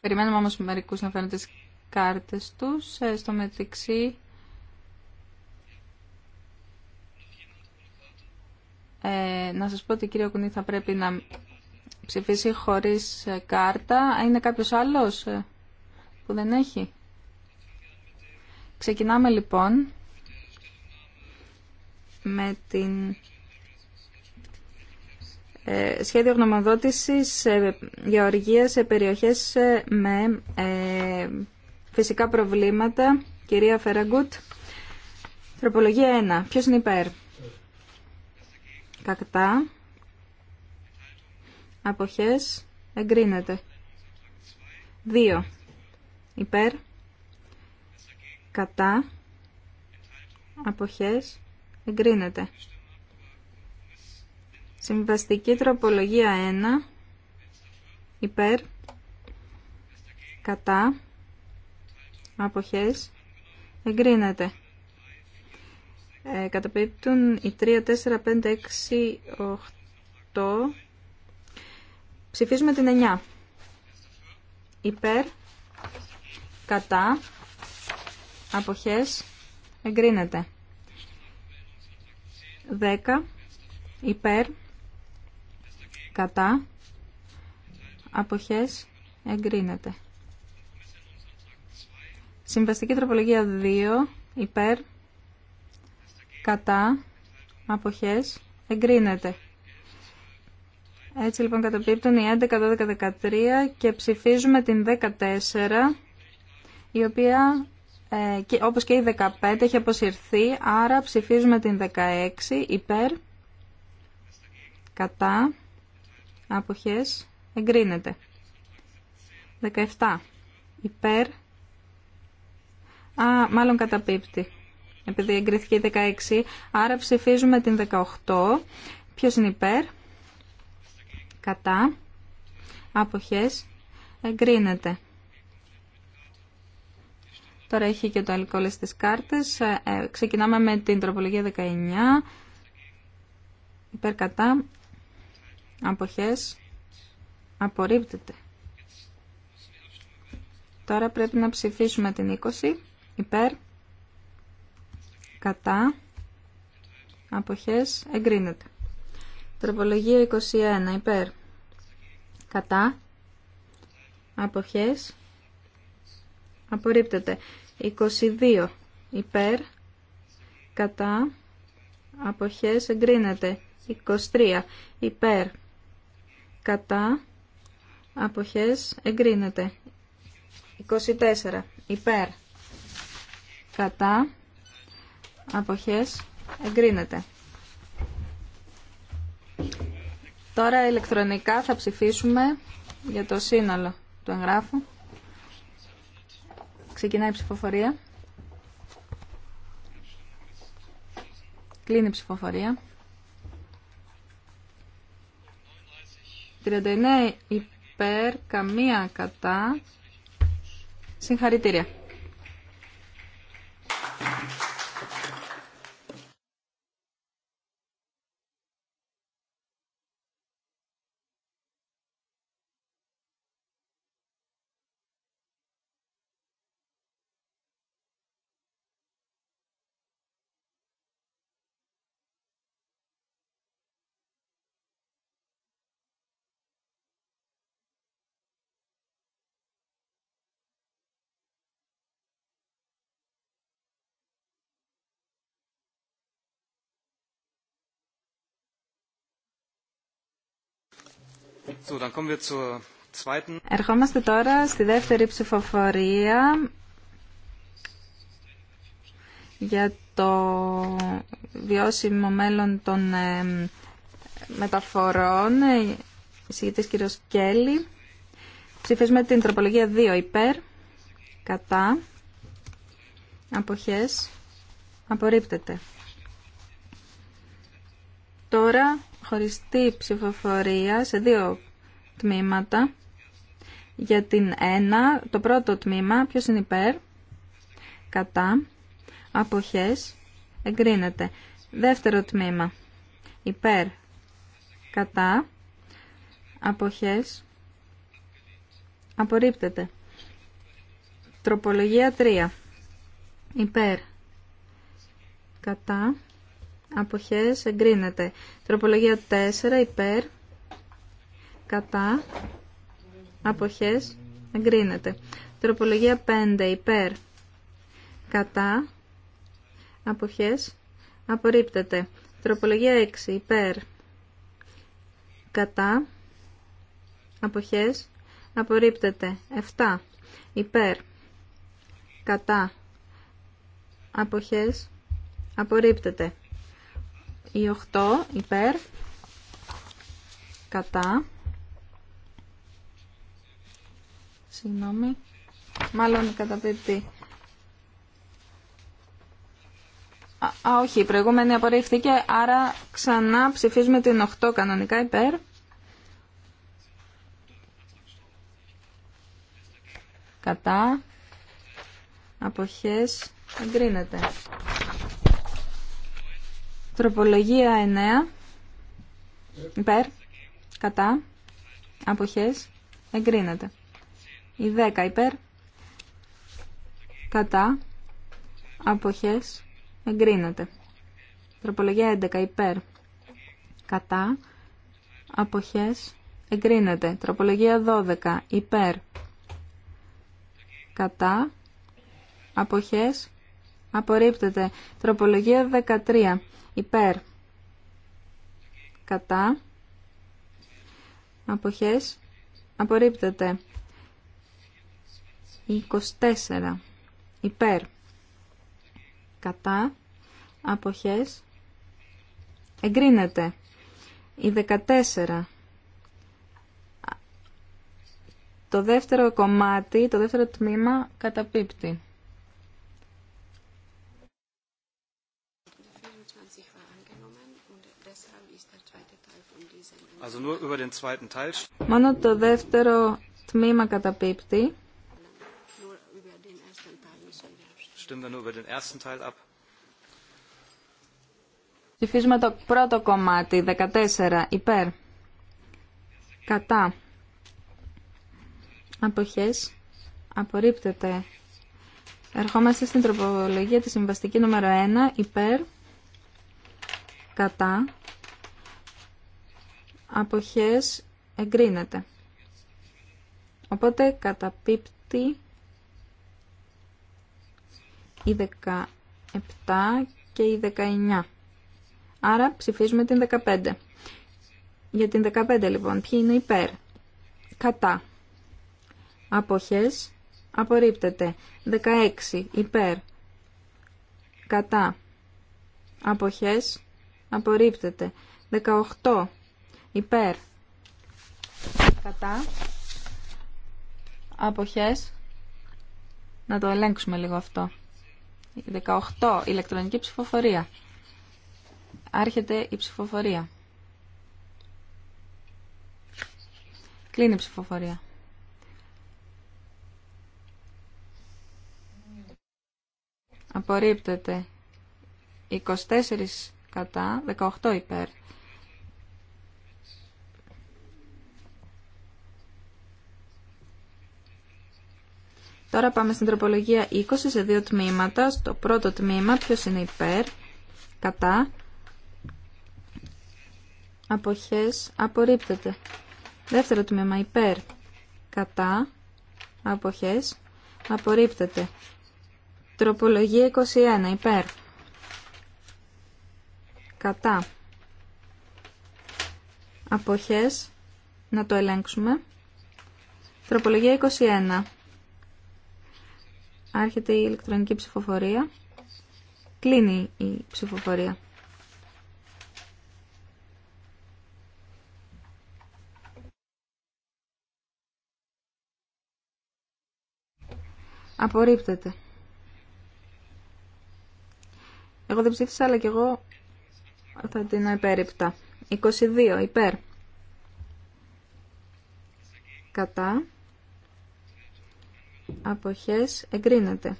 Περιμένουμε όμως μερικούς να φέρουν τις κάρτες τους. Ε, στο μεταξύ... Ε, να σας πω ότι η κυρία Κουνή θα πρέπει να ψηφίσει χωρίς ε, κάρτα. Είναι κάποιος άλλος που δεν έχει. Ξεκινάμε λοιπόν με την ε, σχέδιο γνωμοδότησης οργία ε, σε περιοχές ε, με φυσικά προβλήματα. Κυρία Φεραγκούτ, τροπολογία 1. Ποιος είναι υπέρ? Κακτά. Αποχές. Εγκρίνεται. 2. Υπέρ. Κατά. Αποχές. Εγκρίνεται. Συμβαστική τροπολογία 1 υπέρ κατά αποχές εγκρίνεται. Ε, καταπίπτουν οι 3, 4, 5, 6, 8. Ψηφίζουμε την 9. Υπέρ, κατά, αποχές, εγκρίνεται. 10. Υπέρ, κατά αποχές εγκρίνεται. Συμβαστική τροπολογία 2 υπέρ κατά αποχές εγκρίνεται. Έτσι λοιπόν καταπίπτουν οι 11, 12, 13 και ψηφίζουμε την 14 η οποία ε, και, όπως και η 15 έχει αποσυρθεί άρα ψηφίζουμε την 16 υπέρ κατά αποχές εγκρίνεται 17 υπέρ α μάλλον καταπίπτει επειδή εγκρίθηκε η 16 άρα ψηφίζουμε την 18 ποιος είναι υπέρ κατά αποχές εγκρίνεται Τώρα έχει και το στις κάρτες. Ε, ε, ξεκινάμε με την τροπολογία 19. Υπέρ κατά, Αποχές. Απορρίπτεται. Τώρα πρέπει να ψηφίσουμε την 20. Υπέρ. Κατά. Αποχές. Εγκρίνεται. Τροπολογία 21. Υπέρ. Κατά. Αποχές. Απορρίπτεται. 22. Υπέρ. Κατά. Αποχές. Εγκρίνεται. 23. Υπέρ κατά αποχές εγκρίνεται 24 υπέρ κατά αποχές εγκρίνεται Τώρα ηλεκτρονικά θα ψηφίσουμε για το σύνολο του εγγράφου. Ξεκινάει η ψηφοφορία. Κλείνει η ψηφοφορία. 39 υπέρ, καμία κατά. Συγχαρητήρια. Ερχόμαστε τώρα στη δεύτερη ψηφοφορία για το βιώσιμο μέλλον των μεταφορών. Εισηγητής κ. Κέλλη. Ψηφίζουμε την τροπολογία 2 υπέρ, κατά, αποχές, απορρίπτεται. Τώρα χωριστή ψηφοφορία σε δύο τμήματα. Για την 1, το πρώτο τμήμα, Ποιο είναι υπέρ, κατά, αποχές, εγκρίνεται. Δεύτερο τμήμα, υπέρ, κατά, αποχές, απορρίπτεται. Τροπολογία 3, υπέρ, κατά, αποχές, εγκρίνεται. Τροπολογία 4, υπέρ, κατά, αποχές, εγκρίνεται. Τροπολογία 5 υπέρ, κατά, αποχές, απορρίπτεται. Τροπολογία 6 υπέρ, κατά, αποχές, απορρίπτεται. 7 υπέρ, κατά, αποχές, απορρίπτεται. Η 8 υπέρ, κατά, Συγγνώμη. Μάλλον καταπίπτει. Α, α, όχι, η προηγούμενη απορρίφθηκε, άρα ξανά ψηφίζουμε την 8 κανονικά υπέρ. Κατά. Αποχές. Εγκρίνεται. Τροπολογία 9. Υπέρ. Κατά. Αποχές. Εγκρίνεται. Η 10 υπέρ. Κατά. Αποχές. Εγκρίνεται. Τροπολογία 11 υπέρ. Κατά. Αποχές. Εγκρίνεται. Τροπολογία 12 υπέρ. Κατά. Αποχές. Απορρίπτεται. Τροπολογία 13 υπέρ. Κατά. Αποχές. Απορρίπτεται. 24 υπέρ κατά αποχές εγκρίνεται η 14 το δεύτερο κομμάτι, το δεύτερο τμήμα καταπίπτει. Μόνο το δεύτερο τμήμα καταπίπτει. Stimmen το πρώτο κομμάτι, 14, υπέρ. Κατά. Αποχές. Απορρίπτεται. Ερχόμαστε στην τροπολογία της συμβαστική νούμερο 1, υπέρ. Κατά. Αποχές εγκρίνεται. Οπότε καταπίπτει η 17 και η 19. Άρα ψηφίζουμε την 15. Για την 15 λοιπόν, ποιοι είναι υπέρ. Κατά. Αποχές. Απορρίπτεται. 16. Υπέρ. Κατά. Αποχές. Απορρίπτεται. 18. Υπέρ. Κατά. Αποχές. Να το ελέγξουμε λίγο αυτό. 18. Ηλεκτρονική ψηφοφορία. Άρχεται η ψηφοφορία. Κλείνει η ψηφοφορία. Απορρίπτεται. 24 κατά, 18 υπέρ. Τώρα πάμε στην τροπολογία 20 σε δύο τμήματα. Στο πρώτο τμήμα ποιος είναι υπέρ, κατά, αποχές, απορρίπτεται. Δεύτερο τμήμα υπέρ, κατά, αποχές, απορρίπτεται. Τροπολογία 21 υπέρ, κατά, αποχές, να το ελέγξουμε. Τροπολογία 21. Άρχεται η ηλεκτρονική ψηφοφορία. Κλείνει η ψηφοφορία. Απορρίπτεται. Εγώ δεν ψήφισα, αλλά και εγώ θα την επέριπτα. 22, υπέρ. Κατά αποχές εγκρίνεται.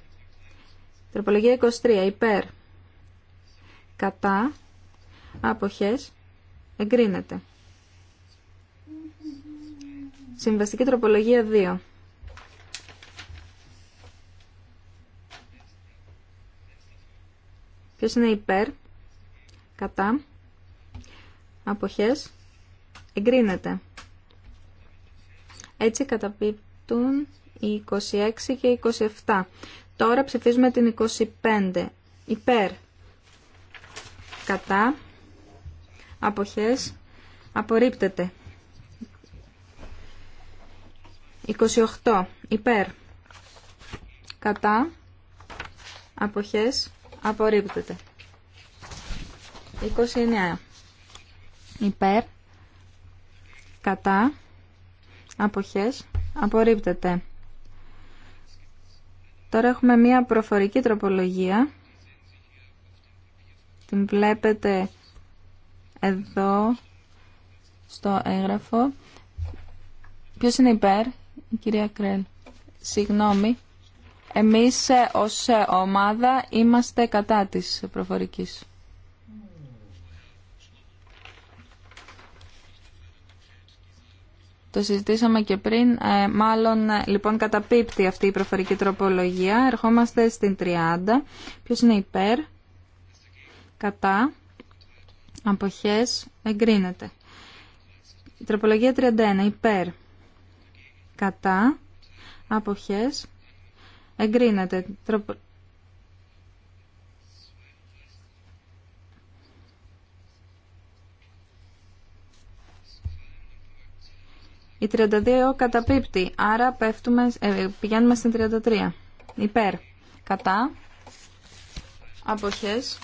Τροπολογία 23 υπέρ κατά αποχές εγκρίνεται. Συμβαστική τροπολογία 2. Ποιος είναι υπέρ, κατά, αποχές, εγκρίνεται. Έτσι καταπίπτουν οι 26 και 27. Τώρα ψηφίζουμε την 25. Υπέρ. Κατά. Αποχές. Απορρίπτεται. 28. Υπέρ. Κατά. Αποχές. Απορρίπτεται. 29. Υπέρ. Κατά. Αποχές. Απορρίπτεται. Τώρα έχουμε μία προφορική τροπολογία. Την βλέπετε εδώ στο έγγραφο. Ποιος είναι υπέρ, η κυρία Κρέλ. Συγγνώμη. Εμείς ε, ως ε, ομάδα είμαστε κατά της προφορικής. Το συζητήσαμε και πριν. Ε, μάλλον, ε, λοιπόν, καταπίπτει αυτή η προφορική τροπολογία. Ερχόμαστε στην 30. Ποιος είναι υπέρ, κατά, αποχές, εγκρίνεται. τροπολογία 31, υπέρ, κατά, αποχές, εγκρίνεται. Η 32 καταπίπτει, άρα πέφτουμε, ε, πηγαίνουμε στην 33. Υπέρ. Κατά. Αποχές.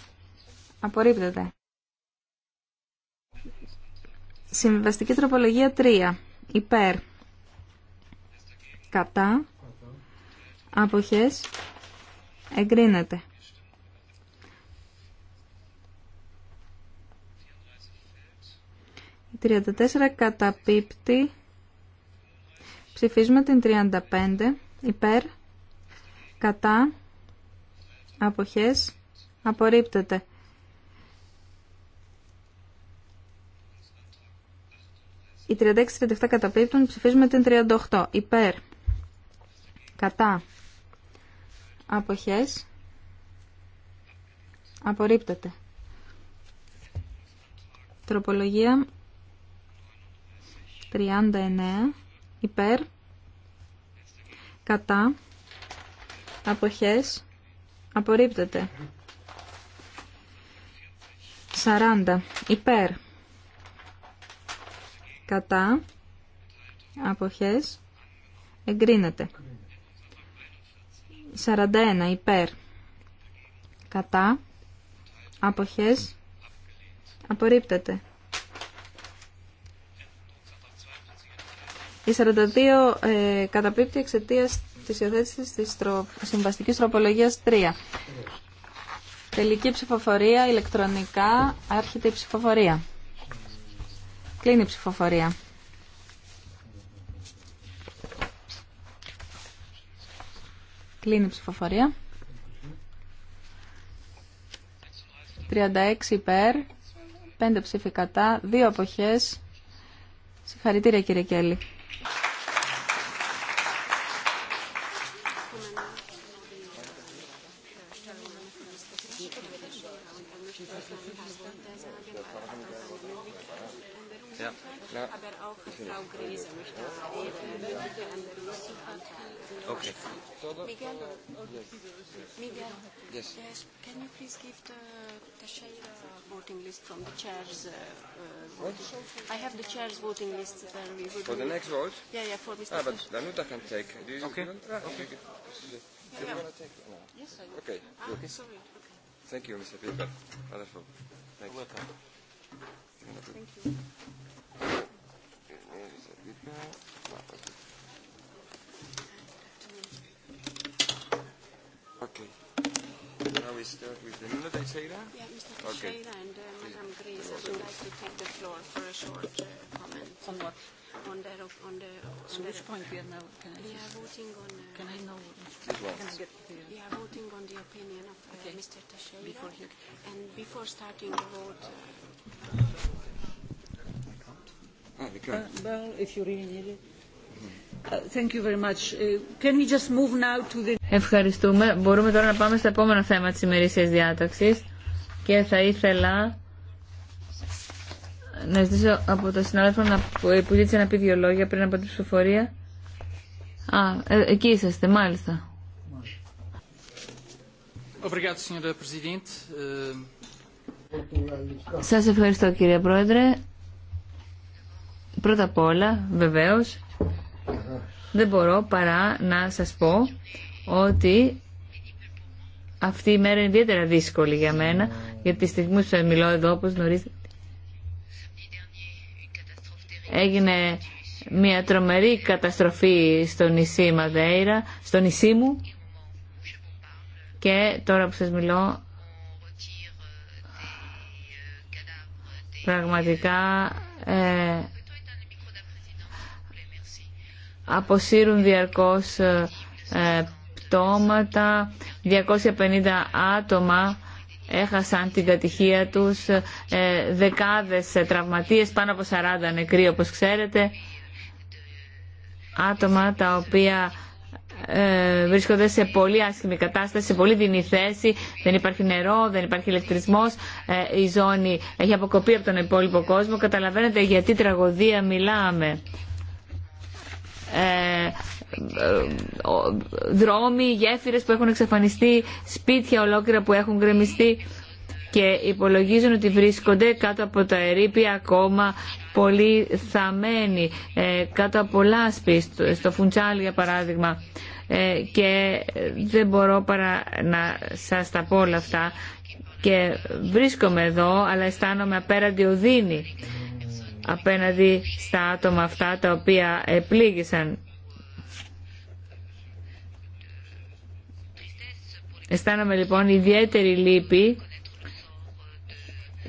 Απορρίπτεται. Συμβαστική τροπολογία 3. Υπέρ. Κατά. Αποχές. Εγκρίνεται. 34 καταπίπτει Ψηφίζουμε την 35 υπέρ, κατά, αποχές, απορρίπτεται. Οι 36-37 καταπίπτουν, ψηφίζουμε την 38 υπέρ, κατά, αποχές, απορρίπτεται. Τροπολογία 39 υπέρ, κατά, αποχές, απορρίπτεται. 40. Υπέρ. Κατά. Αποχές. Εγκρίνεται. 41. Υπέρ. Κατά. Αποχές. Απορρίπτεται. Η 42 ε, καταπίπτει εξαιτία τη υιοθέτηση τη τρο... συμβαστικής 3. Τελική ψηφοφορία, ηλεκτρονικά, άρχεται η ψηφοφορία. Κλείνει η ψηφοφορία. Κλείνει η ψηφοφορία. 36 υπέρ, 5 ψήφοι κατά, 2 αποχές. Συγχαρητήρια κύριε Κέλλη. I have the chairs voting list. for the next vote. Yeah, yeah, for Mr. Ah, but Danuta can take. Do okay. okay. Do you want to take? Yes, I Okay. Ah, sorry. Okay. Thank you, Mr. Pieper. Wonderful. Thank you. Thank you. Okay. Now we start with the Teixeira. Yeah, Mr. Teixeira and Madam I would like to take the floor for a short comment. On what? On the... On the so which point we are now? Can we are voting on... can I know? Can I get the... We are voting on the opinion of Mr. Teixeira. Before he... And before starting the vote... well, if you really need it. Ευχαριστούμε. Μπορούμε τώρα να πάμε στο επόμενο θέμα της ημερήσιας διάταξης και θα ήθελα να ζητήσω από το συνάδελφο να, που να πει δύο λόγια πριν από την ψηφοφορία. Α, ε, εκεί είσαστε, μάλιστα. Ε, σας ευχαριστώ κύριε Πρόεδρε. Πρώτα απ' όλα, βεβαίως, δεν μπορώ παρά να σας πω ότι αυτή η μέρα είναι ιδιαίτερα δύσκολη για μένα, γιατί τη στιγμή που μιλώ εδώ, όπως γνωρίζετε, έγινε μια τρομερή καταστροφή στο νησί Μαδέιρα, στο νησί μου, και τώρα που σας μιλώ, πραγματικά... Ε, αποσύρουν διαρκώς ε, ε, πτώματα, 250 άτομα έχασαν την κατοικία τους, ε, δεκάδες τραυματίες, πάνω από 40 νεκροί όπως ξέρετε, άτομα τα οποία βρίσκονται σε πολύ άσχημη κατάσταση, σε πολύ δινή θέση, δεν υπάρχει νερό, δεν υπάρχει ηλεκτρισμός, η ζώνη έχει αποκοπεί από τον υπόλοιπο κόσμο. Καταλαβαίνετε γιατί τραγωδία μιλάμε. Ε, ε, δρόμοι, γέφυρες που έχουν εξαφανιστεί, σπίτια ολόκληρα που έχουν γκρεμιστεί και υπολογίζουν ότι βρίσκονται κάτω από τα ερήπια ακόμα πολύ θαμένοι, ε, κάτω από λάσπη, στο Φουντσάλ για παράδειγμα. Και δεν μπορώ παρά να σας τα πω όλα αυτά και βρίσκομαι εδώ αλλά αισθάνομαι απέραντι οδύνη απέναντι στα άτομα αυτά τα οποία επλήγησαν. Αισθάνομαι λοιπόν ιδιαίτερη λύπη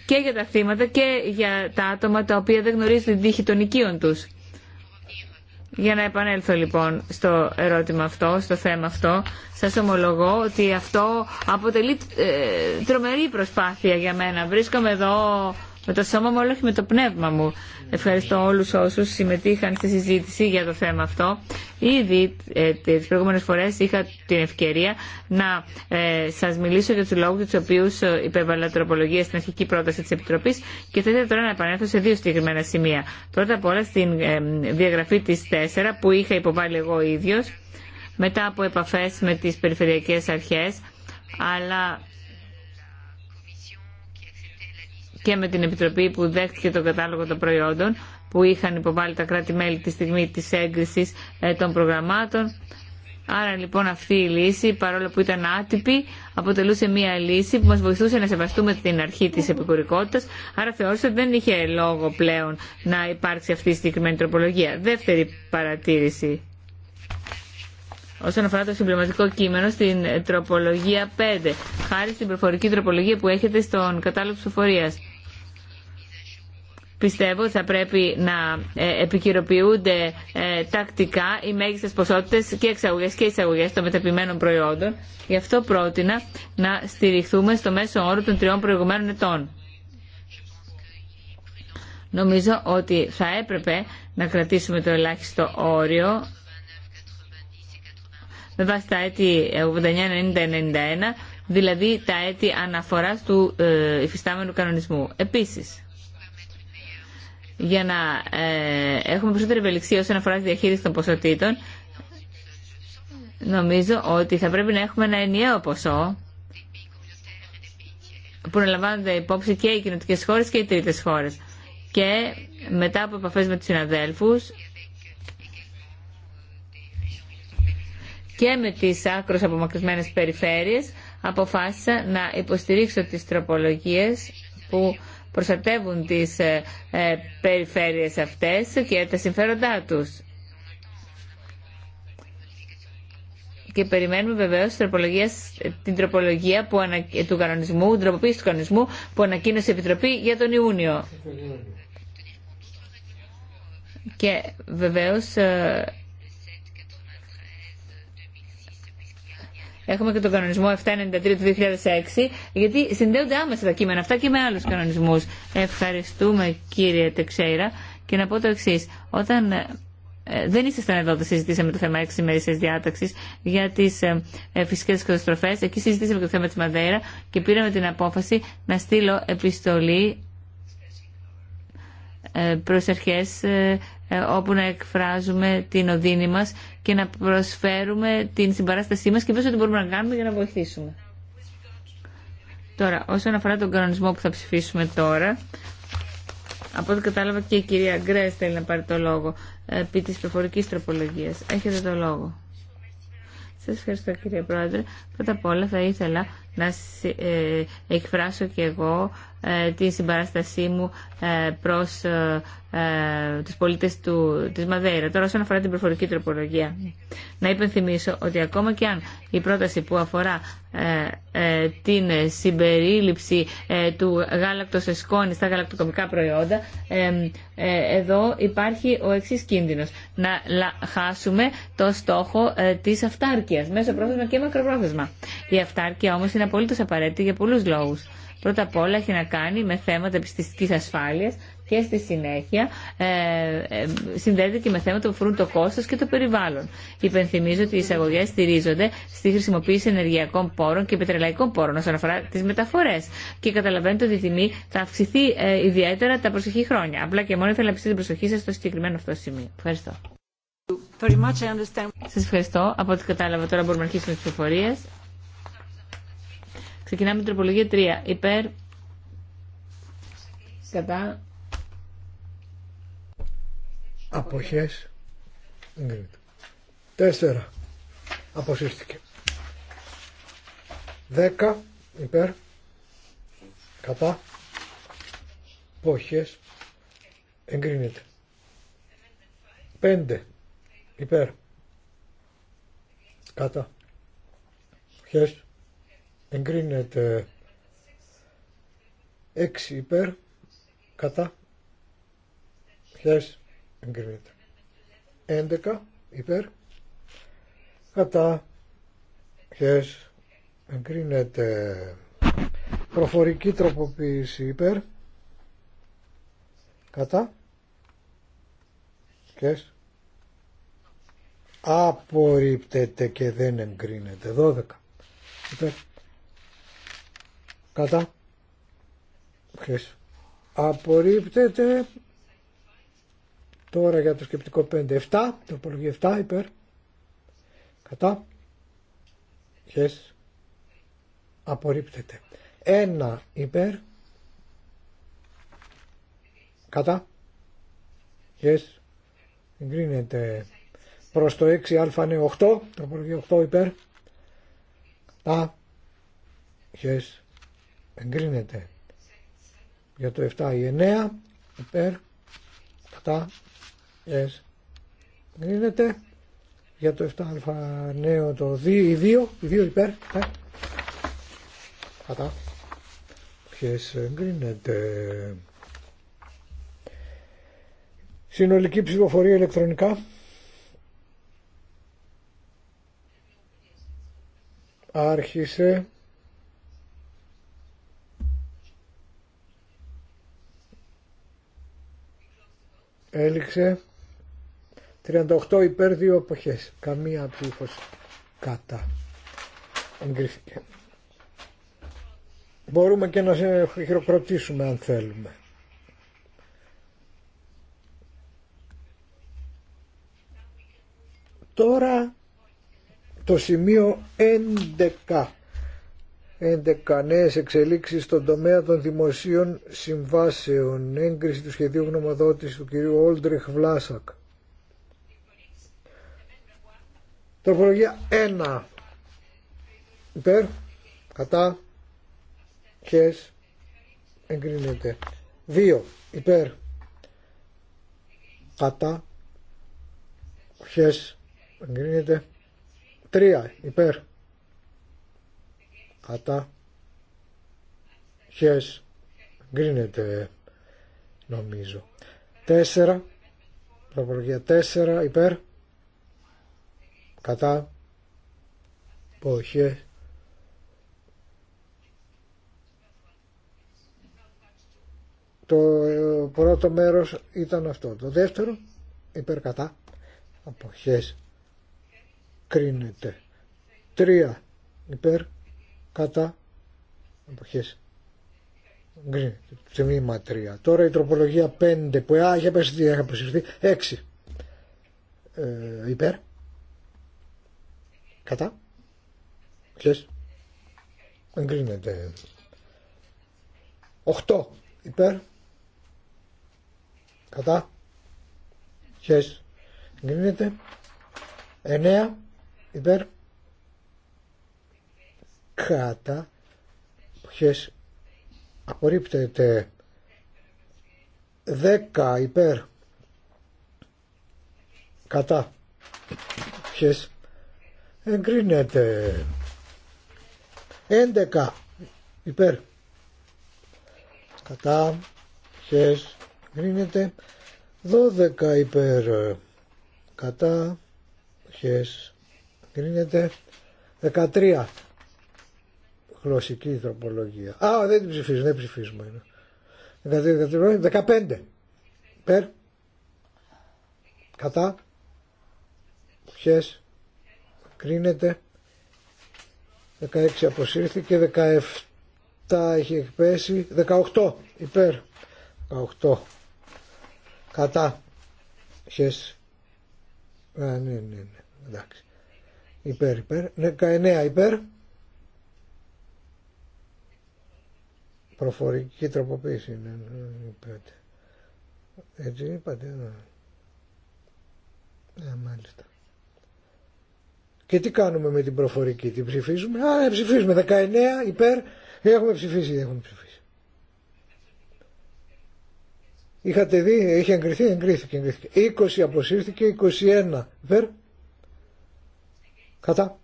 και για τα θύματα και για τα άτομα τα οποία δεν γνωρίζουν την τύχη των οικείων τους. Για να επανέλθω λοιπόν στο ερώτημα αυτό, στο θέμα αυτό, σας ομολογώ ότι αυτό αποτελεί ε, τρομερή προσπάθεια για μένα. Βρίσκομαι εδώ με το σώμα μου αλλά και με το πνεύμα μου. Ευχαριστώ όλους όσους συμμετείχαν στη συζήτηση για το θέμα αυτό. Ήδη ε, τις προηγούμενες φορές είχα την ευκαιρία να ε, σας μιλήσω για τους λόγους του οποίου οποίους ε, υπέβαλα τροπολογία στην αρχική πρόταση της Επιτροπής και θα ήθελα τώρα να επανέλθω σε δύο συγκεκριμένα σημεία. Πρώτα απ' όλα στην ε, διαγραφή της 4 που είχα υποβάλει εγώ ίδιος μετά από επαφές με τις περιφερειακές αρχές αλλά και με την Επιτροπή που δέχτηκε τον κατάλογο των προϊόντων που είχαν υποβάλει τα κράτη-μέλη τη στιγμή της έγκρισης ε, των προγραμμάτων. Άρα λοιπόν αυτή η λύση, παρόλο που ήταν άτυπη, αποτελούσε μια λύση που μας βοηθούσε να σεβαστούμε την αρχή της επικουρικότητας, άρα θεώρησα ότι δεν είχε λόγο πλέον να υπάρξει αυτή η συγκεκριμένη τροπολογία. Δεύτερη παρατήρηση. Όσον αφορά το συμπληρωματικό κείμενο στην ε, τροπολογία 5, χάρη στην προφορική τροπολογία που έχετε στον κατάλογο ψηφοφορίας. Πιστεύω ότι θα πρέπει να ε, επικυροποιούνται ε, τακτικά οι μέγιστε ποσότητε και εξαγωγέ και εισαγωγέ των μεταπημένων προϊόντων. Γι' αυτό πρότεινα να στηριχθούμε στο μέσο όρο των τριών προηγουμένων ετών. Νομίζω ότι θα έπρεπε να κρατήσουμε το ελάχιστο όριο με βάση τα έτη 89-90-91, δηλαδή τα έτη αναφοράς του ε, υφιστάμενου κανονισμού. Επίσης, για να ε, έχουμε περισσότερη ευελιξία όσον αφορά τη διαχείριση των ποσοτήτων, νομίζω ότι θα πρέπει να έχουμε ένα ενιαίο ποσό που να λαμβάνονται υπόψη και οι κοινωτικέ χώρε και οι τρίτε χώρε. Και μετά από επαφέ με του συναδέλφου και με τι άκρω απομακρυσμένε περιφέρειες αποφάσισα να υποστηρίξω τις τροπολογίε που προστατεύουν τις ε, ε, περιφέρειες αυτές και τα συμφέροντά τους. και περιμένουμε βεβαίως την τροπολογία που του κανονισμού, την τροποποίηση του κανονισμού που ανακοίνωσε η Επιτροπή για τον Ιούνιο. Και βεβαίως... Ε, Έχουμε και τον κανονισμό 793 του 2006, γιατί συνδέονται άμεσα τα κείμενα αυτά και με άλλους κανονισμούς. Ευχαριστούμε κύριε Τεξέιρα και να πω το εξή. Όταν ε, δεν ήσασταν εδώ όταν συζητήσαμε το θέμα 6 ημερήσια διάταξη για τι ε, ε φυσικέ καταστροφέ. Εκεί συζητήσαμε και το θέμα τη Μαδέρα και πήραμε την απόφαση να στείλω επιστολή ε, προ αρχέ ε, ε, όπου να εκφράζουμε την οδύνη μας και να προσφέρουμε την συμπαράστασή μας και πόσο ό,τι μπορούμε να κάνουμε για να βοηθήσουμε. Τώρα, όσον αφορά τον κανονισμό που θα ψηφίσουμε τώρα, από ό,τι κατάλαβα και η κυρία Γκρέσ θέλει να πάρει το λόγο ε, επί της προφορικής τροπολογίας. Έχετε το λόγο. Σας ευχαριστώ κύριε Πρόεδρε. Πρώτα απ' όλα θα ήθελα να ε, εκφράσω και εγώ ε, τη συμπαράστασή μου ε, προς ε, τους πολίτες του, της Μαδέρα. Τώρα όσον αφορά την προφορική τροπολογία, να υπενθυμίσω ότι ακόμα και αν η πρόταση που αφορά την συμπερίληψη του γάλακτος σε σκόνη στα γαλακτοκομικά προϊόντα, εδώ υπάρχει ο εξή κίνδυνος. Να χάσουμε το στόχο της αυτάρκειας, μέσω πρόθεσμα και μακροπρόθεσμα. Η αυτάρκεια όμως είναι απολύτως απαραίτητη για πολλούς λόγους Πρώτα απ' όλα έχει να κάνει με θέματα πιστιστικής ασφάλειας και στη συνέχεια ε, ε, συνδέεται και με θέματα που αφορούν το κόστος και το περιβάλλον. Υπενθυμίζω ότι οι εισαγωγές στηρίζονται στη χρησιμοποίηση ενεργειακών πόρων και πετρελαϊκών πόρων όσον αφορά τις μεταφορές. Και καταλαβαίνετε ότι η τιμή θα αυξηθεί ε, ιδιαίτερα τα προσεχή χρόνια. Απλά και μόνο ήθελα να πιστεί την προσοχή σας στο συγκεκριμένο αυτό σημείο. Ευχαριστώ. Σας ευχαριστώ. Από ό,τι κατάλαβα τώρα μπορούμε να αρχίσουμε τις προφορίες. Ξεκινάμε την τροπολογία 3. Υπέρ. Κατά. Αποχές. Εγκρίνεται. Τέσσερα. Αποσύστηκε. Δέκα. Υπέρ. Κατά. Αποχές. Εγκρίνεται. Πέντε. Υπέρ. Κατά. Αποχές εγκρίνεται 6 υπέρ κατά χιλιάδες εγκρίνεται 11 υπέρ κατά χιλιάδες εγκρίνεται προφορική τροποποίηση υπέρ κατά χιλιάδες απορρίπτεται και δεν εγκρίνεται 12 υπέρ κατά ποιες απορρίπτεται τώρα για το σκεπτικό 5 7 τροπολογία 7 υπέρ κατά ποιες απορρίπτεται 1 υπέρ κατά ποιες εγκρίνεται προς το 6α είναι 8 τροπολογία 8 υπέρ Τά, ποιες εγκρίνεται. Για το 7 η 9 υπέρ κατά yes, εγκρίνεται. Για το 7α νέο το 2, η 2, η 2 υπέρ κατά. κατά. Ποιες εγκρίνεται. Συνολική ψηφοφορία ηλεκτρονικά. Άρχισε. Έληξε. 38 υπέρ, δύο εποχές. Καμία ψήφος κατά. Εγκρίθηκε. Μπορούμε και να σε χειροκροτήσουμε αν θέλουμε. Τώρα το σημείο 11 11 εξελίξεις στον τομέα των δημοσίων συμβάσεων. Έγκριση του σχεδίου γνωμοδότησης του κυρίου Όλτριχ Βλάσακ. Τροπολογία 1. Υπέρ, κατά, χες, εγκρίνεται. 2. Υπέρ, κατά, χες, εγκρίνεται. 3. Υπέρ, κατά χες γκρίνεται νομίζω τέσσερα Προπολογία. τέσσερα υπέρ κατά πόχε το ε, πρώτο μέρος ήταν αυτό το δεύτερο υπέρ κατά αποχές κρίνεται τρία υπέρ κατά εποχές γκρίνεται τμήμα 3 τώρα η τροπολογία 5 που είχε πέσει, είχε αποσυρθεί 6 ε, υπέρ κατά ποιες εγκρίνεται 8 υπέρ κατά ποιες εγκρίνεται 9 υπέρ κατά ποιες απορρίπτεται 10 υπέρ κατά ποιες εγκρίνεται 11 υπέρ κατά ποιες εγκρίνεται 12 υπέρ κατά ποιες εγκρίνεται 13 γλωσσική τροπολογία. Α, δεν την ψηφίζουμε, δεν ψηφίζουμε. 15. Δηλαδή, Περ. Κατά. Ποιε. Κρίνεται. 16 αποσύρθηκε. 17 έχει εκπέσει. 18. Υπέρ. 18. Κατά. Χε. Α, ναι, ναι, ναι. Εντάξει. Υπέρ, υπέρ. 19 υπέρ. Προφορική τροποποίηση είναι. Ναι, ναι, είπατε. Έτσι είπατε. Ναι. Ε, μάλιστα. Και τι κάνουμε με την προφορική, την ψηφίζουμε. Α, ε, ψηφίζουμε 19 υπέρ, ε, έχουμε ψηφίσει, έχουμε ψηφίσει. Είχατε δει, είχε εγκριθεί, εγκρίθηκε, εγκρίθηκε. 20 αποσύρθηκε, 21 υπέρ. Κατά.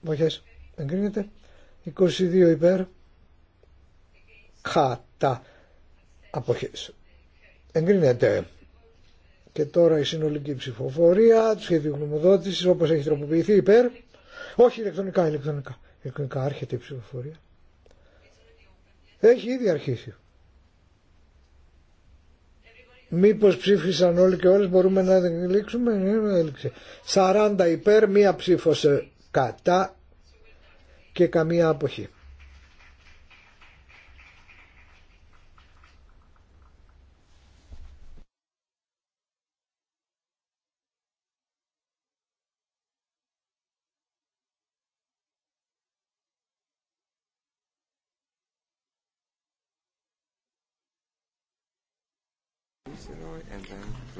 Βοχές. Εγκρίνεται. 22 υπέρ κατά αποχές. Εγκρίνεται. Και τώρα η συνολική ψηφοφορία του σχεδίου γνωμοδότηση όπως έχει τροποποιηθεί υπέρ. Όχι ηλεκτρονικά, ηλεκτρονικά. Ηλεκτρονικά άρχεται η ψηφοφορία. Έχει ήδη αρχίσει. Μήπως ψήφισαν όλοι και όλε μπορούμε να ελίξουμε. λήξουμε. 40 ναι, ναι, υπέρ, μία ψήφο ε, κατά και καμία αποχή.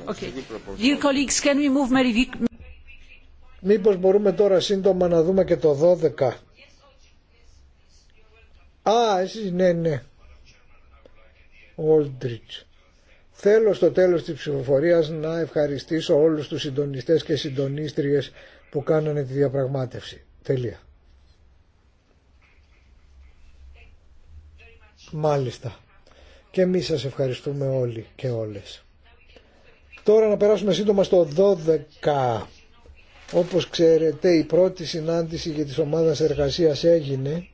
Okay. Μήπως μπορούμε τώρα σύντομα να δούμε και το 12. Α, εσείς, ναι, ναι. Ολτρίτς. Θέλω στο τέλος της ψηφοφορίας να ευχαριστήσω όλους τους συντονιστές και συντονίστριες που κάνανε τη διαπραγμάτευση. Τελεία. Μάλιστα. Και εμείς σας ευχαριστούμε όλοι και όλες. Τώρα να περάσουμε σύντομα στο 12. Όπως ξέρετε η πρώτη συνάντηση για τις ομάδες εργασίας έγινε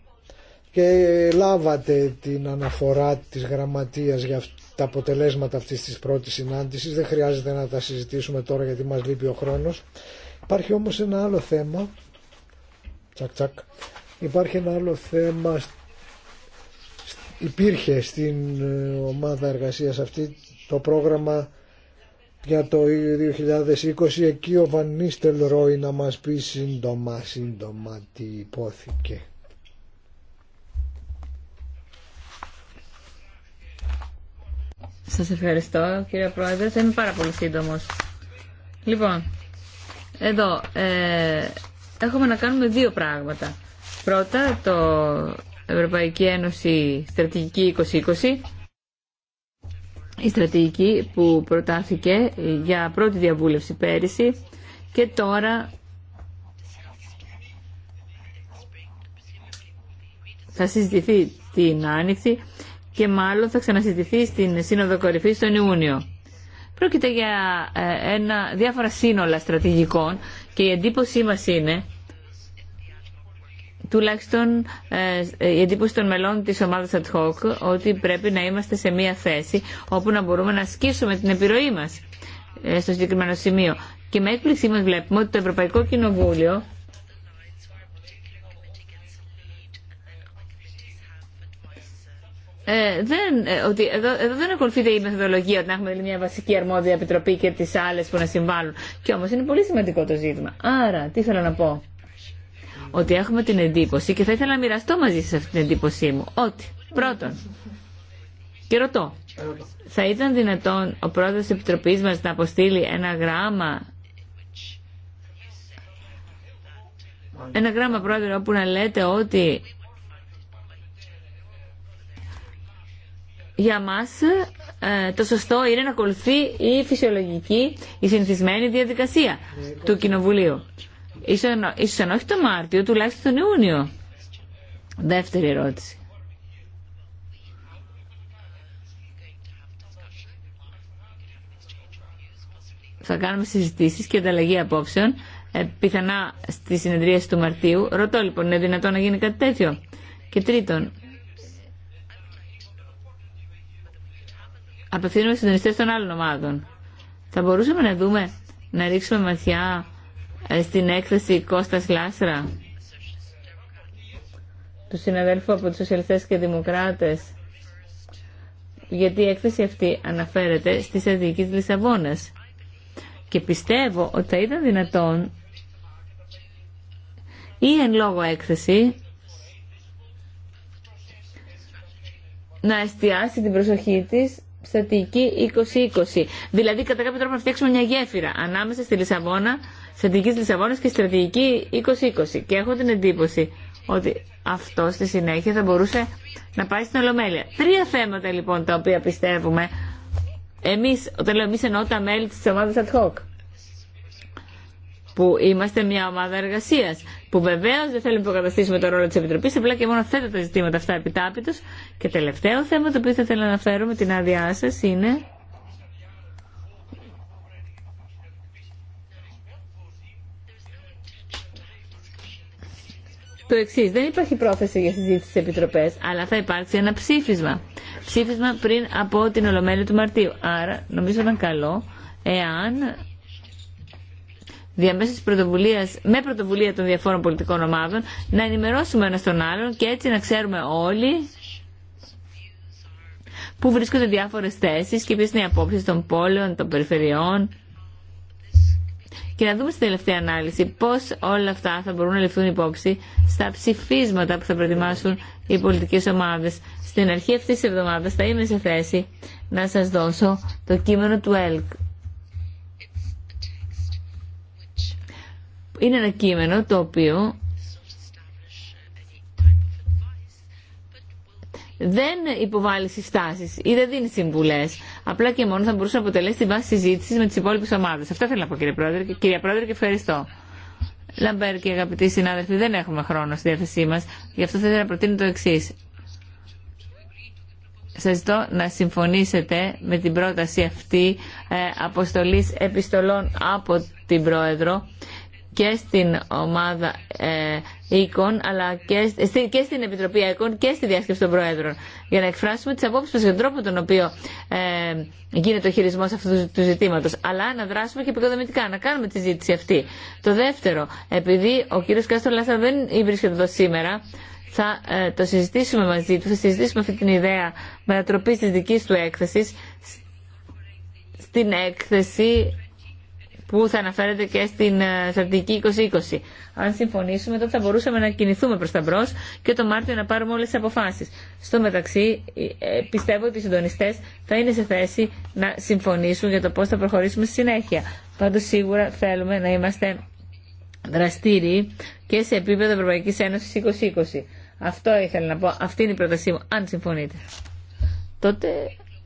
και λάβατε την αναφορά της γραμματείας για τα αποτελέσματα αυτής της πρώτης συνάντησης. Δεν χρειάζεται να τα συζητήσουμε τώρα γιατί μας λείπει ο χρόνος. Υπάρχει όμως ένα άλλο θέμα. Υπάρχει ένα άλλο θέμα υπήρχε στην ε, ομάδα εργασίας αυτή το πρόγραμμα για το 2020 εκεί ο Βανίστελ Ρόι να μας πει σύντομα, σύντομα τι υπόθηκε. Σας ευχαριστώ κύριε Πρόεδρε, θα είμαι πάρα πολύ σύντομος. Λοιπόν, εδώ ε, έχουμε να κάνουμε δύο πράγματα. Πρώτα το Ευρωπαϊκή Ένωση Στρατηγική 2020. Η στρατηγική που προτάθηκε για πρώτη διαβούλευση πέρυσι και τώρα θα συζητηθεί την Άνοιξη και μάλλον θα ξανασυζητηθεί στην Σύνοδο Κορυφή τον Ιούνιο. Πρόκειται για ε, ένα, διάφορα σύνολα στρατηγικών και η εντύπωσή μας είναι τουλάχιστον ε, η εντύπωση των μελών της ομάδας ad hoc ότι πρέπει να είμαστε σε μία θέση όπου να μπορούμε να ασκήσουμε την επιρροή μας ε, στο συγκεκριμένο σημείο. Και με έκπληξή μας βλέπουμε ότι το Ευρωπαϊκό Κοινοβούλιο Ε, δεν, ε, ότι εδώ, εδώ, δεν ακολουθείται η μεθοδολογία ότι να έχουμε μια βασική αρμόδια επιτροπή και τις άλλε που να συμβάλλουν. Και όμως είναι πολύ σημαντικό το ζήτημα. Άρα, τι θέλω να πω ότι έχουμε την εντύπωση και θα ήθελα να μοιραστώ μαζί σε αυτή την εντύπωσή μου ότι πρώτον και ρωτώ θα ήταν δυνατόν ο πρόεδρος της Επιτροπής μας να αποστείλει ένα γράμμα ένα γράμμα πρόεδρο όπου να λέτε ότι για μας ε, το σωστό είναι να ακολουθεί η φυσιολογική, η συνηθισμένη διαδικασία του Κοινοβουλίου. Ίσως όχι το Μάρτιο, τουλάχιστον τον Ιούνιο. Δεύτερη ερώτηση. Θα κάνουμε συζητήσεις και ανταλλαγή απόψεων, ε, πιθανά στη συνεδρίαση του Μαρτίου. Ρωτώ λοιπόν, είναι δυνατόν να γίνει κάτι τέτοιο. Και τρίτον, απευθύνουμε συντονιστές των άλλων ομάδων. Θα μπορούσαμε να δούμε, να ρίξουμε ματιά στην έκθεση Κώστας Λάσρα, του συναδέλφου από τους Σοσιαλιστές και Δημοκράτες, γιατί η έκθεση αυτή αναφέρεται στις αδίκες της Λισαβόνας. Και πιστεύω ότι θα ήταν δυνατόν ή εν λόγω έκθεση να εστιάσει την προσοχή της στατική 2020. Δηλαδή, κατά κάποιο τρόπο να φτιάξουμε μια γέφυρα ανάμεσα στη Λισαβόνα στρατηγικής Λισαβόνας και στρατηγική 2020 και έχω την εντύπωση ότι αυτό στη συνέχεια θα μπορούσε να πάει στην Ολομέλεια. Τρία θέματα λοιπόν τα οποία πιστεύουμε εμείς, όταν λέω εμείς εννοώ τα μέλη της ομάδας ad hoc που είμαστε μια ομάδα εργασία. Που βεβαίω δεν θέλουμε να υποκαταστήσουμε το ρόλο τη Επιτροπή, απλά και μόνο θέτω τα ζητήματα αυτά επιτάπητο. Και τελευταίο θέμα το οποίο θα ήθελα να αναφέρω με την άδειά σα είναι το εξή. Δεν υπάρχει πρόθεση για συζήτηση στι επιτροπέ, αλλά θα υπάρξει ένα ψήφισμα. Ψήφισμα πριν από την Ολομέλεια του Μαρτίου. Άρα, νομίζω ήταν καλό εάν διαμέσου πρωτοβουλία, με πρωτοβουλία των διαφόρων πολιτικών ομάδων, να ενημερώσουμε ένα τον άλλον και έτσι να ξέρουμε όλοι πού βρίσκονται διάφορε θέσει και ποιε είναι οι απόψει των πόλεων, των περιφερειών και να δούμε στην τελευταία ανάλυση πώς όλα αυτά θα μπορούν να ληφθούν υπόψη στα ψηφίσματα που θα προετοιμάσουν οι πολιτικέ ομάδε Στην αρχή αυτή τη εβδομάδα θα είμαι σε θέση να σας δώσω το κείμενο του ΕΛΚ. Είναι ένα κείμενο το οποίο δεν υποβάλλει συστάσει ή δεν δίνει συμβουλέ. Απλά και μόνο θα μπορούσε να αποτελέσει τη βάση συζήτηση με τι υπόλοιπε ομάδε. Αυτό θέλω να πω, κύριε Πρόεδρε. Και, κυρία Πρόεδρε, και ευχαριστώ. Λαμπέρ και αγαπητοί συνάδελφοι, δεν έχουμε χρόνο στη διάθεσή μα. Γι' αυτό θα ήθελα να προτείνω το εξή. Σα ζητώ να συμφωνήσετε με την πρόταση αυτή ε, αποστολή επιστολών από την Πρόεδρο και στην ομάδα οίκων, ε, αλλά και, στην Επιτροπή ΕΚΟΝ και στη διάσκεψη των Προέδρων για να εκφράσουμε τις απόψεις μας και τον τρόπο τον οποίο ε, γίνεται ο χειρισμός αυτού του ζητήματος. Αλλά να δράσουμε και επικοδομητικά, να κάνουμε τη ζήτηση αυτή. Το δεύτερο, επειδή ο κύριος Κάστρο Λάσσα δεν βρίσκεται εδώ σήμερα, θα ε, το συζητήσουμε μαζί του, θα συζητήσουμε αυτή την ιδέα μετατροπής της δικής του έκθεσης στην έκθεση που θα αναφέρεται και στην ε, στρατηγική 2020. Αν συμφωνήσουμε, τότε θα μπορούσαμε να κινηθούμε προ τα μπρο και το Μάρτιο να πάρουμε όλε τι αποφάσει. Στο μεταξύ, ε, ε, πιστεύω ότι οι συντονιστέ θα είναι σε θέση να συμφωνήσουν για το πώ θα προχωρήσουμε στη συνέχεια. Πάντω, σίγουρα θέλουμε να είμαστε δραστήριοι και σε επίπεδο Ευρωπαϊκή Ένωση 2020. Αυτό ήθελα να πω. Αυτή είναι η πρότασή μου, αν συμφωνείτε. Τότε,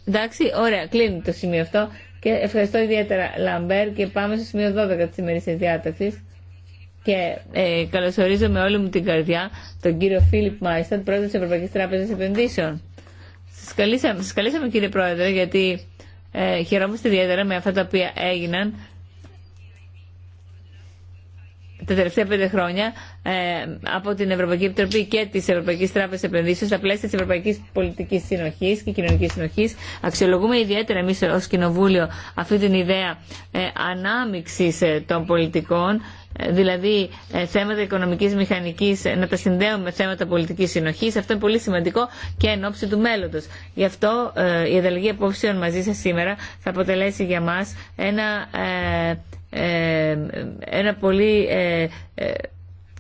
εντάξει, ωραία, κλείνει το σημείο αυτό. Και ευχαριστώ ιδιαίτερα, Λαμπέρ, και πάμε στο σημείο 12 της ημερήσιας διάταξης. Και ε, καλωσορίζω με όλη μου την καρδιά τον κύριο Φίλιπ Μάιστατ, πρόεδρο τη Ευρωπαϊκή Τράπεζα Επενδύσεων. Σα καλήσαμε, σας καλήσαμε, κύριε Πρόεδρε, γιατί ε, χαιρόμαστε ιδιαίτερα με αυτά τα οποία έγιναν τα τελευταία πέντε χρόνια ε, από την Ευρωπαϊκή Επιτροπή και τη Ευρωπαϊκή Τράπεζα Επενδύσεων στα πλαίσια τη Ευρωπαϊκή Πολιτική Συνοχή και Κοινωνική Συνοχή. Αξιολογούμε ιδιαίτερα εμεί ω Κοινοβούλιο αυτή την ιδέα ε, ανάμειξη ε, των πολιτικών δηλαδή θέματα οικονομικής μηχανικής να τα συνδέουμε με θέματα πολιτικής συνοχής. Αυτό είναι πολύ σημαντικό και εν ώψη του μέλλοντος. Γι' αυτό η ανταλλαγή απόψεων μαζί σα σήμερα θα αποτελέσει για μας ένα ε, ένα πολύ ε, ε,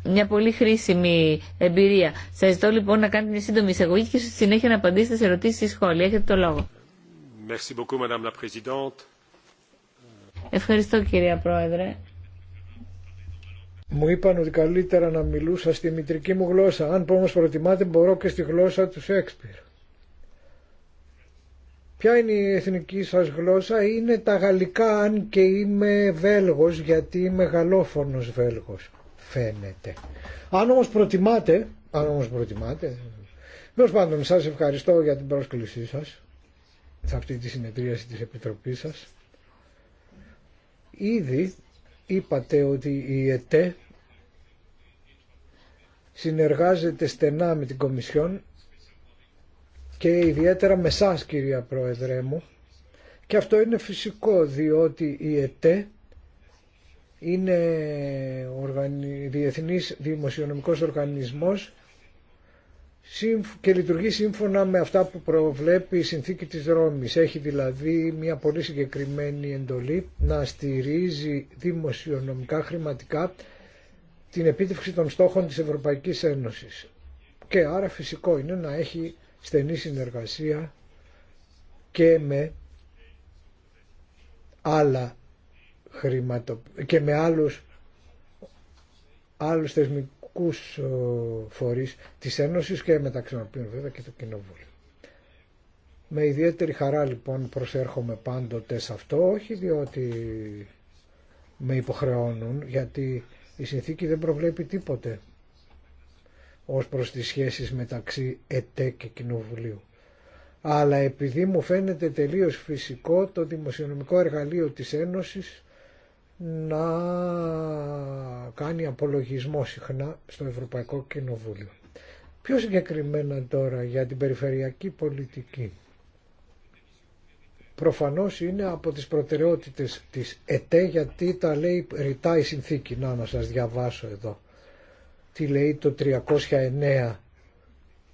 μια πολύ χρήσιμη εμπειρία. Σας ζητώ λοιπόν να κάνετε μια σύντομη εισαγωγή και στη συνέχεια να απαντήσετε σε ερωτήσεις ή σχόλια. Έχετε το λόγο. Ευχαριστώ κυρία Πρόεδρε. Μου είπαν ότι καλύτερα να μιλούσα στη μητρική μου γλώσσα. Αν όμω προτιμάτε μπορώ και στη γλώσσα του Σέξπιρ. Ποια είναι η εθνική σας γλώσσα, είναι τα γαλλικά αν και είμαι Βέλγος γιατί είμαι γαλλόφωνος Βέλγος φαίνεται. Αν όμως προτιμάτε, αν όμως προτιμάτε, Τέλο πάντων, σας ευχαριστώ για την πρόσκλησή σας σε αυτή τη συνεδρίαση της Επιτροπής σας. Ήδη είπατε ότι η ΕΤΕ συνεργάζεται στενά με την Κομισιόν και ιδιαίτερα με σας κυρία Πρόεδρέ μου και αυτό είναι φυσικό διότι η ΕΤΕ είναι διεθνής δημοσιονομικός οργανισμός και λειτουργεί σύμφωνα με αυτά που προβλέπει η συνθήκη της Ρώμης. Έχει δηλαδή μια πολύ συγκεκριμένη εντολή να στηρίζει δημοσιονομικά χρηματικά την επίτευξη των στόχων της Ευρωπαϊκής Ένωσης. Και άρα φυσικό είναι να έχει στενή συνεργασία και με άλλα χρηματο... και με άλλους, άλλους θεσμικούς φορείς της Ένωσης και μεταξύ των οποίων βέβαια και το Κοινοβούλιο. Με ιδιαίτερη χαρά λοιπόν προσέρχομαι πάντοτε σε αυτό, όχι διότι με υποχρεώνουν, γιατί η συνθήκη δεν προβλέπει τίποτε ως προς τις σχέσεις μεταξύ ΕΤΕ και Κοινοβουλίου. Αλλά επειδή μου φαίνεται τελείως φυσικό το δημοσιονομικό εργαλείο της Ένωσης να κάνει απολογισμό συχνά στο Ευρωπαϊκό Κοινοβούλιο. Πιο συγκεκριμένα τώρα για την περιφερειακή πολιτική. Προφανώς είναι από τις προτεραιότητες της ΕΤΕ γιατί τα λέει ρητά η συνθήκη. Να, να σας διαβάσω εδώ τι λέει το 309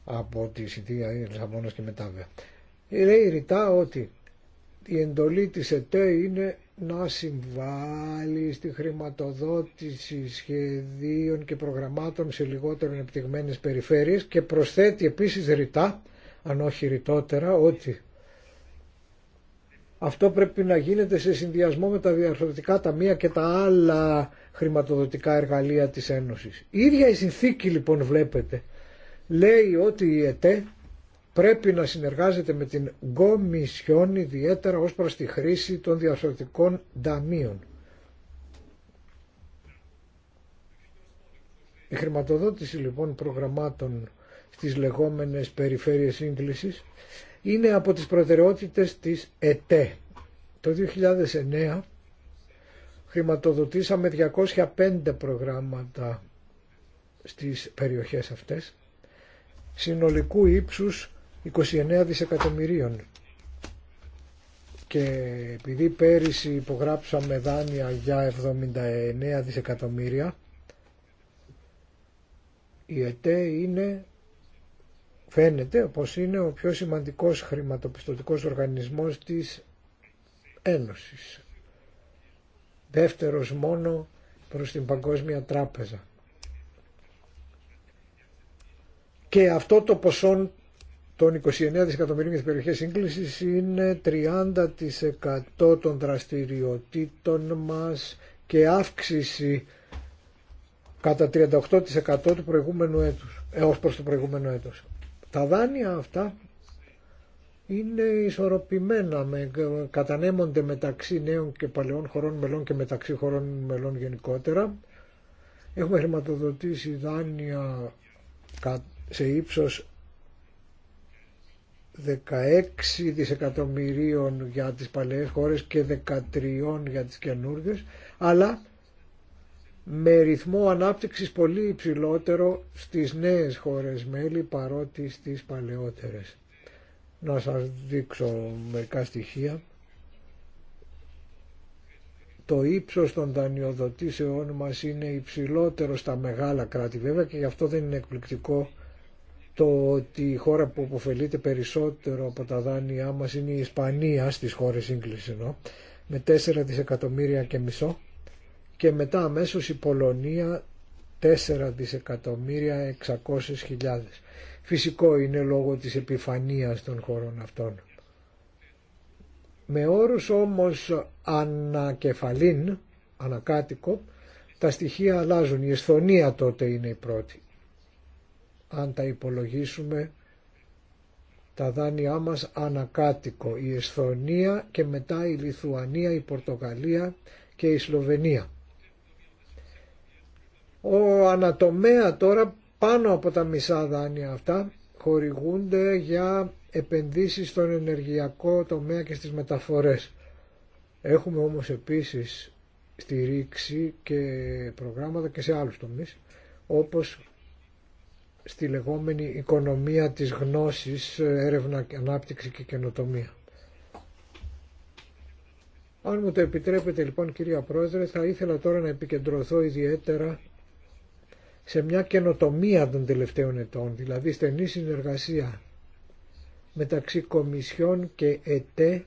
από τη Συνθήκη Λισαβόνα και μετά βέβαια. Λέει ρητά ότι η εντολή της ΕΤΕ είναι να συμβάλλει στη χρηματοδότηση σχεδίων και προγραμμάτων σε λιγότερο ανεπτυγμένες περιφέρειες και προσθέτει επίσης ρητά, αν όχι ρητότερα, ότι αυτό πρέπει να γίνεται σε συνδυασμό με τα διαρθρωτικά ταμεία και τα άλλα χρηματοδοτικά εργαλεία της Ένωσης. Η ίδια η συνθήκη λοιπόν βλέπετε λέει ότι η ΕΤΕ πρέπει να συνεργάζεται με την Κομισιόν ιδιαίτερα ως προς τη χρήση των διαφορετικών ταμείων. Η χρηματοδότηση λοιπόν προγραμμάτων στις λεγόμενες περιφέρειες σύγκλησης είναι από τις προτεραιότητες της ΕΤΕ. Το 2009 χρηματοδοτήσαμε 205 προγράμματα στις περιοχές αυτές, συνολικού ύψους 29 δισεκατομμυρίων. Και επειδή πέρυσι υπογράψαμε δάνεια για 79 δισεκατομμύρια, η ΕΤΕ είναι Φαίνεται πως είναι ο πιο σημαντικός χρηματοπιστωτικός οργανισμός της Ένωσης. Δεύτερος μόνο προς την Παγκόσμια Τράπεζα. Και αυτό το ποσό των 29 δισεκατομμυρίων για περιοχής σύγκλησης είναι 30% των δραστηριοτήτων μας και αύξηση κατά 38% του προηγούμενου έτους, έως προς το προηγούμενο έτος. Τα δάνεια αυτά είναι ισορροπημένα, με, κατανέμονται μεταξύ νέων και παλαιών χωρών μελών και μεταξύ χωρών μελών γενικότερα. Έχουμε χρηματοδοτήσει δάνεια σε ύψος 16 δισεκατομμυρίων για τις παλαιές χώρες και 13 για τις καινούργιες, αλλά με ρυθμό ανάπτυξης πολύ υψηλότερο στις νέες χώρες μέλη παρότι στις παλαιότερες. Να σας δείξω μερικά στοιχεία. Το ύψος των δανειοδοτήσεών μας είναι υψηλότερο στα μεγάλα κράτη βέβαια και γι' αυτό δεν είναι εκπληκτικό το ότι η χώρα που αποφελείται περισσότερο από τα δάνειά μας είναι η Ισπανία στις χώρες σύγκλησης ενώ με 4 δισεκατομμύρια και μισό και μετά αμέσως η Πολωνία 4 δισεκατομμύρια χιλιάδες. Φυσικό είναι λόγω της επιφανίας των χωρών αυτών. Με όρους όμως ανακεφαλήν, ανακάτοικο, τα στοιχεία αλλάζουν. Η Εσθονία τότε είναι η πρώτη. Αν τα υπολογίσουμε τα δάνειά μας ανακάτοικο. Η Εσθονία και μετά η Λιθουανία, η Πορτογαλία και η Σλοβενία. Ο ανατομέα τώρα πάνω από τα μισά δάνεια αυτά χορηγούνται για επενδύσεις στον ενεργειακό τομέα και στις μεταφορές. Έχουμε όμως επίσης στηρίξει και προγράμματα και σε άλλους τομείς όπως στη λεγόμενη οικονομία της γνώσης, έρευνα, και ανάπτυξη και καινοτομία. Αν μου το επιτρέπετε λοιπόν κυρία Πρόεδρε θα ήθελα τώρα να επικεντρωθώ ιδιαίτερα σε μια καινοτομία των τελευταίων ετών, δηλαδή στενή συνεργασία μεταξύ Κομισιών και ΕΤΕ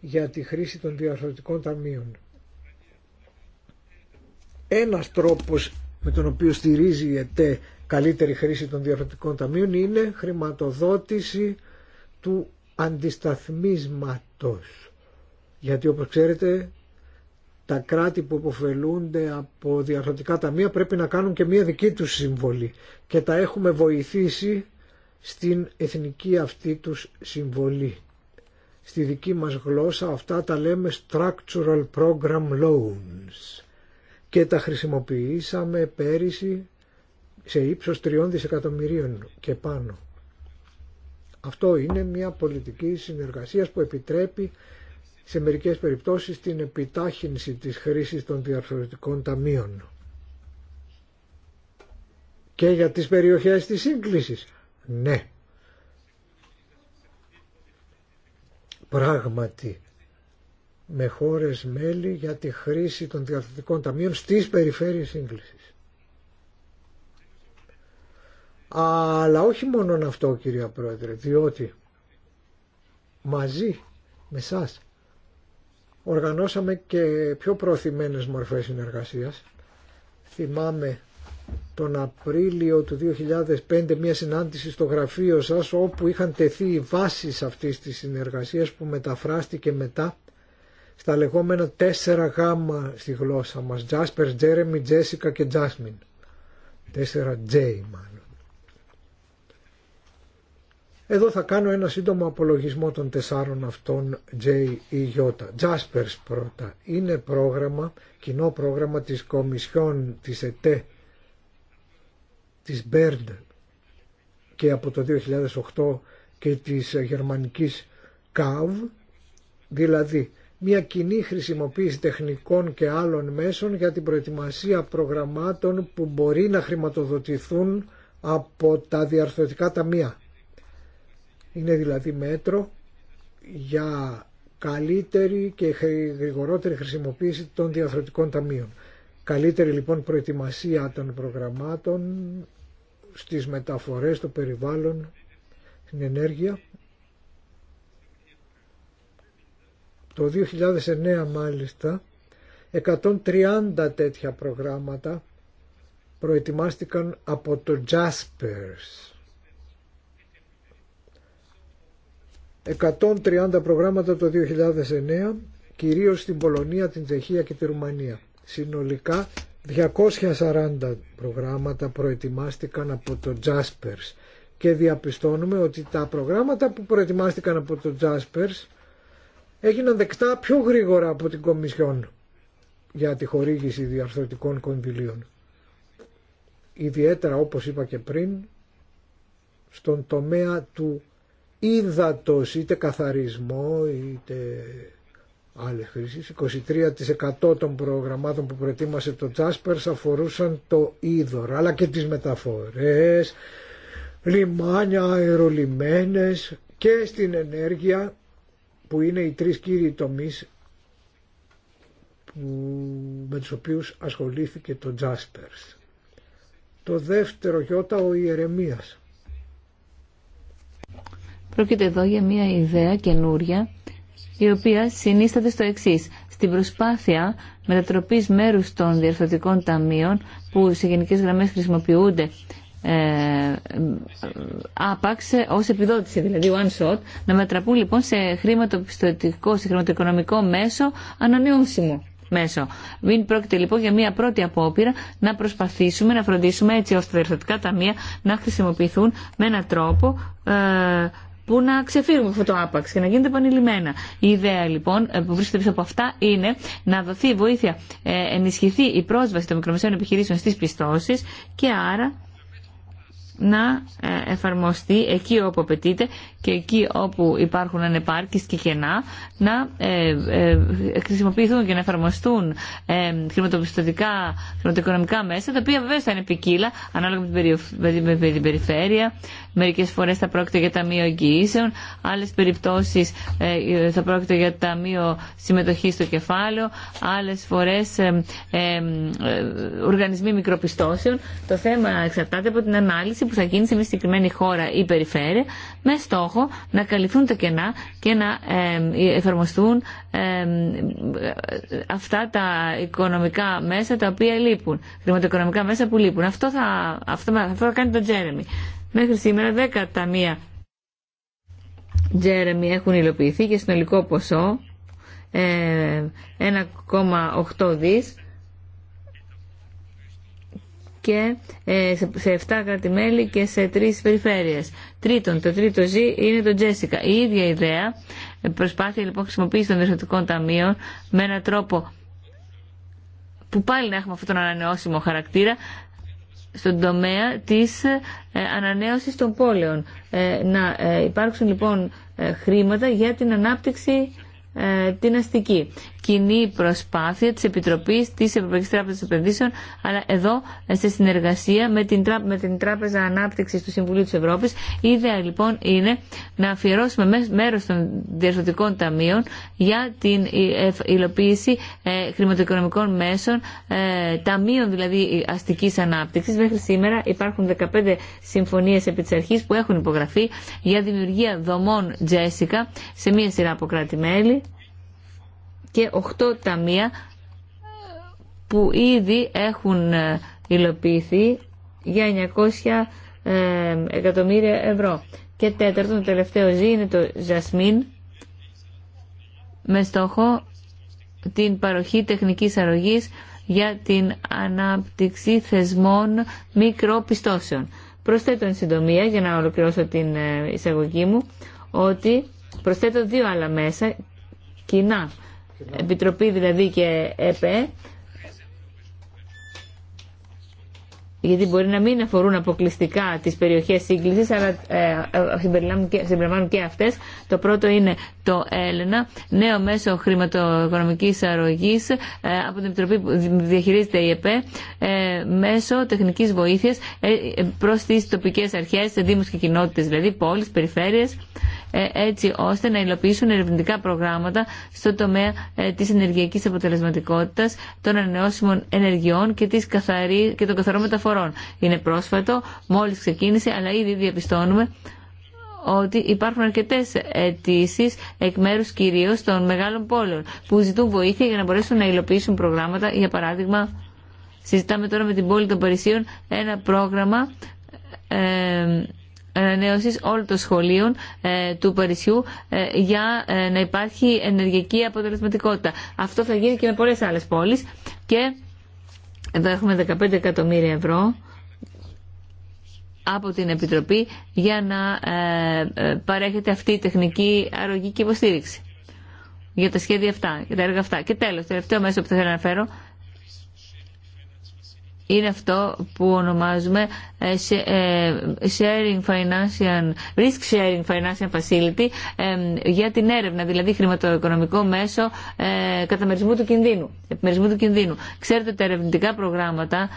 για τη χρήση των διαφορετικών ταμείων. Ένας τρόπος με τον οποίο στηρίζει η ΕΤΕ καλύτερη χρήση των διαφορετικών ταμείων είναι χρηματοδότηση του αντισταθμίσματος. Γιατί όπως ξέρετε τα κράτη που υποφελούνται από διαρθρωτικά ταμεία πρέπει να κάνουν και μία δική τους συμβολή και τα έχουμε βοηθήσει στην εθνική αυτή τους συμβολή. Στη δική μας γλώσσα αυτά τα λέμε Structural Program Loans και τα χρησιμοποιήσαμε πέρυσι σε ύψος 3 δισεκατομμυρίων και πάνω. Αυτό είναι μια πολιτική συνεργασίας που επιτρέπει σε μερικές περιπτώσεις την επιτάχυνση της χρήσης των διαρθρωτικών ταμείων και για τις περιοχές της σύγκλησης. Ναι, πράγματι με χώρες μέλη για τη χρήση των διαρθρωτικών ταμείων στις περιφέρειες σύγκλησης. Αλλά όχι μόνον αυτό κυρία Πρόεδρε, διότι μαζί με σας Οργανώσαμε και πιο προωθημένες μορφές συνεργασίας. Θυμάμαι τον Απρίλιο του 2005 μια συνάντηση στο γραφείο σας όπου είχαν τεθεί οι βάσεις αυτής της συνεργασίας που μεταφράστηκε μετά στα λεγόμενα τέσσερα γάμα στη γλώσσα μας. Τζάσπερ, Τζέρεμι, Τζέσικα και Τζάσμιν. Τέσσερα j εδώ θα κάνω ένα σύντομο απολογισμό των τεσσάρων αυτών J ή J. Jaspers πρώτα. Είναι πρόγραμμα, κοινό πρόγραμμα της Κομισιόν της ΕΤΕ, της BERD και από το 2008 και της γερμανικής CAV, δηλαδή μια κοινή χρησιμοποίηση τεχνικών και άλλων μέσων για την προετοιμασία προγραμμάτων που μπορεί να χρηματοδοτηθούν από τα διαρθρωτικά ταμεία είναι δηλαδή μέτρο για καλύτερη και γρηγορότερη χρησιμοποίηση των διαθροτικών ταμείων. Καλύτερη λοιπόν προετοιμασία των προγραμμάτων στις μεταφορές, των περιβάλλον, στην ενέργεια. Το 2009 μάλιστα 130 τέτοια προγράμματα προετοιμάστηκαν από το Jaspers 130 προγράμματα το 2009, κυρίως στην Πολωνία, την Τσεχία και τη Ρουμανία. Συνολικά 240 προγράμματα προετοιμάστηκαν από το Jaspers και διαπιστώνουμε ότι τα προγράμματα που προετοιμάστηκαν από το Jaspers έγιναν δεκτά πιο γρήγορα από την Κομισιόν για τη χορήγηση διαρθρωτικών κονδυλίων. Ιδιαίτερα όπως είπα και πριν στον τομέα του ύδατος είτε καθαρισμό είτε άλλες χρήσεις. 23% των προγραμμάτων που προετοίμασε το Τζάσπερς αφορούσαν το είδωρο αλλά και τις μεταφορές, λιμάνια, αερολιμένες και στην ενέργεια που είναι οι τρεις κύριοι τομείς που, με τους οποίους ασχολήθηκε το Τζάσπερς. Το δεύτερο γιώτα ο Ιερεμίας Πρόκειται εδώ για μια ιδέα καινούρια η οποία συνίσταται στο εξή. Στην προσπάθεια μετατροπή μέρου των διαρθρωτικών ταμείων που σε γενικέ γραμμέ χρησιμοποιούνται ε, άπαξ ω επιδότηση, δηλαδή one shot, να μετατραπούν λοιπόν σε χρηματοπιστωτικό, σε χρηματοοικονομικό μέσο ανανεώσιμο. Μέσο. Μην πρόκειται λοιπόν για μια πρώτη απόπειρα να προσπαθήσουμε να φροντίσουμε έτσι ώστε τα διευθυντικά ταμεία να χρησιμοποιηθούν με έναν τρόπο ε, που να ξεφύγουμε αυτό το άπαξ και να γίνεται επανειλημμένα. Η ιδέα λοιπόν ε, που βρίσκεται πίσω από αυτά είναι να δοθεί βοήθεια, ε, ενισχυθεί η πρόσβαση των μικρομεσαίων επιχειρήσεων στις πιστώσεις και άρα να ε, εφαρμοστεί εκεί όπου απαιτείται και εκεί όπου υπάρχουν ανεπάρκειες και κενά να ε, ε, χρησιμοποιηθούν και να εφαρμοστούν χρηματοπιστωτικά, χρηματοοικονομικά μέσα τα οποία βέβαια θα είναι ποικίλα ανάλογα με την, περιοφ... με περιφέρεια μερικές φορές θα πρόκειται για ταμείο εγγυήσεων άλλες περιπτώσεις θα πρόκειται για ταμείο συμμετοχή στο κεφάλαιο άλλες φορές ε, οργανισμοί μικροπιστώσεων το θέμα εξαρτάται από την ανάλυση που θα γίνει σε μια συγκεκριμένη χώρα ή περιφέρεια με στόχο να καλυφθούν τα κενά και να εφαρμοστούν αυτά τα οικονομικά μέσα τα οποία λείπουν, χρηματοοικονομικά μέσα που λείπουν. Αυτό θα, αυτό, θα κάνει το Τζέρεμι. Μέχρι σήμερα 10 ταμεία Τζέρεμι έχουν υλοποιηθεί και συνολικό ποσό 1,8 ε, δις και ε, σε 7 κράτη-μέλη και σε 3 περιφέρειες. Τρίτον, το τρίτο Ζ είναι το Τζέσικα. Η ίδια ιδέα, ε, προσπάθεια λοιπόν χρησιμοποίηση των διευθυντικών ταμείων με έναν τρόπο που πάλι να έχουμε αυτόν τον ανανεώσιμο χαρακτήρα στον τομέα της ε, ανανέωσης των πόλεων. Να υπάρξουν λοιπόν χρήματα για την ανάπτυξη ε, την αστική. Κοινή προσπάθεια της Επιτροπής της Ευρωπαϊκής Τράπεζας Επενδύσεων, αλλά εδώ ε, σε συνεργασία με την, με την Τράπεζα Ανάπτυξης του Συμβουλίου της Ευρώπης. Η ιδέα λοιπόν είναι να αφιερώσουμε μέρος των διαρθρωτικών ταμείων για την υλοποίηση ε, χρηματοοικονομικών μέσων, ταμείων δηλαδή αστικής ανάπτυξης. Μέχρι σήμερα υπάρχουν 15 συμφωνίες επί της αρχής που έχουν υπογραφεί για δημιουργία δομών Τζέσικα σε μία σειρά από κράτη-μέλη και 8 ταμεία που ήδη έχουν ε, υλοποιηθεί για 900 ε, εκατομμύρια ευρώ. Και τέταρτον, το τελευταίο ζή είναι το Ζασμίν με στόχο την παροχή τεχνικής αρρωγής για την ανάπτυξη θεσμών μικροπιστώσεων. Προσθέτω εν συντομία, για να ολοκληρώσω την ε, εισαγωγή μου, ότι προσθέτω δύο άλλα μέσα κοινά Επιτροπή δηλαδή και ΕΠΕ γιατί μπορεί να μην αφορούν αποκλειστικά τις περιοχές σύγκλησης, αλλά ε, ε, συμπεριλαμβάνουν και αυτές. Το πρώτο είναι το ΕΛΕΝΑ, νέο μέσο χρηματοοικονομικής αρρωγής ε, από την Επιτροπή που διαχειρίζεται η ΕΠΕ, μέσω τεχνικής βοήθειας προς τις τοπικές αρχές, δήμους και κοινότητες, δηλαδή πόλεις, περιφέρειες, έτσι ώστε να υλοποιήσουν ερευνητικά προγράμματα στο τομέα της ενεργειακής αποτελεσματικότητας, των ανανεώσιμων ενεργειών και, της και των καθαρών μεταφορών είναι πρόσφατο, μόλις ξεκίνησε, αλλά ήδη διαπιστώνουμε ότι υπάρχουν αρκετέ αιτήσει εκ μέρου κυρίω των μεγάλων πόλεων που ζητούν βοήθεια για να μπορέσουν να υλοποιήσουν προγράμματα. Για παράδειγμα, συζητάμε τώρα με την πόλη των Παρισίων ένα πρόγραμμα ε, ανανέωση όλων των σχολείων ε, του Παρισιού ε, για ε, να υπάρχει ενεργειακή αποτελεσματικότητα. Αυτό θα γίνει και με πολλέ άλλε πόλει και εδώ έχουμε 15 εκατομμύρια ευρώ από την Επιτροπή για να ε, ε, παρέχεται αυτή η τεχνική και υποστήριξη για τα σχέδια αυτά, για τα έργα αυτά. Και τέλος, τελευταίο μέσο που θα ήθελα να αναφέρω είναι αυτό που ονομάζουμε ε, ε, sharing financial, risk sharing financial facility ε, για την έρευνα, δηλαδή χρηματοοικονομικό μέσο καταμερισμού του κινδύνου, του κινδύνου. Ξέρετε ότι τα ερευνητικά προγράμματα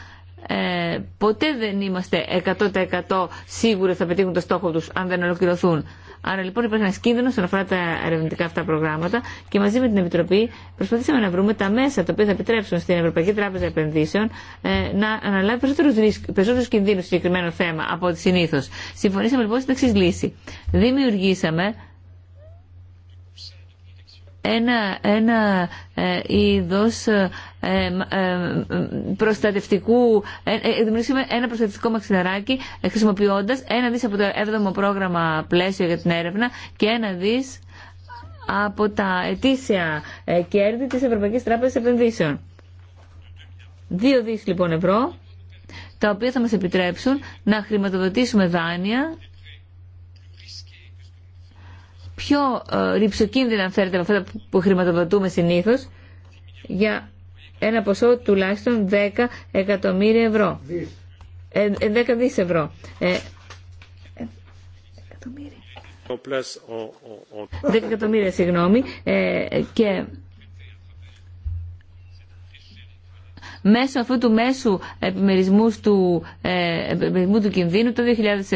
ποτέ δεν είμαστε 100% σίγουροι ότι θα πετύχουν το στόχο τους αν δεν ολοκληρωθούν. Άρα λοιπόν υπάρχει ένα κίνδυνο όσον αφορά τα ερευνητικά αυτά προγράμματα και μαζί με την Επιτροπή προσπαθήσαμε να βρούμε τα μέσα τα οποία θα επιτρέψουν στην Ευρωπαϊκή Τράπεζα Επενδύσεων ε, να αναλάβει περισσότερου κινδύνου στο συγκεκριμένο θέμα από ό,τι συνήθω. Συμφωνήσαμε λοιπόν στην εξή λύση. Δημιουργήσαμε ένα, ένα ε, ε, ε, ε προστατευτικού, δημιουργήσαμε ένα προστατευτικό μαξιλαράκι χρησιμοποιώντας ένα δις από το 7ο πρόγραμμα πλαίσιο για την έρευνα και ένα δις από τα ετήσια κέρδη της Ευρωπαϊκής Τράπεζας Επενδύσεων. Δύο δις λοιπόν ευρώ, τα οποία θα μας επιτρέψουν να χρηματοδοτήσουμε δάνεια πιο ε, ρηψοκίνδυνα αν θέλετε με αυτά που χρηματοδοτούμε συνήθως για ένα ποσό τουλάχιστον 10 εκατομμύρια ευρώ. Ε, 10 ε, δις ευρώ. Ε, 10 εκατομμύρια, συγγνώμη. Ε, και μέσω αυτού του μέσου επιμερισμού του, ε, του κινδύνου. Το 2007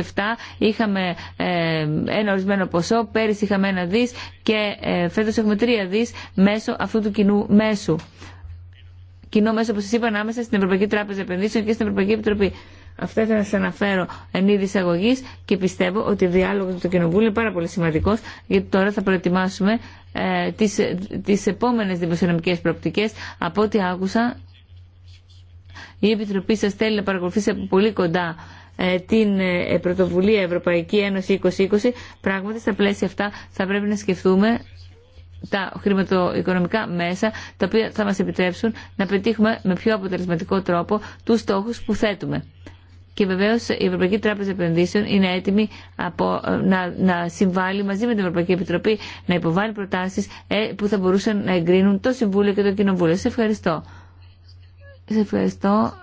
είχαμε ε, ένα ορισμένο ποσό, πέρυσι είχαμε ένα δις και ε, φέτος έχουμε τρία δις μέσω αυτού του κοινού μέσου. Κοινό μέσο, όπως σας είπα, ανάμεσα στην Ευρωπαϊκή Τράπεζα Επενδύσεων και στην Ευρωπαϊκή Επιτροπή. Αυτά θα σα αναφέρω εν είδη εισαγωγή και πιστεύω ότι ο διάλογο του το Κοινοβούλιο είναι πάρα πολύ σημαντικό, γιατί τώρα θα προετοιμάσουμε ε, τι τις επόμενε δημοσιονομικέ προοπτικέ. Από ό,τι άκουσα, η Επιτροπή σας θέλει να παρακολουθήσει από πολύ κοντά ε, την ε, πρωτοβουλία Ευρωπαϊκή Ένωση 2020. Πράγματι, στα πλαίσια αυτά θα πρέπει να σκεφτούμε τα χρηματοοικονομικά μέσα τα οποία θα μας επιτρέψουν να πετύχουμε με πιο αποτελεσματικό τρόπο τους στόχους που θέτουμε. Και βεβαίω η Ευρωπαϊκή Τράπεζα Επενδύσεων είναι έτοιμη από, ε, να, να συμβάλλει μαζί με την Ευρωπαϊκή Επιτροπή να υποβάλει προτάσει που θα μπορούσαν να εγκρίνουν το Συμβούλιο και το Κοινοβούλιο. Σε ευχαριστώ. Σα ευχαριστώ.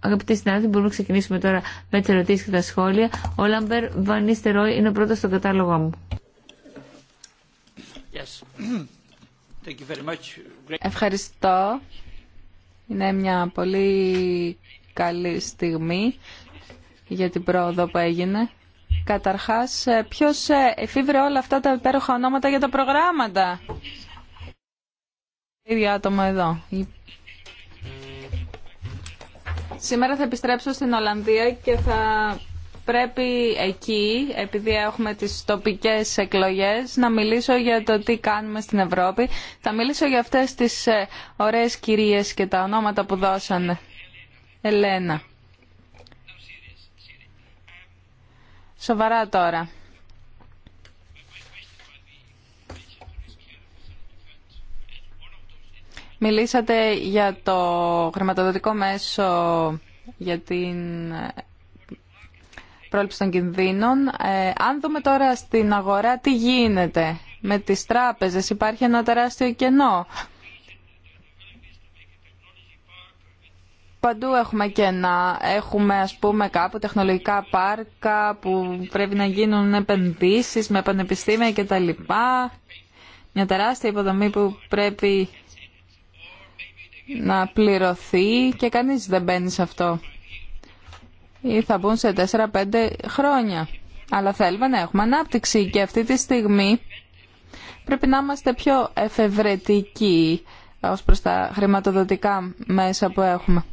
Αγαπητοί συνάδελφοι, μπορούμε να ξεκινήσουμε τώρα με τι ερωτήσει και τα σχόλια. Ο Λάμπερ Βανίστερόι είναι ο πρώτο στο κατάλογο μου. Ευχαριστώ. Είναι μια πολύ καλή στιγμή για την πρόοδο που έγινε. Καταρχάς, ε, ποιος ε, εφήβρε όλα αυτά τα υπέροχα ονόματα για τα προγράμματα. Ίδια άτομα εδώ. Σήμερα θα επιστρέψω στην Ολλανδία και θα πρέπει εκεί, επειδή έχουμε τις τοπικές εκλογές, να μιλήσω για το τι κάνουμε στην Ευρώπη. Θα μιλήσω για αυτές τις ε, ωραίες κυρίες και τα ονόματα που δώσανε. Ελένα. Σοβαρά τώρα. Μιλήσατε για το χρηματοδοτικό μέσο για την πρόληψη των κινδύνων. Ε, αν δούμε τώρα στην αγορά τι γίνεται με τις τράπεζες, υπάρχει ένα τεράστιο κενό. Παντού έχουμε κενά. Έχουμε ας πούμε κάπου τεχνολογικά πάρκα που πρέπει να γίνουν επενδύσεις με πανεπιστήμια κτλ. Μια τεράστια υποδομή που πρέπει να πληρωθεί και κανείς δεν μπαίνει σε αυτό. Ή θα μπουν σε 4-5 χρόνια. Αλλά θέλουμε να έχουμε ανάπτυξη και αυτή τη στιγμή πρέπει να είμαστε πιο εφευρετικοί ως προς τα χρηματοδοτικά μέσα που έχουμε.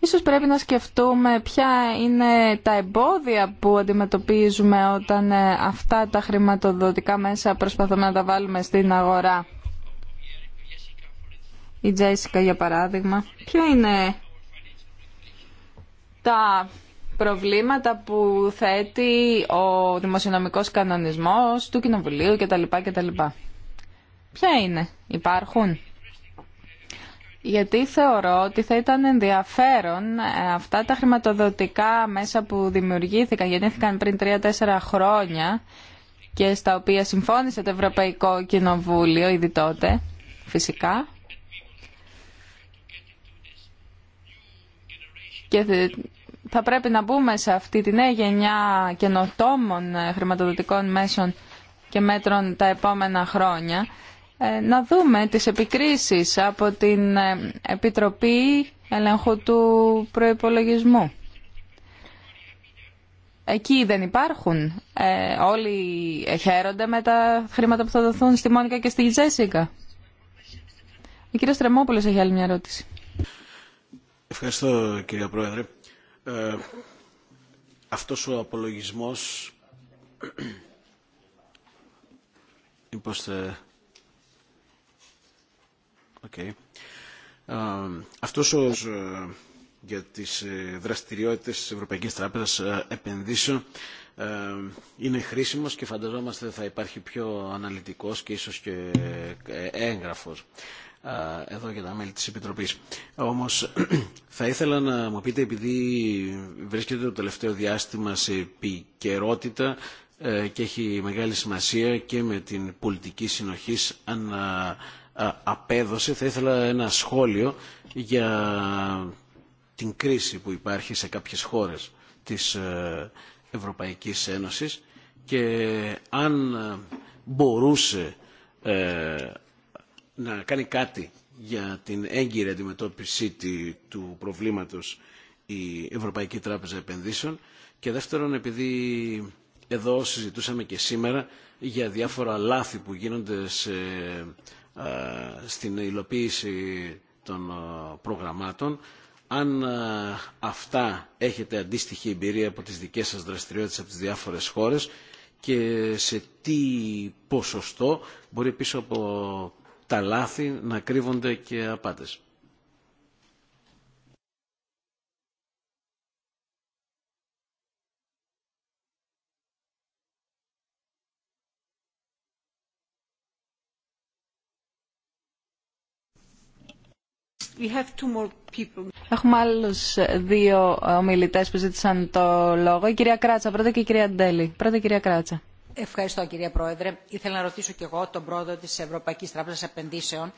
Ίσως πρέπει να σκεφτούμε ποια είναι τα εμπόδια που αντιμετωπίζουμε όταν ε, αυτά τα χρηματοδοτικά μέσα προσπαθούμε να τα βάλουμε στην αγορά η Τζέσικα για παράδειγμα. Ποια είναι τα προβλήματα που θέτει ο δημοσιονομικός κανονισμός του Κοινοβουλίου κτλ. κτλ. Ποια είναι, υπάρχουν. Γιατί θεωρώ ότι θα ήταν ενδιαφέρον ε, αυτά τα χρηματοδοτικά μέσα που δημιουργήθηκαν, γεννήθηκαν πριν 3-4 χρόνια και στα οποία συμφώνησε το Ευρωπαϊκό Κοινοβούλιο ήδη τότε, φυσικά, Και θα πρέπει να μπούμε σε αυτή τη νέα γενιά καινοτόμων ε, χρηματοδοτικών μέσων και μέτρων τα επόμενα χρόνια ε, να δούμε τις επικρίσεις από την ε, Επιτροπή Ελέγχου του Προϋπολογισμού. Εκεί δεν υπάρχουν. όλοι χαίρονται με τα χρήματα που θα δοθούν στη Μόνικα και στη Τζέσικα. Ο κύριος Τρεμόπουλος έχει άλλη μια ερώτηση. Ευχαριστώ κύριε Πρόεδρε. Ε, αυτός ο απολογισμός Okay. Ε, αυτός ο ε, για τις δραστηριότητες της Ευρωπαϊκής Τράπεζας Επενδύσεων είναι χρήσιμος και φανταζόμαστε θα υπάρχει πιο αναλυτικός και ίσως και έγγραφος εδώ για τα μέλη της Επιτροπής. Όμως θα ήθελα να μου πείτε, επειδή βρίσκεται το τελευταίο διάστημα σε επικαιρότητα ε, και έχει μεγάλη σημασία και με την πολιτική συνοχής αν θα ήθελα ένα σχόλιο για την κρίση που υπάρχει σε κάποιες χώρες της ε, Ευρωπαϊκής Ένωσης και αν μπορούσε ε, να κάνει κάτι για την έγκυρη αντιμετώπιση του προβλήματος η Ευρωπαϊκή Τράπεζα Επενδύσεων και δεύτερον επειδή εδώ συζητούσαμε και σήμερα για διάφορα λάθη που γίνονται στην υλοποίηση των προγραμμάτων αν αυτά έχετε αντίστοιχη εμπειρία από τις δικές σας δραστηριότητες από τις διάφορες χώρες και σε τι ποσοστό μπορεί πίσω από τα λάθη να κρύβονται και απάτες. Έχουμε άλλου δύο ομιλητέ που ζήτησαν το λόγο. Η κυρία Κράτσα πρώτα και η κυρία Ντέλη. Πρώτα η κυρία Κράτσα. Ευχαριστώ κυρία Πρόεδρε. Ήθελα να ρωτήσω και εγώ τον πρόεδρο της Ευρωπαϊκής Τράπεζας Επενδύσεων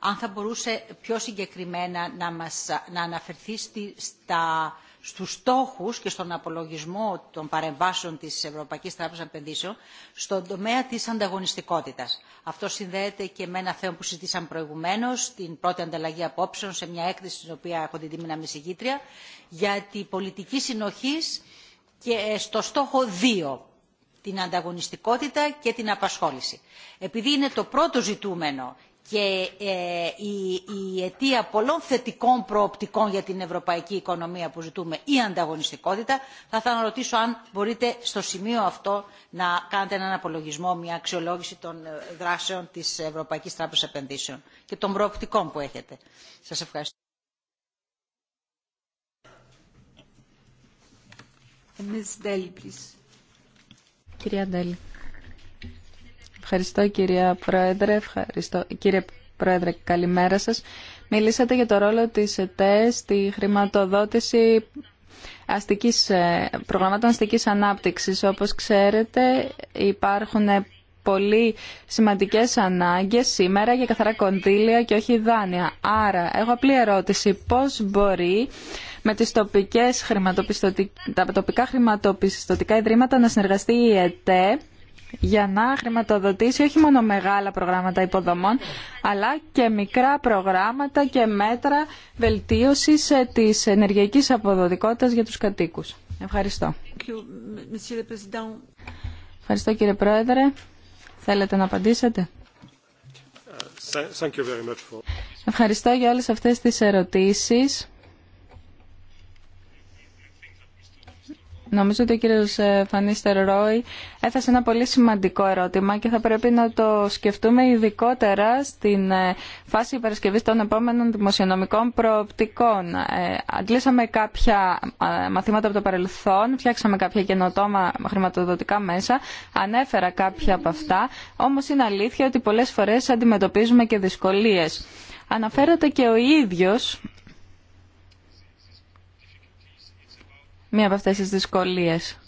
αν θα μπορούσε πιο συγκεκριμένα να, μας, να αναφερθεί στη, στα, στους στόχους και στον απολογισμό των παρεμβάσεων της Ευρωπαϊκής Τράπεζας Επενδύσεων στον τομέα της ανταγωνιστικότητας. Αυτό συνδέεται και με ένα θέμα που συζητήσαμε προηγουμένως, την πρώτη ανταλλαγή απόψεων σε μια έκθεση στην οποία έχω την τιμή να είμαι συγκήτρια, για την πολιτική συνοχή και στο στόχο 2 την ανταγωνιστικότητα και την απασχόληση. Επειδή είναι το πρώτο ζητούμενο και ε, η αιτία πολλών θετικών προοπτικών για την ευρωπαϊκή οικονομία που ζητούμε η ανταγωνιστικότητα θα ήθελα ρωτήσω αν μπορείτε στο σημείο αυτό να κάνετε έναν απολογισμό μια αξιολόγηση των ε, δράσεων της ευρωπαϊκής τράπεζας επενδύσεων και των προοπτικών που έχετε. σας ευχαριστώ. Ms. please. Κυρία Ντέλη. Ευχαριστώ κυρία Πρόεδρε. Ευχαριστώ. Κύριε Πρόεδρε, καλημέρα σας. Μιλήσατε για το ρόλο της ΕΤΕ στη χρηματοδότηση αστικής, ε, προγραμμάτων αστικής ανάπτυξης. Όπως ξέρετε υπάρχουν πολύ σημαντικέ ανάγκε σήμερα για καθαρά κονδύλια και όχι δάνεια. Άρα, έχω απλή ερώτηση. Πώ μπορεί με τις τοπικές τα τοπικά χρηματοπιστωτικά ιδρύματα να συνεργαστεί η ΕΤΕ για να χρηματοδοτήσει όχι μόνο μεγάλα προγράμματα υποδομών, αλλά και μικρά προγράμματα και μέτρα βελτίωση ε, τη ενεργειακή αποδοτικότητας για τους κατοίκους. Ευχαριστώ. Ευχαριστώ κύριε Πρόεδρε. Θέλετε να απαντήσετε. Ευχαριστώ για όλες αυτές τις ερωτήσεις. Νομίζω ότι ο κύριο ε, Φανίστερ Ρόι έθεσε ένα πολύ σημαντικό ερώτημα και θα πρέπει να το σκεφτούμε ειδικότερα στην ε, φάση υπερασκευής των επόμενων δημοσιονομικών προοπτικών. Ε, αντλήσαμε κάποια μαθήματα από το παρελθόν, φτιάξαμε κάποια καινοτόμα χρηματοδοτικά μέσα, ανέφερα κάποια από αυτά, όμως είναι αλήθεια ότι πολλές φορές αντιμετωπίζουμε και δυσκολίες. Αναφέρατε και ο ίδιος μία από αυτές τις δυσκολίες.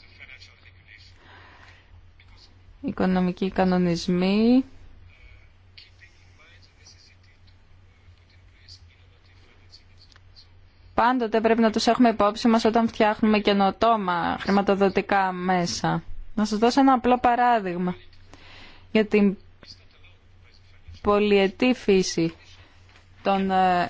Οικονομικοί κανονισμοί, πάντοτε πρέπει να τους έχουμε υπόψη μας όταν φτιάχνουμε καινοτόμα χρηματοδοτικά μέσα. Να σας δώσω ένα απλό παράδειγμα για την πολυετή φύση των ε,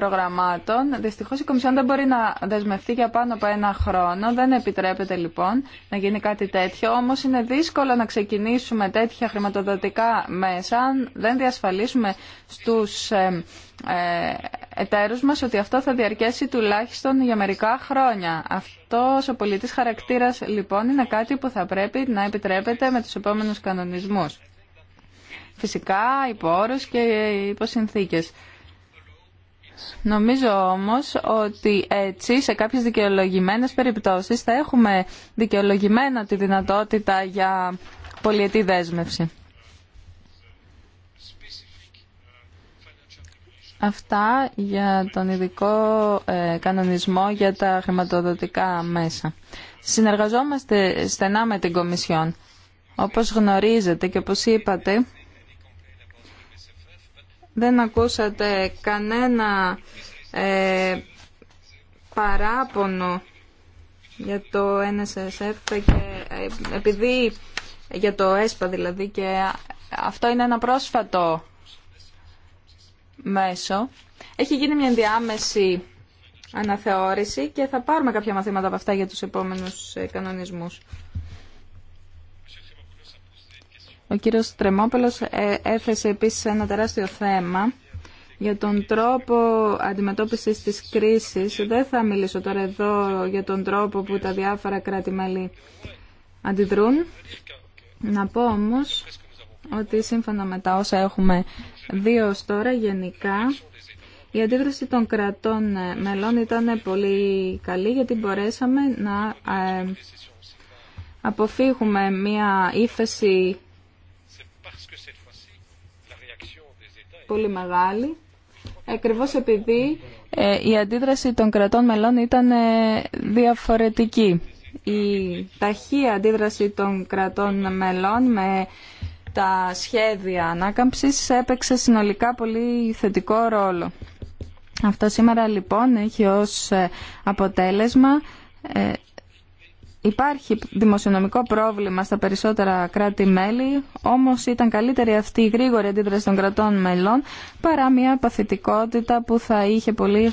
προγραμμάτων. Δυστυχώς η Κομισιόν δεν μπορεί να δεσμευτεί για πάνω από ένα χρόνο. Δεν επιτρέπεται λοιπόν να γίνει κάτι τέτοιο. Όμως είναι δύσκολο να ξεκινήσουμε τέτοια χρηματοδοτικά μέσα αν δεν διασφαλίσουμε στους ε, ε, εταίρους μας ότι αυτό θα διαρκέσει τουλάχιστον για μερικά χρόνια. Αυτό ο πολιτή χαρακτήρα λοιπόν είναι κάτι που θα πρέπει να επιτρέπεται με του επόμενου κανονισμού. Φυσικά υπό όρους και υπό συνθήκες. Νομίζω όμως ότι έτσι σε κάποιες δικαιολογημένες περιπτώσεις θα έχουμε δικαιολογημένα τη δυνατότητα για πολιετή δέσμευση. Αυτά για τον ειδικό ε, κανονισμό για τα χρηματοδοτικά μέσα. Συνεργαζόμαστε στενά με την Κομισιόν. Όπως γνωρίζετε και όπως είπατε, δεν ακούσατε κανένα ε, παράπονο για το NSSF και ε, επειδή για το ΕΣΠΑ δηλαδή και αυτό είναι ένα πρόσφατο μέσο έχει γίνει μια ενδιάμεση αναθεώρηση και θα πάρουμε κάποια μαθήματα από αυτά για τους επόμενους ε, κανονισμούς. Ο κύριος Τρεμόπελος ε, έθεσε επίσης ένα τεράστιο θέμα για τον τρόπο αντιμετώπισης της κρίσης. Δεν θα μιλήσω τώρα εδώ για τον τρόπο που τα διάφορα κράτη-μέλη αντιδρούν. Να πω όμως ότι σύμφωνα με τα όσα έχουμε δύο ως τώρα γενικά, η αντίδραση των κρατών μελών ήταν πολύ καλή γιατί μπορέσαμε να ε, αποφύγουμε μια ύφεση πολύ μεγάλη, ακριβώ επειδή ε, η αντίδραση των κρατών μελών ήταν ε, διαφορετική. Η ταχεία αντίδραση των κρατών μελών με τα σχέδια ανάκαμψης έπαιξε συνολικά πολύ θετικό ρόλο. Αυτό σήμερα λοιπόν έχει ως ε, αποτέλεσμα Υπάρχει δημοσιονομικό πρόβλημα στα περισσότερα κράτη-μέλη, όμως ήταν καλύτερη αυτή η γρήγορη αντίδραση των κρατών μελών παρά μια παθητικότητα που θα είχε πολύ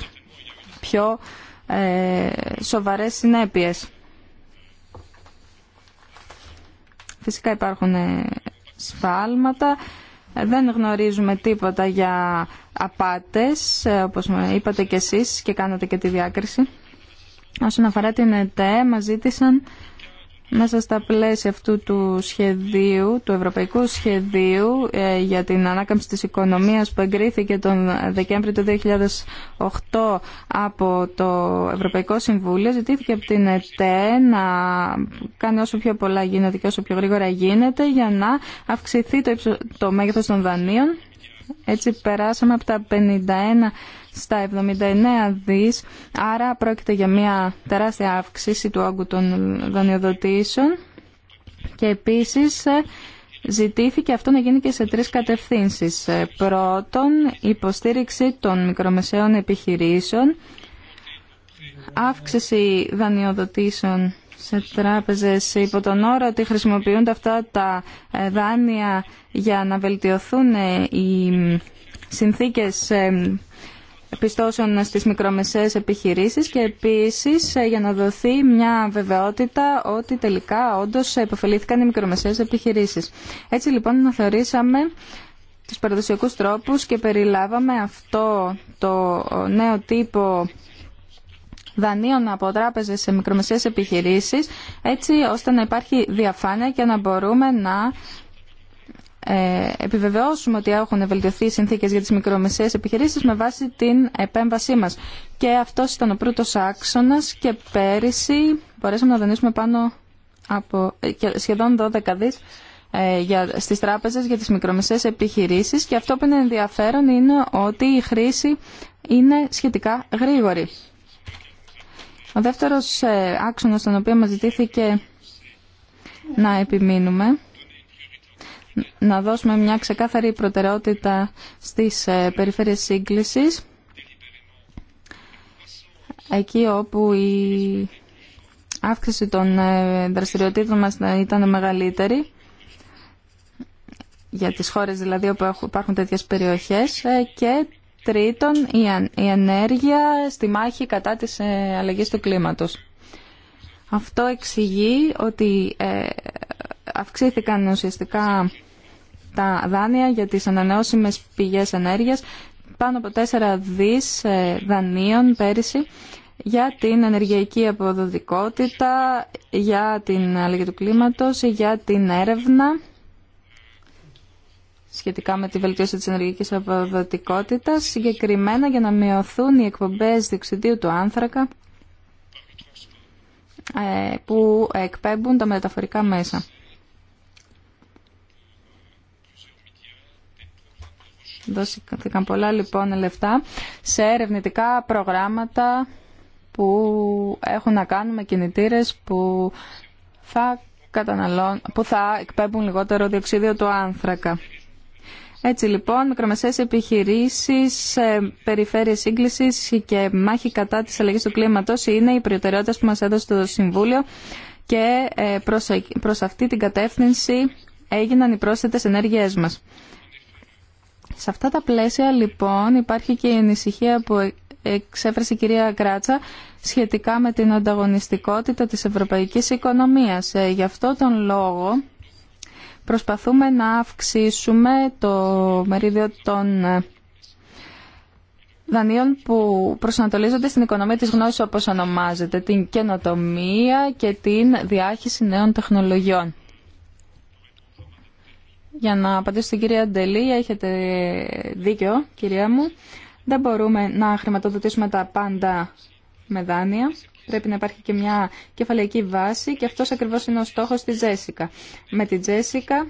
πιο ε, σοβαρές συνέπειες. Φυσικά υπάρχουν ε, σφάλματα, δεν γνωρίζουμε τίποτα για απάτες, ε, όπως είπατε και εσείς και κάνατε και τη διάκριση. Όσον αφορά την ΕΤΕ, μας ζήτησαν μέσα στα πλαίσια αυτού του σχεδίου, του ευρωπαϊκού σχεδίου ε, για την ανάκαμψη της οικονομίας που εγκρίθηκε τον Δεκέμβρη του 2008 από το Ευρωπαϊκό Συμβούλιο, ζητήθηκε από την ΕΤΕ να κάνει όσο πιο πολλά γίνεται και όσο πιο γρήγορα γίνεται για να αυξηθεί το, το μέγεθος των δανείων. Έτσι περάσαμε από τα 51 στα 79 δις, άρα πρόκειται για μια τεράστια αύξηση του όγκου των δανειοδοτήσεων και επίσης ε, ζητήθηκε αυτό να γίνει και σε τρεις κατευθύνσεις. Ε, πρώτον, υποστήριξη των μικρομεσαίων επιχειρήσεων, αύξηση δανειοδοτήσεων σε τράπεζες υπό τον όρο ότι χρησιμοποιούνται αυτά τα ε, δάνεια για να βελτιωθούν οι συνθήκες πιστώσεων στις μικρομεσαίες επιχειρήσεις και επίσης ε, για να δοθεί μια βεβαιότητα ότι τελικά όντως επωφελήθηκαν οι μικρομεσαίες επιχειρήσεις. Έτσι λοιπόν να θεωρήσαμε τους παραδοσιακούς τρόπους και περιλάβαμε αυτό το ε, νέο τύπο δανείων από τράπεζες σε μικρομεσαίες επιχειρήσεις έτσι ώστε να υπάρχει διαφάνεια και να μπορούμε να ε, επιβεβαιώσουμε ότι έχουν βελτιωθεί οι συνθήκες για τις μικρομεσαίες επιχειρήσεις με βάση την επέμβασή μας. Και αυτός ήταν ο πρώτος άξονας και πέρυσι μπορέσαμε να δανείσουμε πάνω από ε, σχεδόν 12 δις ε, για, στις τράπεζες για τις μικρομεσαίες επιχειρήσεις και αυτό που είναι ενδιαφέρον είναι ότι η χρήση είναι σχετικά γρήγορη. Ο δεύτερος άξονας στον οποίο μας ζητήθηκε να επιμείνουμε να δώσουμε μια ξεκάθαρη προτεραιότητα στις ε, περιφέρειες σύγκλησης, εκεί όπου η αύξηση των ε, δραστηριοτήτων μας ήταν μεγαλύτερη, για τις χώρες δηλαδή όπου υπάρχουν τέτοιες περιοχές ε, και τρίτον η ενέργεια στη μάχη κατά της αλλαγής του κλίματος. Αυτό εξηγεί ότι αυξήθηκαν ουσιαστικά τα δάνεια για τις ανανεώσιμες πηγές ενέργειας πάνω από 4 δις ε, δανείων πέρυσι για την ενεργειακή αποδοτικότητα, για την αλλαγή του κλίματος, για την έρευνα σχετικά με τη βελτίωση της ενεργειακής αποδοτικότητας, συγκεκριμένα για να μειωθούν οι εκπομπές διοξιδίου του άνθρακα ε, που εκπέμπουν τα μεταφορικά μέσα. δώστηκαν πολλά λοιπόν λεφτά σε ερευνητικά προγράμματα που έχουν να κάνουν με κινητήρες που θα, καταναλών, που θα εκπέμπουν λιγότερο διοξίδιο του άνθρακα. Έτσι λοιπόν, μικρομεσαίες επιχειρήσεις, ε, περιφέρειες σύγκλησης και μάχη κατά της αλλαγής του κλίματος είναι οι προτεραιότητες που μας έδωσε το Συμβούλιο και ε, προς αυτή την κατεύθυνση έγιναν οι πρόσθετες ενέργειές μας. Σε αυτά τα πλαίσια λοιπόν υπάρχει και η ανησυχία που εξέφρασε η κυρία Κράτσα σχετικά με την ανταγωνιστικότητα της ευρωπαϊκής οικονομίας. Ε, γι' αυτό τον λόγο προσπαθούμε να αυξήσουμε το μερίδιο των ε, δανείων που προσανατολίζονται στην οικονομία της γνώσης όπως ονομάζεται, την καινοτομία και την διάχυση νέων τεχνολογιών. Για να απαντήσω στην κυρία Ντελή, έχετε δίκιο, κυρία μου. Δεν μπορούμε να χρηματοδοτήσουμε τα πάντα με δάνεια. Πρέπει να υπάρχει και μια κεφαλαϊκή βάση και αυτός ακριβώς είναι ο στόχος της Τζέσικα. Με την Τζέσικα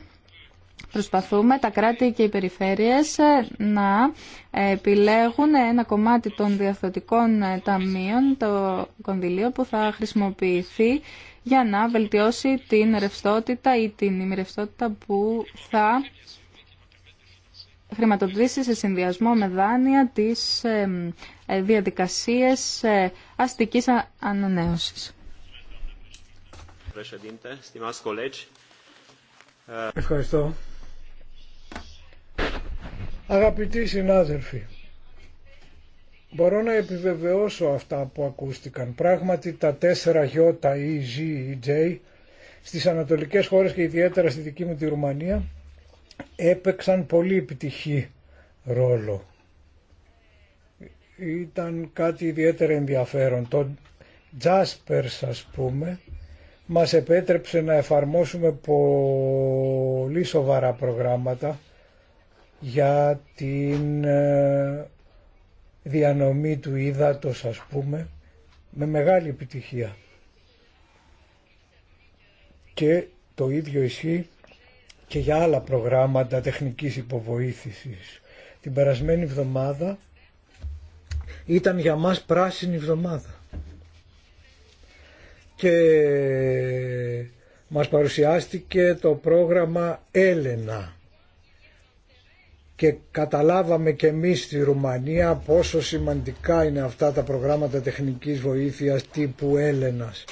προσπαθούμε τα κράτη και οι περιφέρειες να επιλέγουν ένα κομμάτι των διαθωτικών ταμείων, το κονδυλίο που θα χρησιμοποιηθεί για να βελτιώσει την ρευστότητα ή την ημιρευστότητα που θα χρηματοδοτήσει σε συνδυασμό με δάνεια τις ε, διαδικασίες ε, αστικής ανανέωσης. Ευχαριστώ. Αγαπητοί συνάδελφοι, Μπορώ να επιβεβαιώσω αυτά που ακούστηκαν. Πράγματι τα 4 Ι, E, G, J στις ανατολικές χώρες και ιδιαίτερα στη δική μου τη Ρουμανία έπαιξαν πολύ επιτυχή ρόλο. Ήταν κάτι ιδιαίτερα ενδιαφέρον. Το Jasper, ας πούμε μας επέτρεψε να εφαρμόσουμε πολύ σοβαρά προγράμματα για την ε, διανομή του ύδατος ας πούμε με μεγάλη επιτυχία. Και το ίδιο ισχύει και για άλλα προγράμματα τεχνικής υποβοήθησης. Την περασμένη εβδομάδα ήταν για μας πράσινη εβδομάδα. Και μας παρουσιάστηκε το πρόγραμμα Έλενα και καταλάβαμε και εμείς στη Ρουμανία πόσο σημαντικά είναι αυτά τα προγράμματα τεχνικής βοήθειας τύπου Έλενας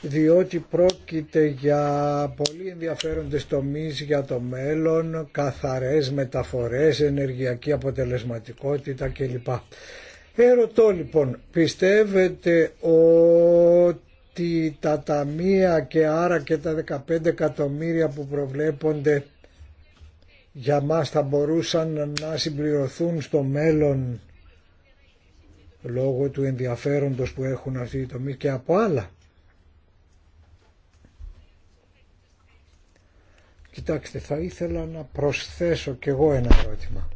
διότι πρόκειται για πολύ ενδιαφέροντες τομείς για το μέλλον, καθαρές μεταφορές, ενεργειακή αποτελεσματικότητα κλπ. Ερωτώ λοιπόν, πιστεύετε ότι τα ταμεία και άρα και τα 15 εκατομμύρια που προβλέπονται για μας θα μπορούσαν να συμπληρωθούν στο μέλλον λόγω του ενδιαφέροντος που έχουν αυτοί οι τομείς και από άλλα. Κοιτάξτε, θα ήθελα να προσθέσω κι εγώ ένα ερώτημα.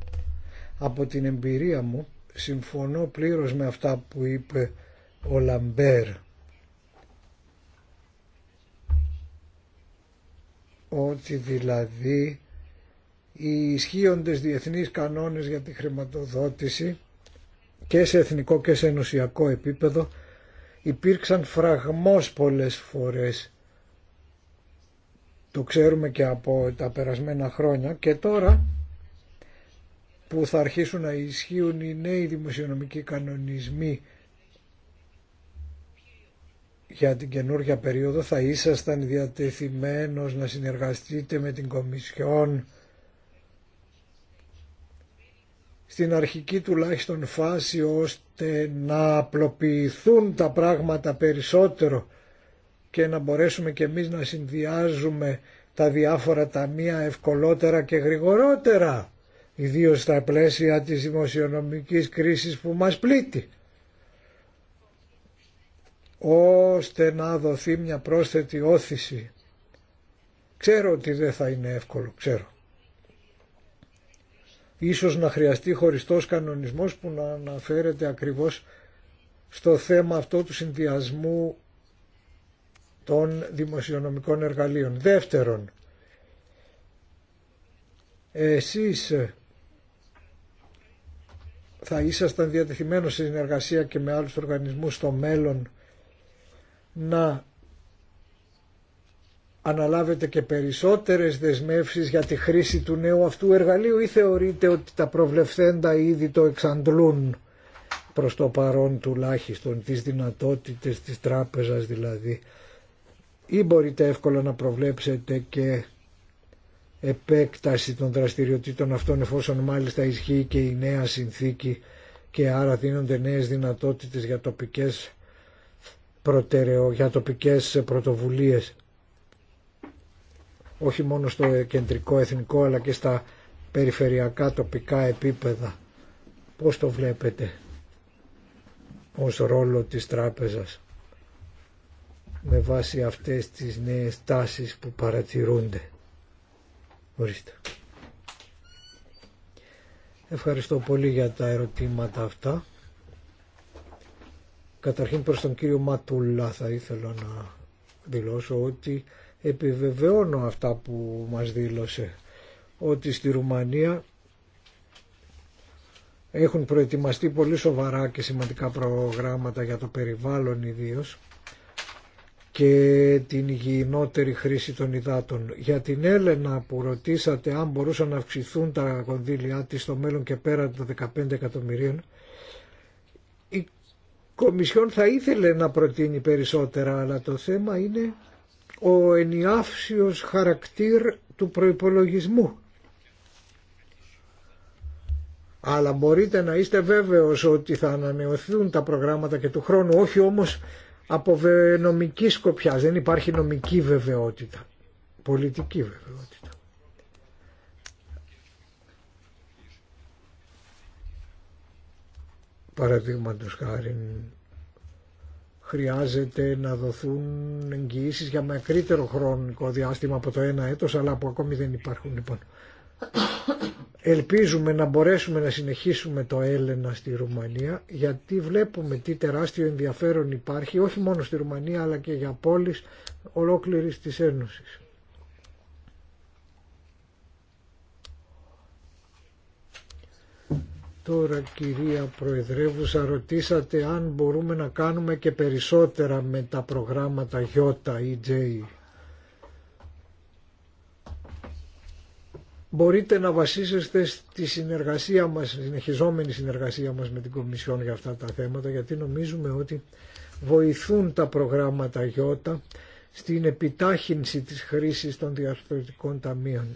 Από την εμπειρία μου συμφωνώ πλήρως με αυτά που είπε ο Λαμπέρ. Ότι δηλαδή οι ισχύοντες διεθνείς κανόνες για τη χρηματοδότηση και σε εθνικό και σε ενωσιακό επίπεδο υπήρξαν φραγμός πολλές φορές. Το ξέρουμε και από τα περασμένα χρόνια και τώρα που θα αρχίσουν να ισχύουν οι νέοι δημοσιονομικοί κανονισμοί για την καινούργια περίοδο θα ήσασταν διατεθειμένος να συνεργαστείτε με την Κομισιόν στην αρχική τουλάχιστον φάση ώστε να απλοποιηθούν τα πράγματα περισσότερο και να μπορέσουμε και εμείς να συνδυάζουμε τα διάφορα ταμεία ευκολότερα και γρηγορότερα ιδίως στα πλαίσια της δημοσιονομικής κρίσης που μας πλήττει ώστε να δοθεί μια πρόσθετη όθηση. Ξέρω ότι δεν θα είναι εύκολο, ξέρω. Ίσως να χρειαστεί χωριστός κανονισμός που να αναφέρεται ακριβώς στο θέμα αυτό του συνδυασμού των δημοσιονομικών εργαλείων. Δεύτερον, εσείς θα ήσασταν διατεθειμένος σε συνεργασία και με άλλους οργανισμούς στο μέλλον να αναλάβετε και περισσότερες δεσμεύσεις για τη χρήση του νέου αυτού εργαλείου ή θεωρείτε ότι τα προβλεφθέντα ήδη το εξαντλούν προς το παρόν τουλάχιστον τις δυνατότητες της τράπεζας δηλαδή ή μπορείτε εύκολα να προβλέψετε και επέκταση των δραστηριοτήτων αυτών εφόσον μάλιστα ισχύει και η νέα συνθήκη και άρα δίνονται νέες δυνατότητες για τοπικές, για τοπικές πρωτοβουλίες όχι μόνο στο κεντρικό, εθνικό αλλά και στα περιφερειακά, τοπικά επίπεδα. Πώς το βλέπετε ως ρόλο της τράπεζας με βάση αυτές τις νέες τάσεις που παρατηρούνται. Ευχαριστώ πολύ για τα ερωτήματα αυτά. Καταρχήν προς τον κύριο Ματούλα θα ήθελα να δηλώσω ότι επιβεβαιώνω αυτά που μας δήλωσε ότι στη Ρουμανία έχουν προετοιμαστεί πολύ σοβαρά και σημαντικά προγράμματα για το περιβάλλον ιδίως και την υγιεινότερη χρήση των υδάτων. Για την Έλενα που ρωτήσατε αν μπορούσαν να αυξηθούν τα κονδύλια της στο μέλλον και πέρα των 15 εκατομμυρίων, η Κομισιόν θα ήθελε να προτείνει περισσότερα, αλλά το θέμα είναι ο ενιάφσιος χαρακτήρ του προϋπολογισμού. Αλλά μπορείτε να είστε βέβαιος ότι θα ανανεωθούν τα προγράμματα και του χρόνου, όχι όμως από νομική σκοπιά. Δεν υπάρχει νομική βεβαιότητα, πολιτική βεβαιότητα. Παραδείγματος χάρη χρειάζεται να δοθούν εγγυήσει για μακρύτερο χρονικό διάστημα από το ένα έτος αλλά που ακόμη δεν υπάρχουν λοιπόν. Ελπίζουμε να μπορέσουμε να συνεχίσουμε το Έλενα στη Ρουμανία γιατί βλέπουμε τι τεράστιο ενδιαφέρον υπάρχει όχι μόνο στη Ρουμανία αλλά και για πόλεις ολόκληρης της Ένωσης. Τώρα κυρία Προεδρεύουσα ρωτήσατε αν μπορούμε να κάνουμε και περισσότερα με τα προγράμματα Ι ή Μπορείτε να βασίσεστε στη συνεργασία μας, συνεχιζόμενη συνεργασία μας με την Κομισιόν για αυτά τα θέματα γιατί νομίζουμε ότι βοηθούν τα προγράμματα Ι στην επιτάχυνση της χρήσης των διαρθρωτικών ταμείων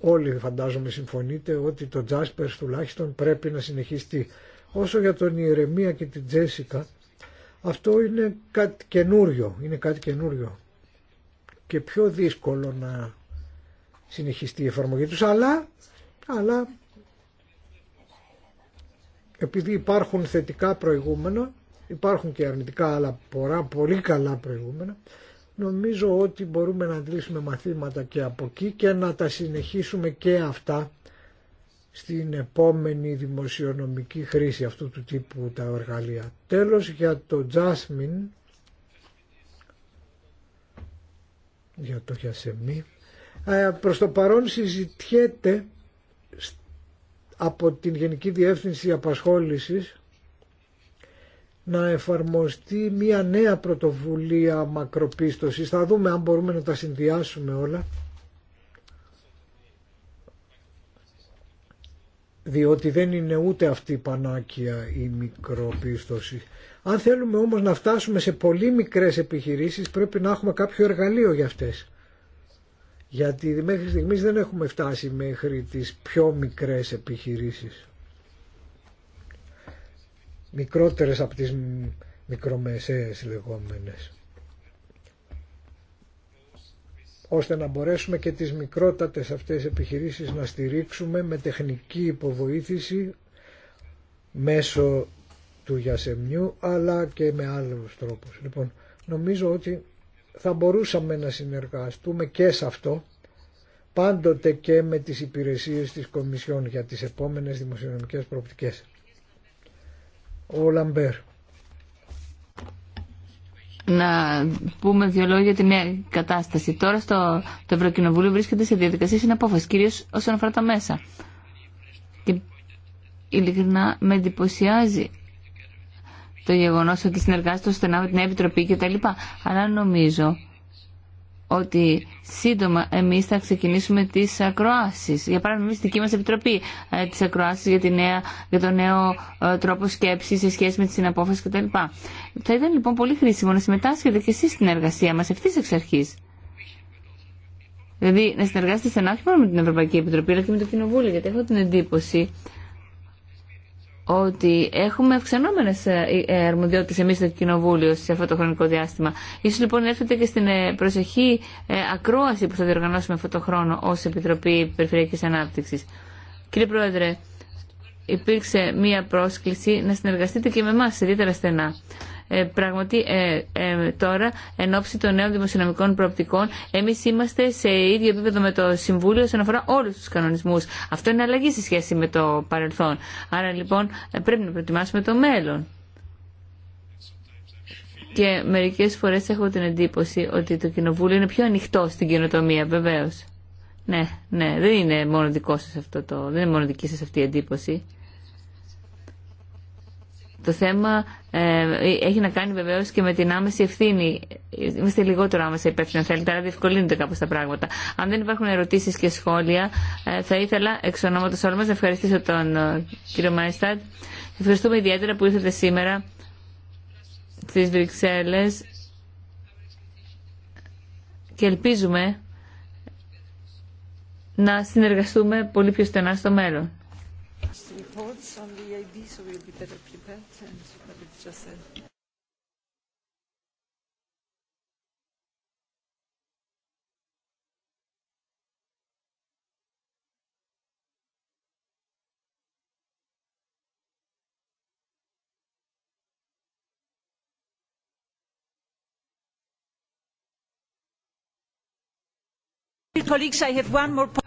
όλοι φαντάζομαι συμφωνείτε ότι το Τζάσπερ τουλάχιστον πρέπει να συνεχιστεί. Όσο για τον Ιερεμία και την Τζέσικα, αυτό είναι κάτι καινούριο, είναι κάτι καινούριο και πιο δύσκολο να συνεχιστεί η εφαρμογή τους, αλλά, αλλά επειδή υπάρχουν θετικά προηγούμενα, υπάρχουν και αρνητικά αλλά πολλά πολύ καλά προηγούμενα, Νομίζω ότι μπορούμε να αντλήσουμε μαθήματα και από εκεί και να τα συνεχίσουμε και αυτά στην επόμενη δημοσιονομική χρήση αυτού του τύπου τα εργαλεία. Τέλος για το Τζάσμιν, για το Γιασεμί, ε, προς το παρόν συζητιέται από την Γενική Διεύθυνση Απασχόλησης να εφαρμοστεί μια νέα πρωτοβουλία μακροπίστωσης. Θα δούμε αν μπορούμε να τα συνδυάσουμε όλα. Διότι δεν είναι ούτε αυτή η πανάκια η μικροπίστωση. Αν θέλουμε όμως να φτάσουμε σε πολύ μικρές επιχειρήσεις πρέπει να έχουμε κάποιο εργαλείο για αυτές. Γιατί μέχρι στιγμής δεν έχουμε φτάσει μέχρι τις πιο μικρές επιχειρήσεις μικρότερες από τις μικρομεσαίες λεγόμενες ώστε να μπορέσουμε και τις μικρότατες αυτές επιχειρήσεις να στηρίξουμε με τεχνική υποβοήθηση μέσω του γιασεμιού αλλά και με άλλους τρόπους. Λοιπόν, νομίζω ότι θα μπορούσαμε να συνεργαστούμε και σε αυτό πάντοτε και με τις υπηρεσίες της Κομισιόν για τις επόμενες δημοσιονομικές προοπτικές. Ο Λαμπέρ. Να πούμε δύο λόγια για την νέα κατάσταση. Τώρα στο, το Ευρωκοινοβούλιο βρίσκεται σε διαδικασία συναπόφαση, κυρίω όσον αφορά τα μέσα. Και ειλικρινά με εντυπωσιάζει το γεγονό ότι συνεργάζεται στενά με την Επιτροπή κτλ. Αλλά νομίζω ότι σύντομα εμείς θα ξεκινήσουμε τις ακροασει. Για παράδειγμα, εμείς δική μας επιτροπή ε, τις ακροάσεις για, για το νέο ε, τρόπο σκέψης σε σχέση με τι συναπόφαση κτλ. Θα ήταν λοιπόν πολύ χρήσιμο να συμμετάσχετε και εσείς στην εργασία μας ευθύς εξ αρχή. Δηλαδή να συνεργάσετε στενά όχι μόνο με την Ευρωπαϊκή Επιτροπή αλλά και με το Κοινοβούλιο, γιατί έχω την εντύπωση ότι έχουμε αυξανόμενε ε, αρμοδιότητε εμεί στο Κοινοβούλιο σε αυτό το χρονικό διάστημα. σω λοιπόν έρθετε και στην ε, προσεχή ε, ακρόαση που θα διοργανώσουμε αυτό το χρόνο ω Επιτροπή Περιφερειακή Ανάπτυξη. Κύριε Πρόεδρε, υπήρξε μία πρόσκληση να συνεργαστείτε και με εμά ιδιαίτερα στενά. Ε, πράγματι, ε, ε, τώρα, εν ώψη των νέων δημοσιονομικών προοπτικών, εμείς είμαστε σε ίδιο επίπεδο με το Συμβούλιο όσον αφορά όλους τους κανονισμούς Αυτό είναι αλλαγή σε σχέση με το παρελθόν. Άρα, λοιπόν, ε, πρέπει να προετοιμάσουμε το μέλλον. Και μερικές φορές έχω την εντύπωση ότι το κοινοβούλιο είναι πιο ανοιχτό στην καινοτομία, βεβαίως. Ναι, ναι, δεν είναι μόνο δικό σας αυτό το, δεν είναι μόνο δική σας αυτή η εντύπωση. Το θέμα ε, έχει να κάνει βεβαίω και με την άμεση ευθύνη. Είμαστε λιγότερο άμεσα υπεύθυνοι, αν θέλετε, αλλά διευκολύνονται κάπω τα πράγματα. Αν δεν υπάρχουν ερωτήσει και σχόλια, ε, θα ήθελα εξ ονόματο όλων μα να ευχαριστήσω τον ε, κύριο Μάιστατ. Ευχαριστούμε ιδιαίτερα που ήρθατε σήμερα στι Βρυξέλλε και ελπίζουμε να συνεργαστούμε πολύ πιο στενά στο μέλλον.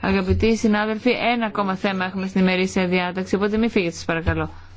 Αγαπητοί συνάδελφοι, ένα ακόμα θέμα έχουμε στην ημερήσια διάταξη, οπότε μην φύγετε σας παρακαλώ.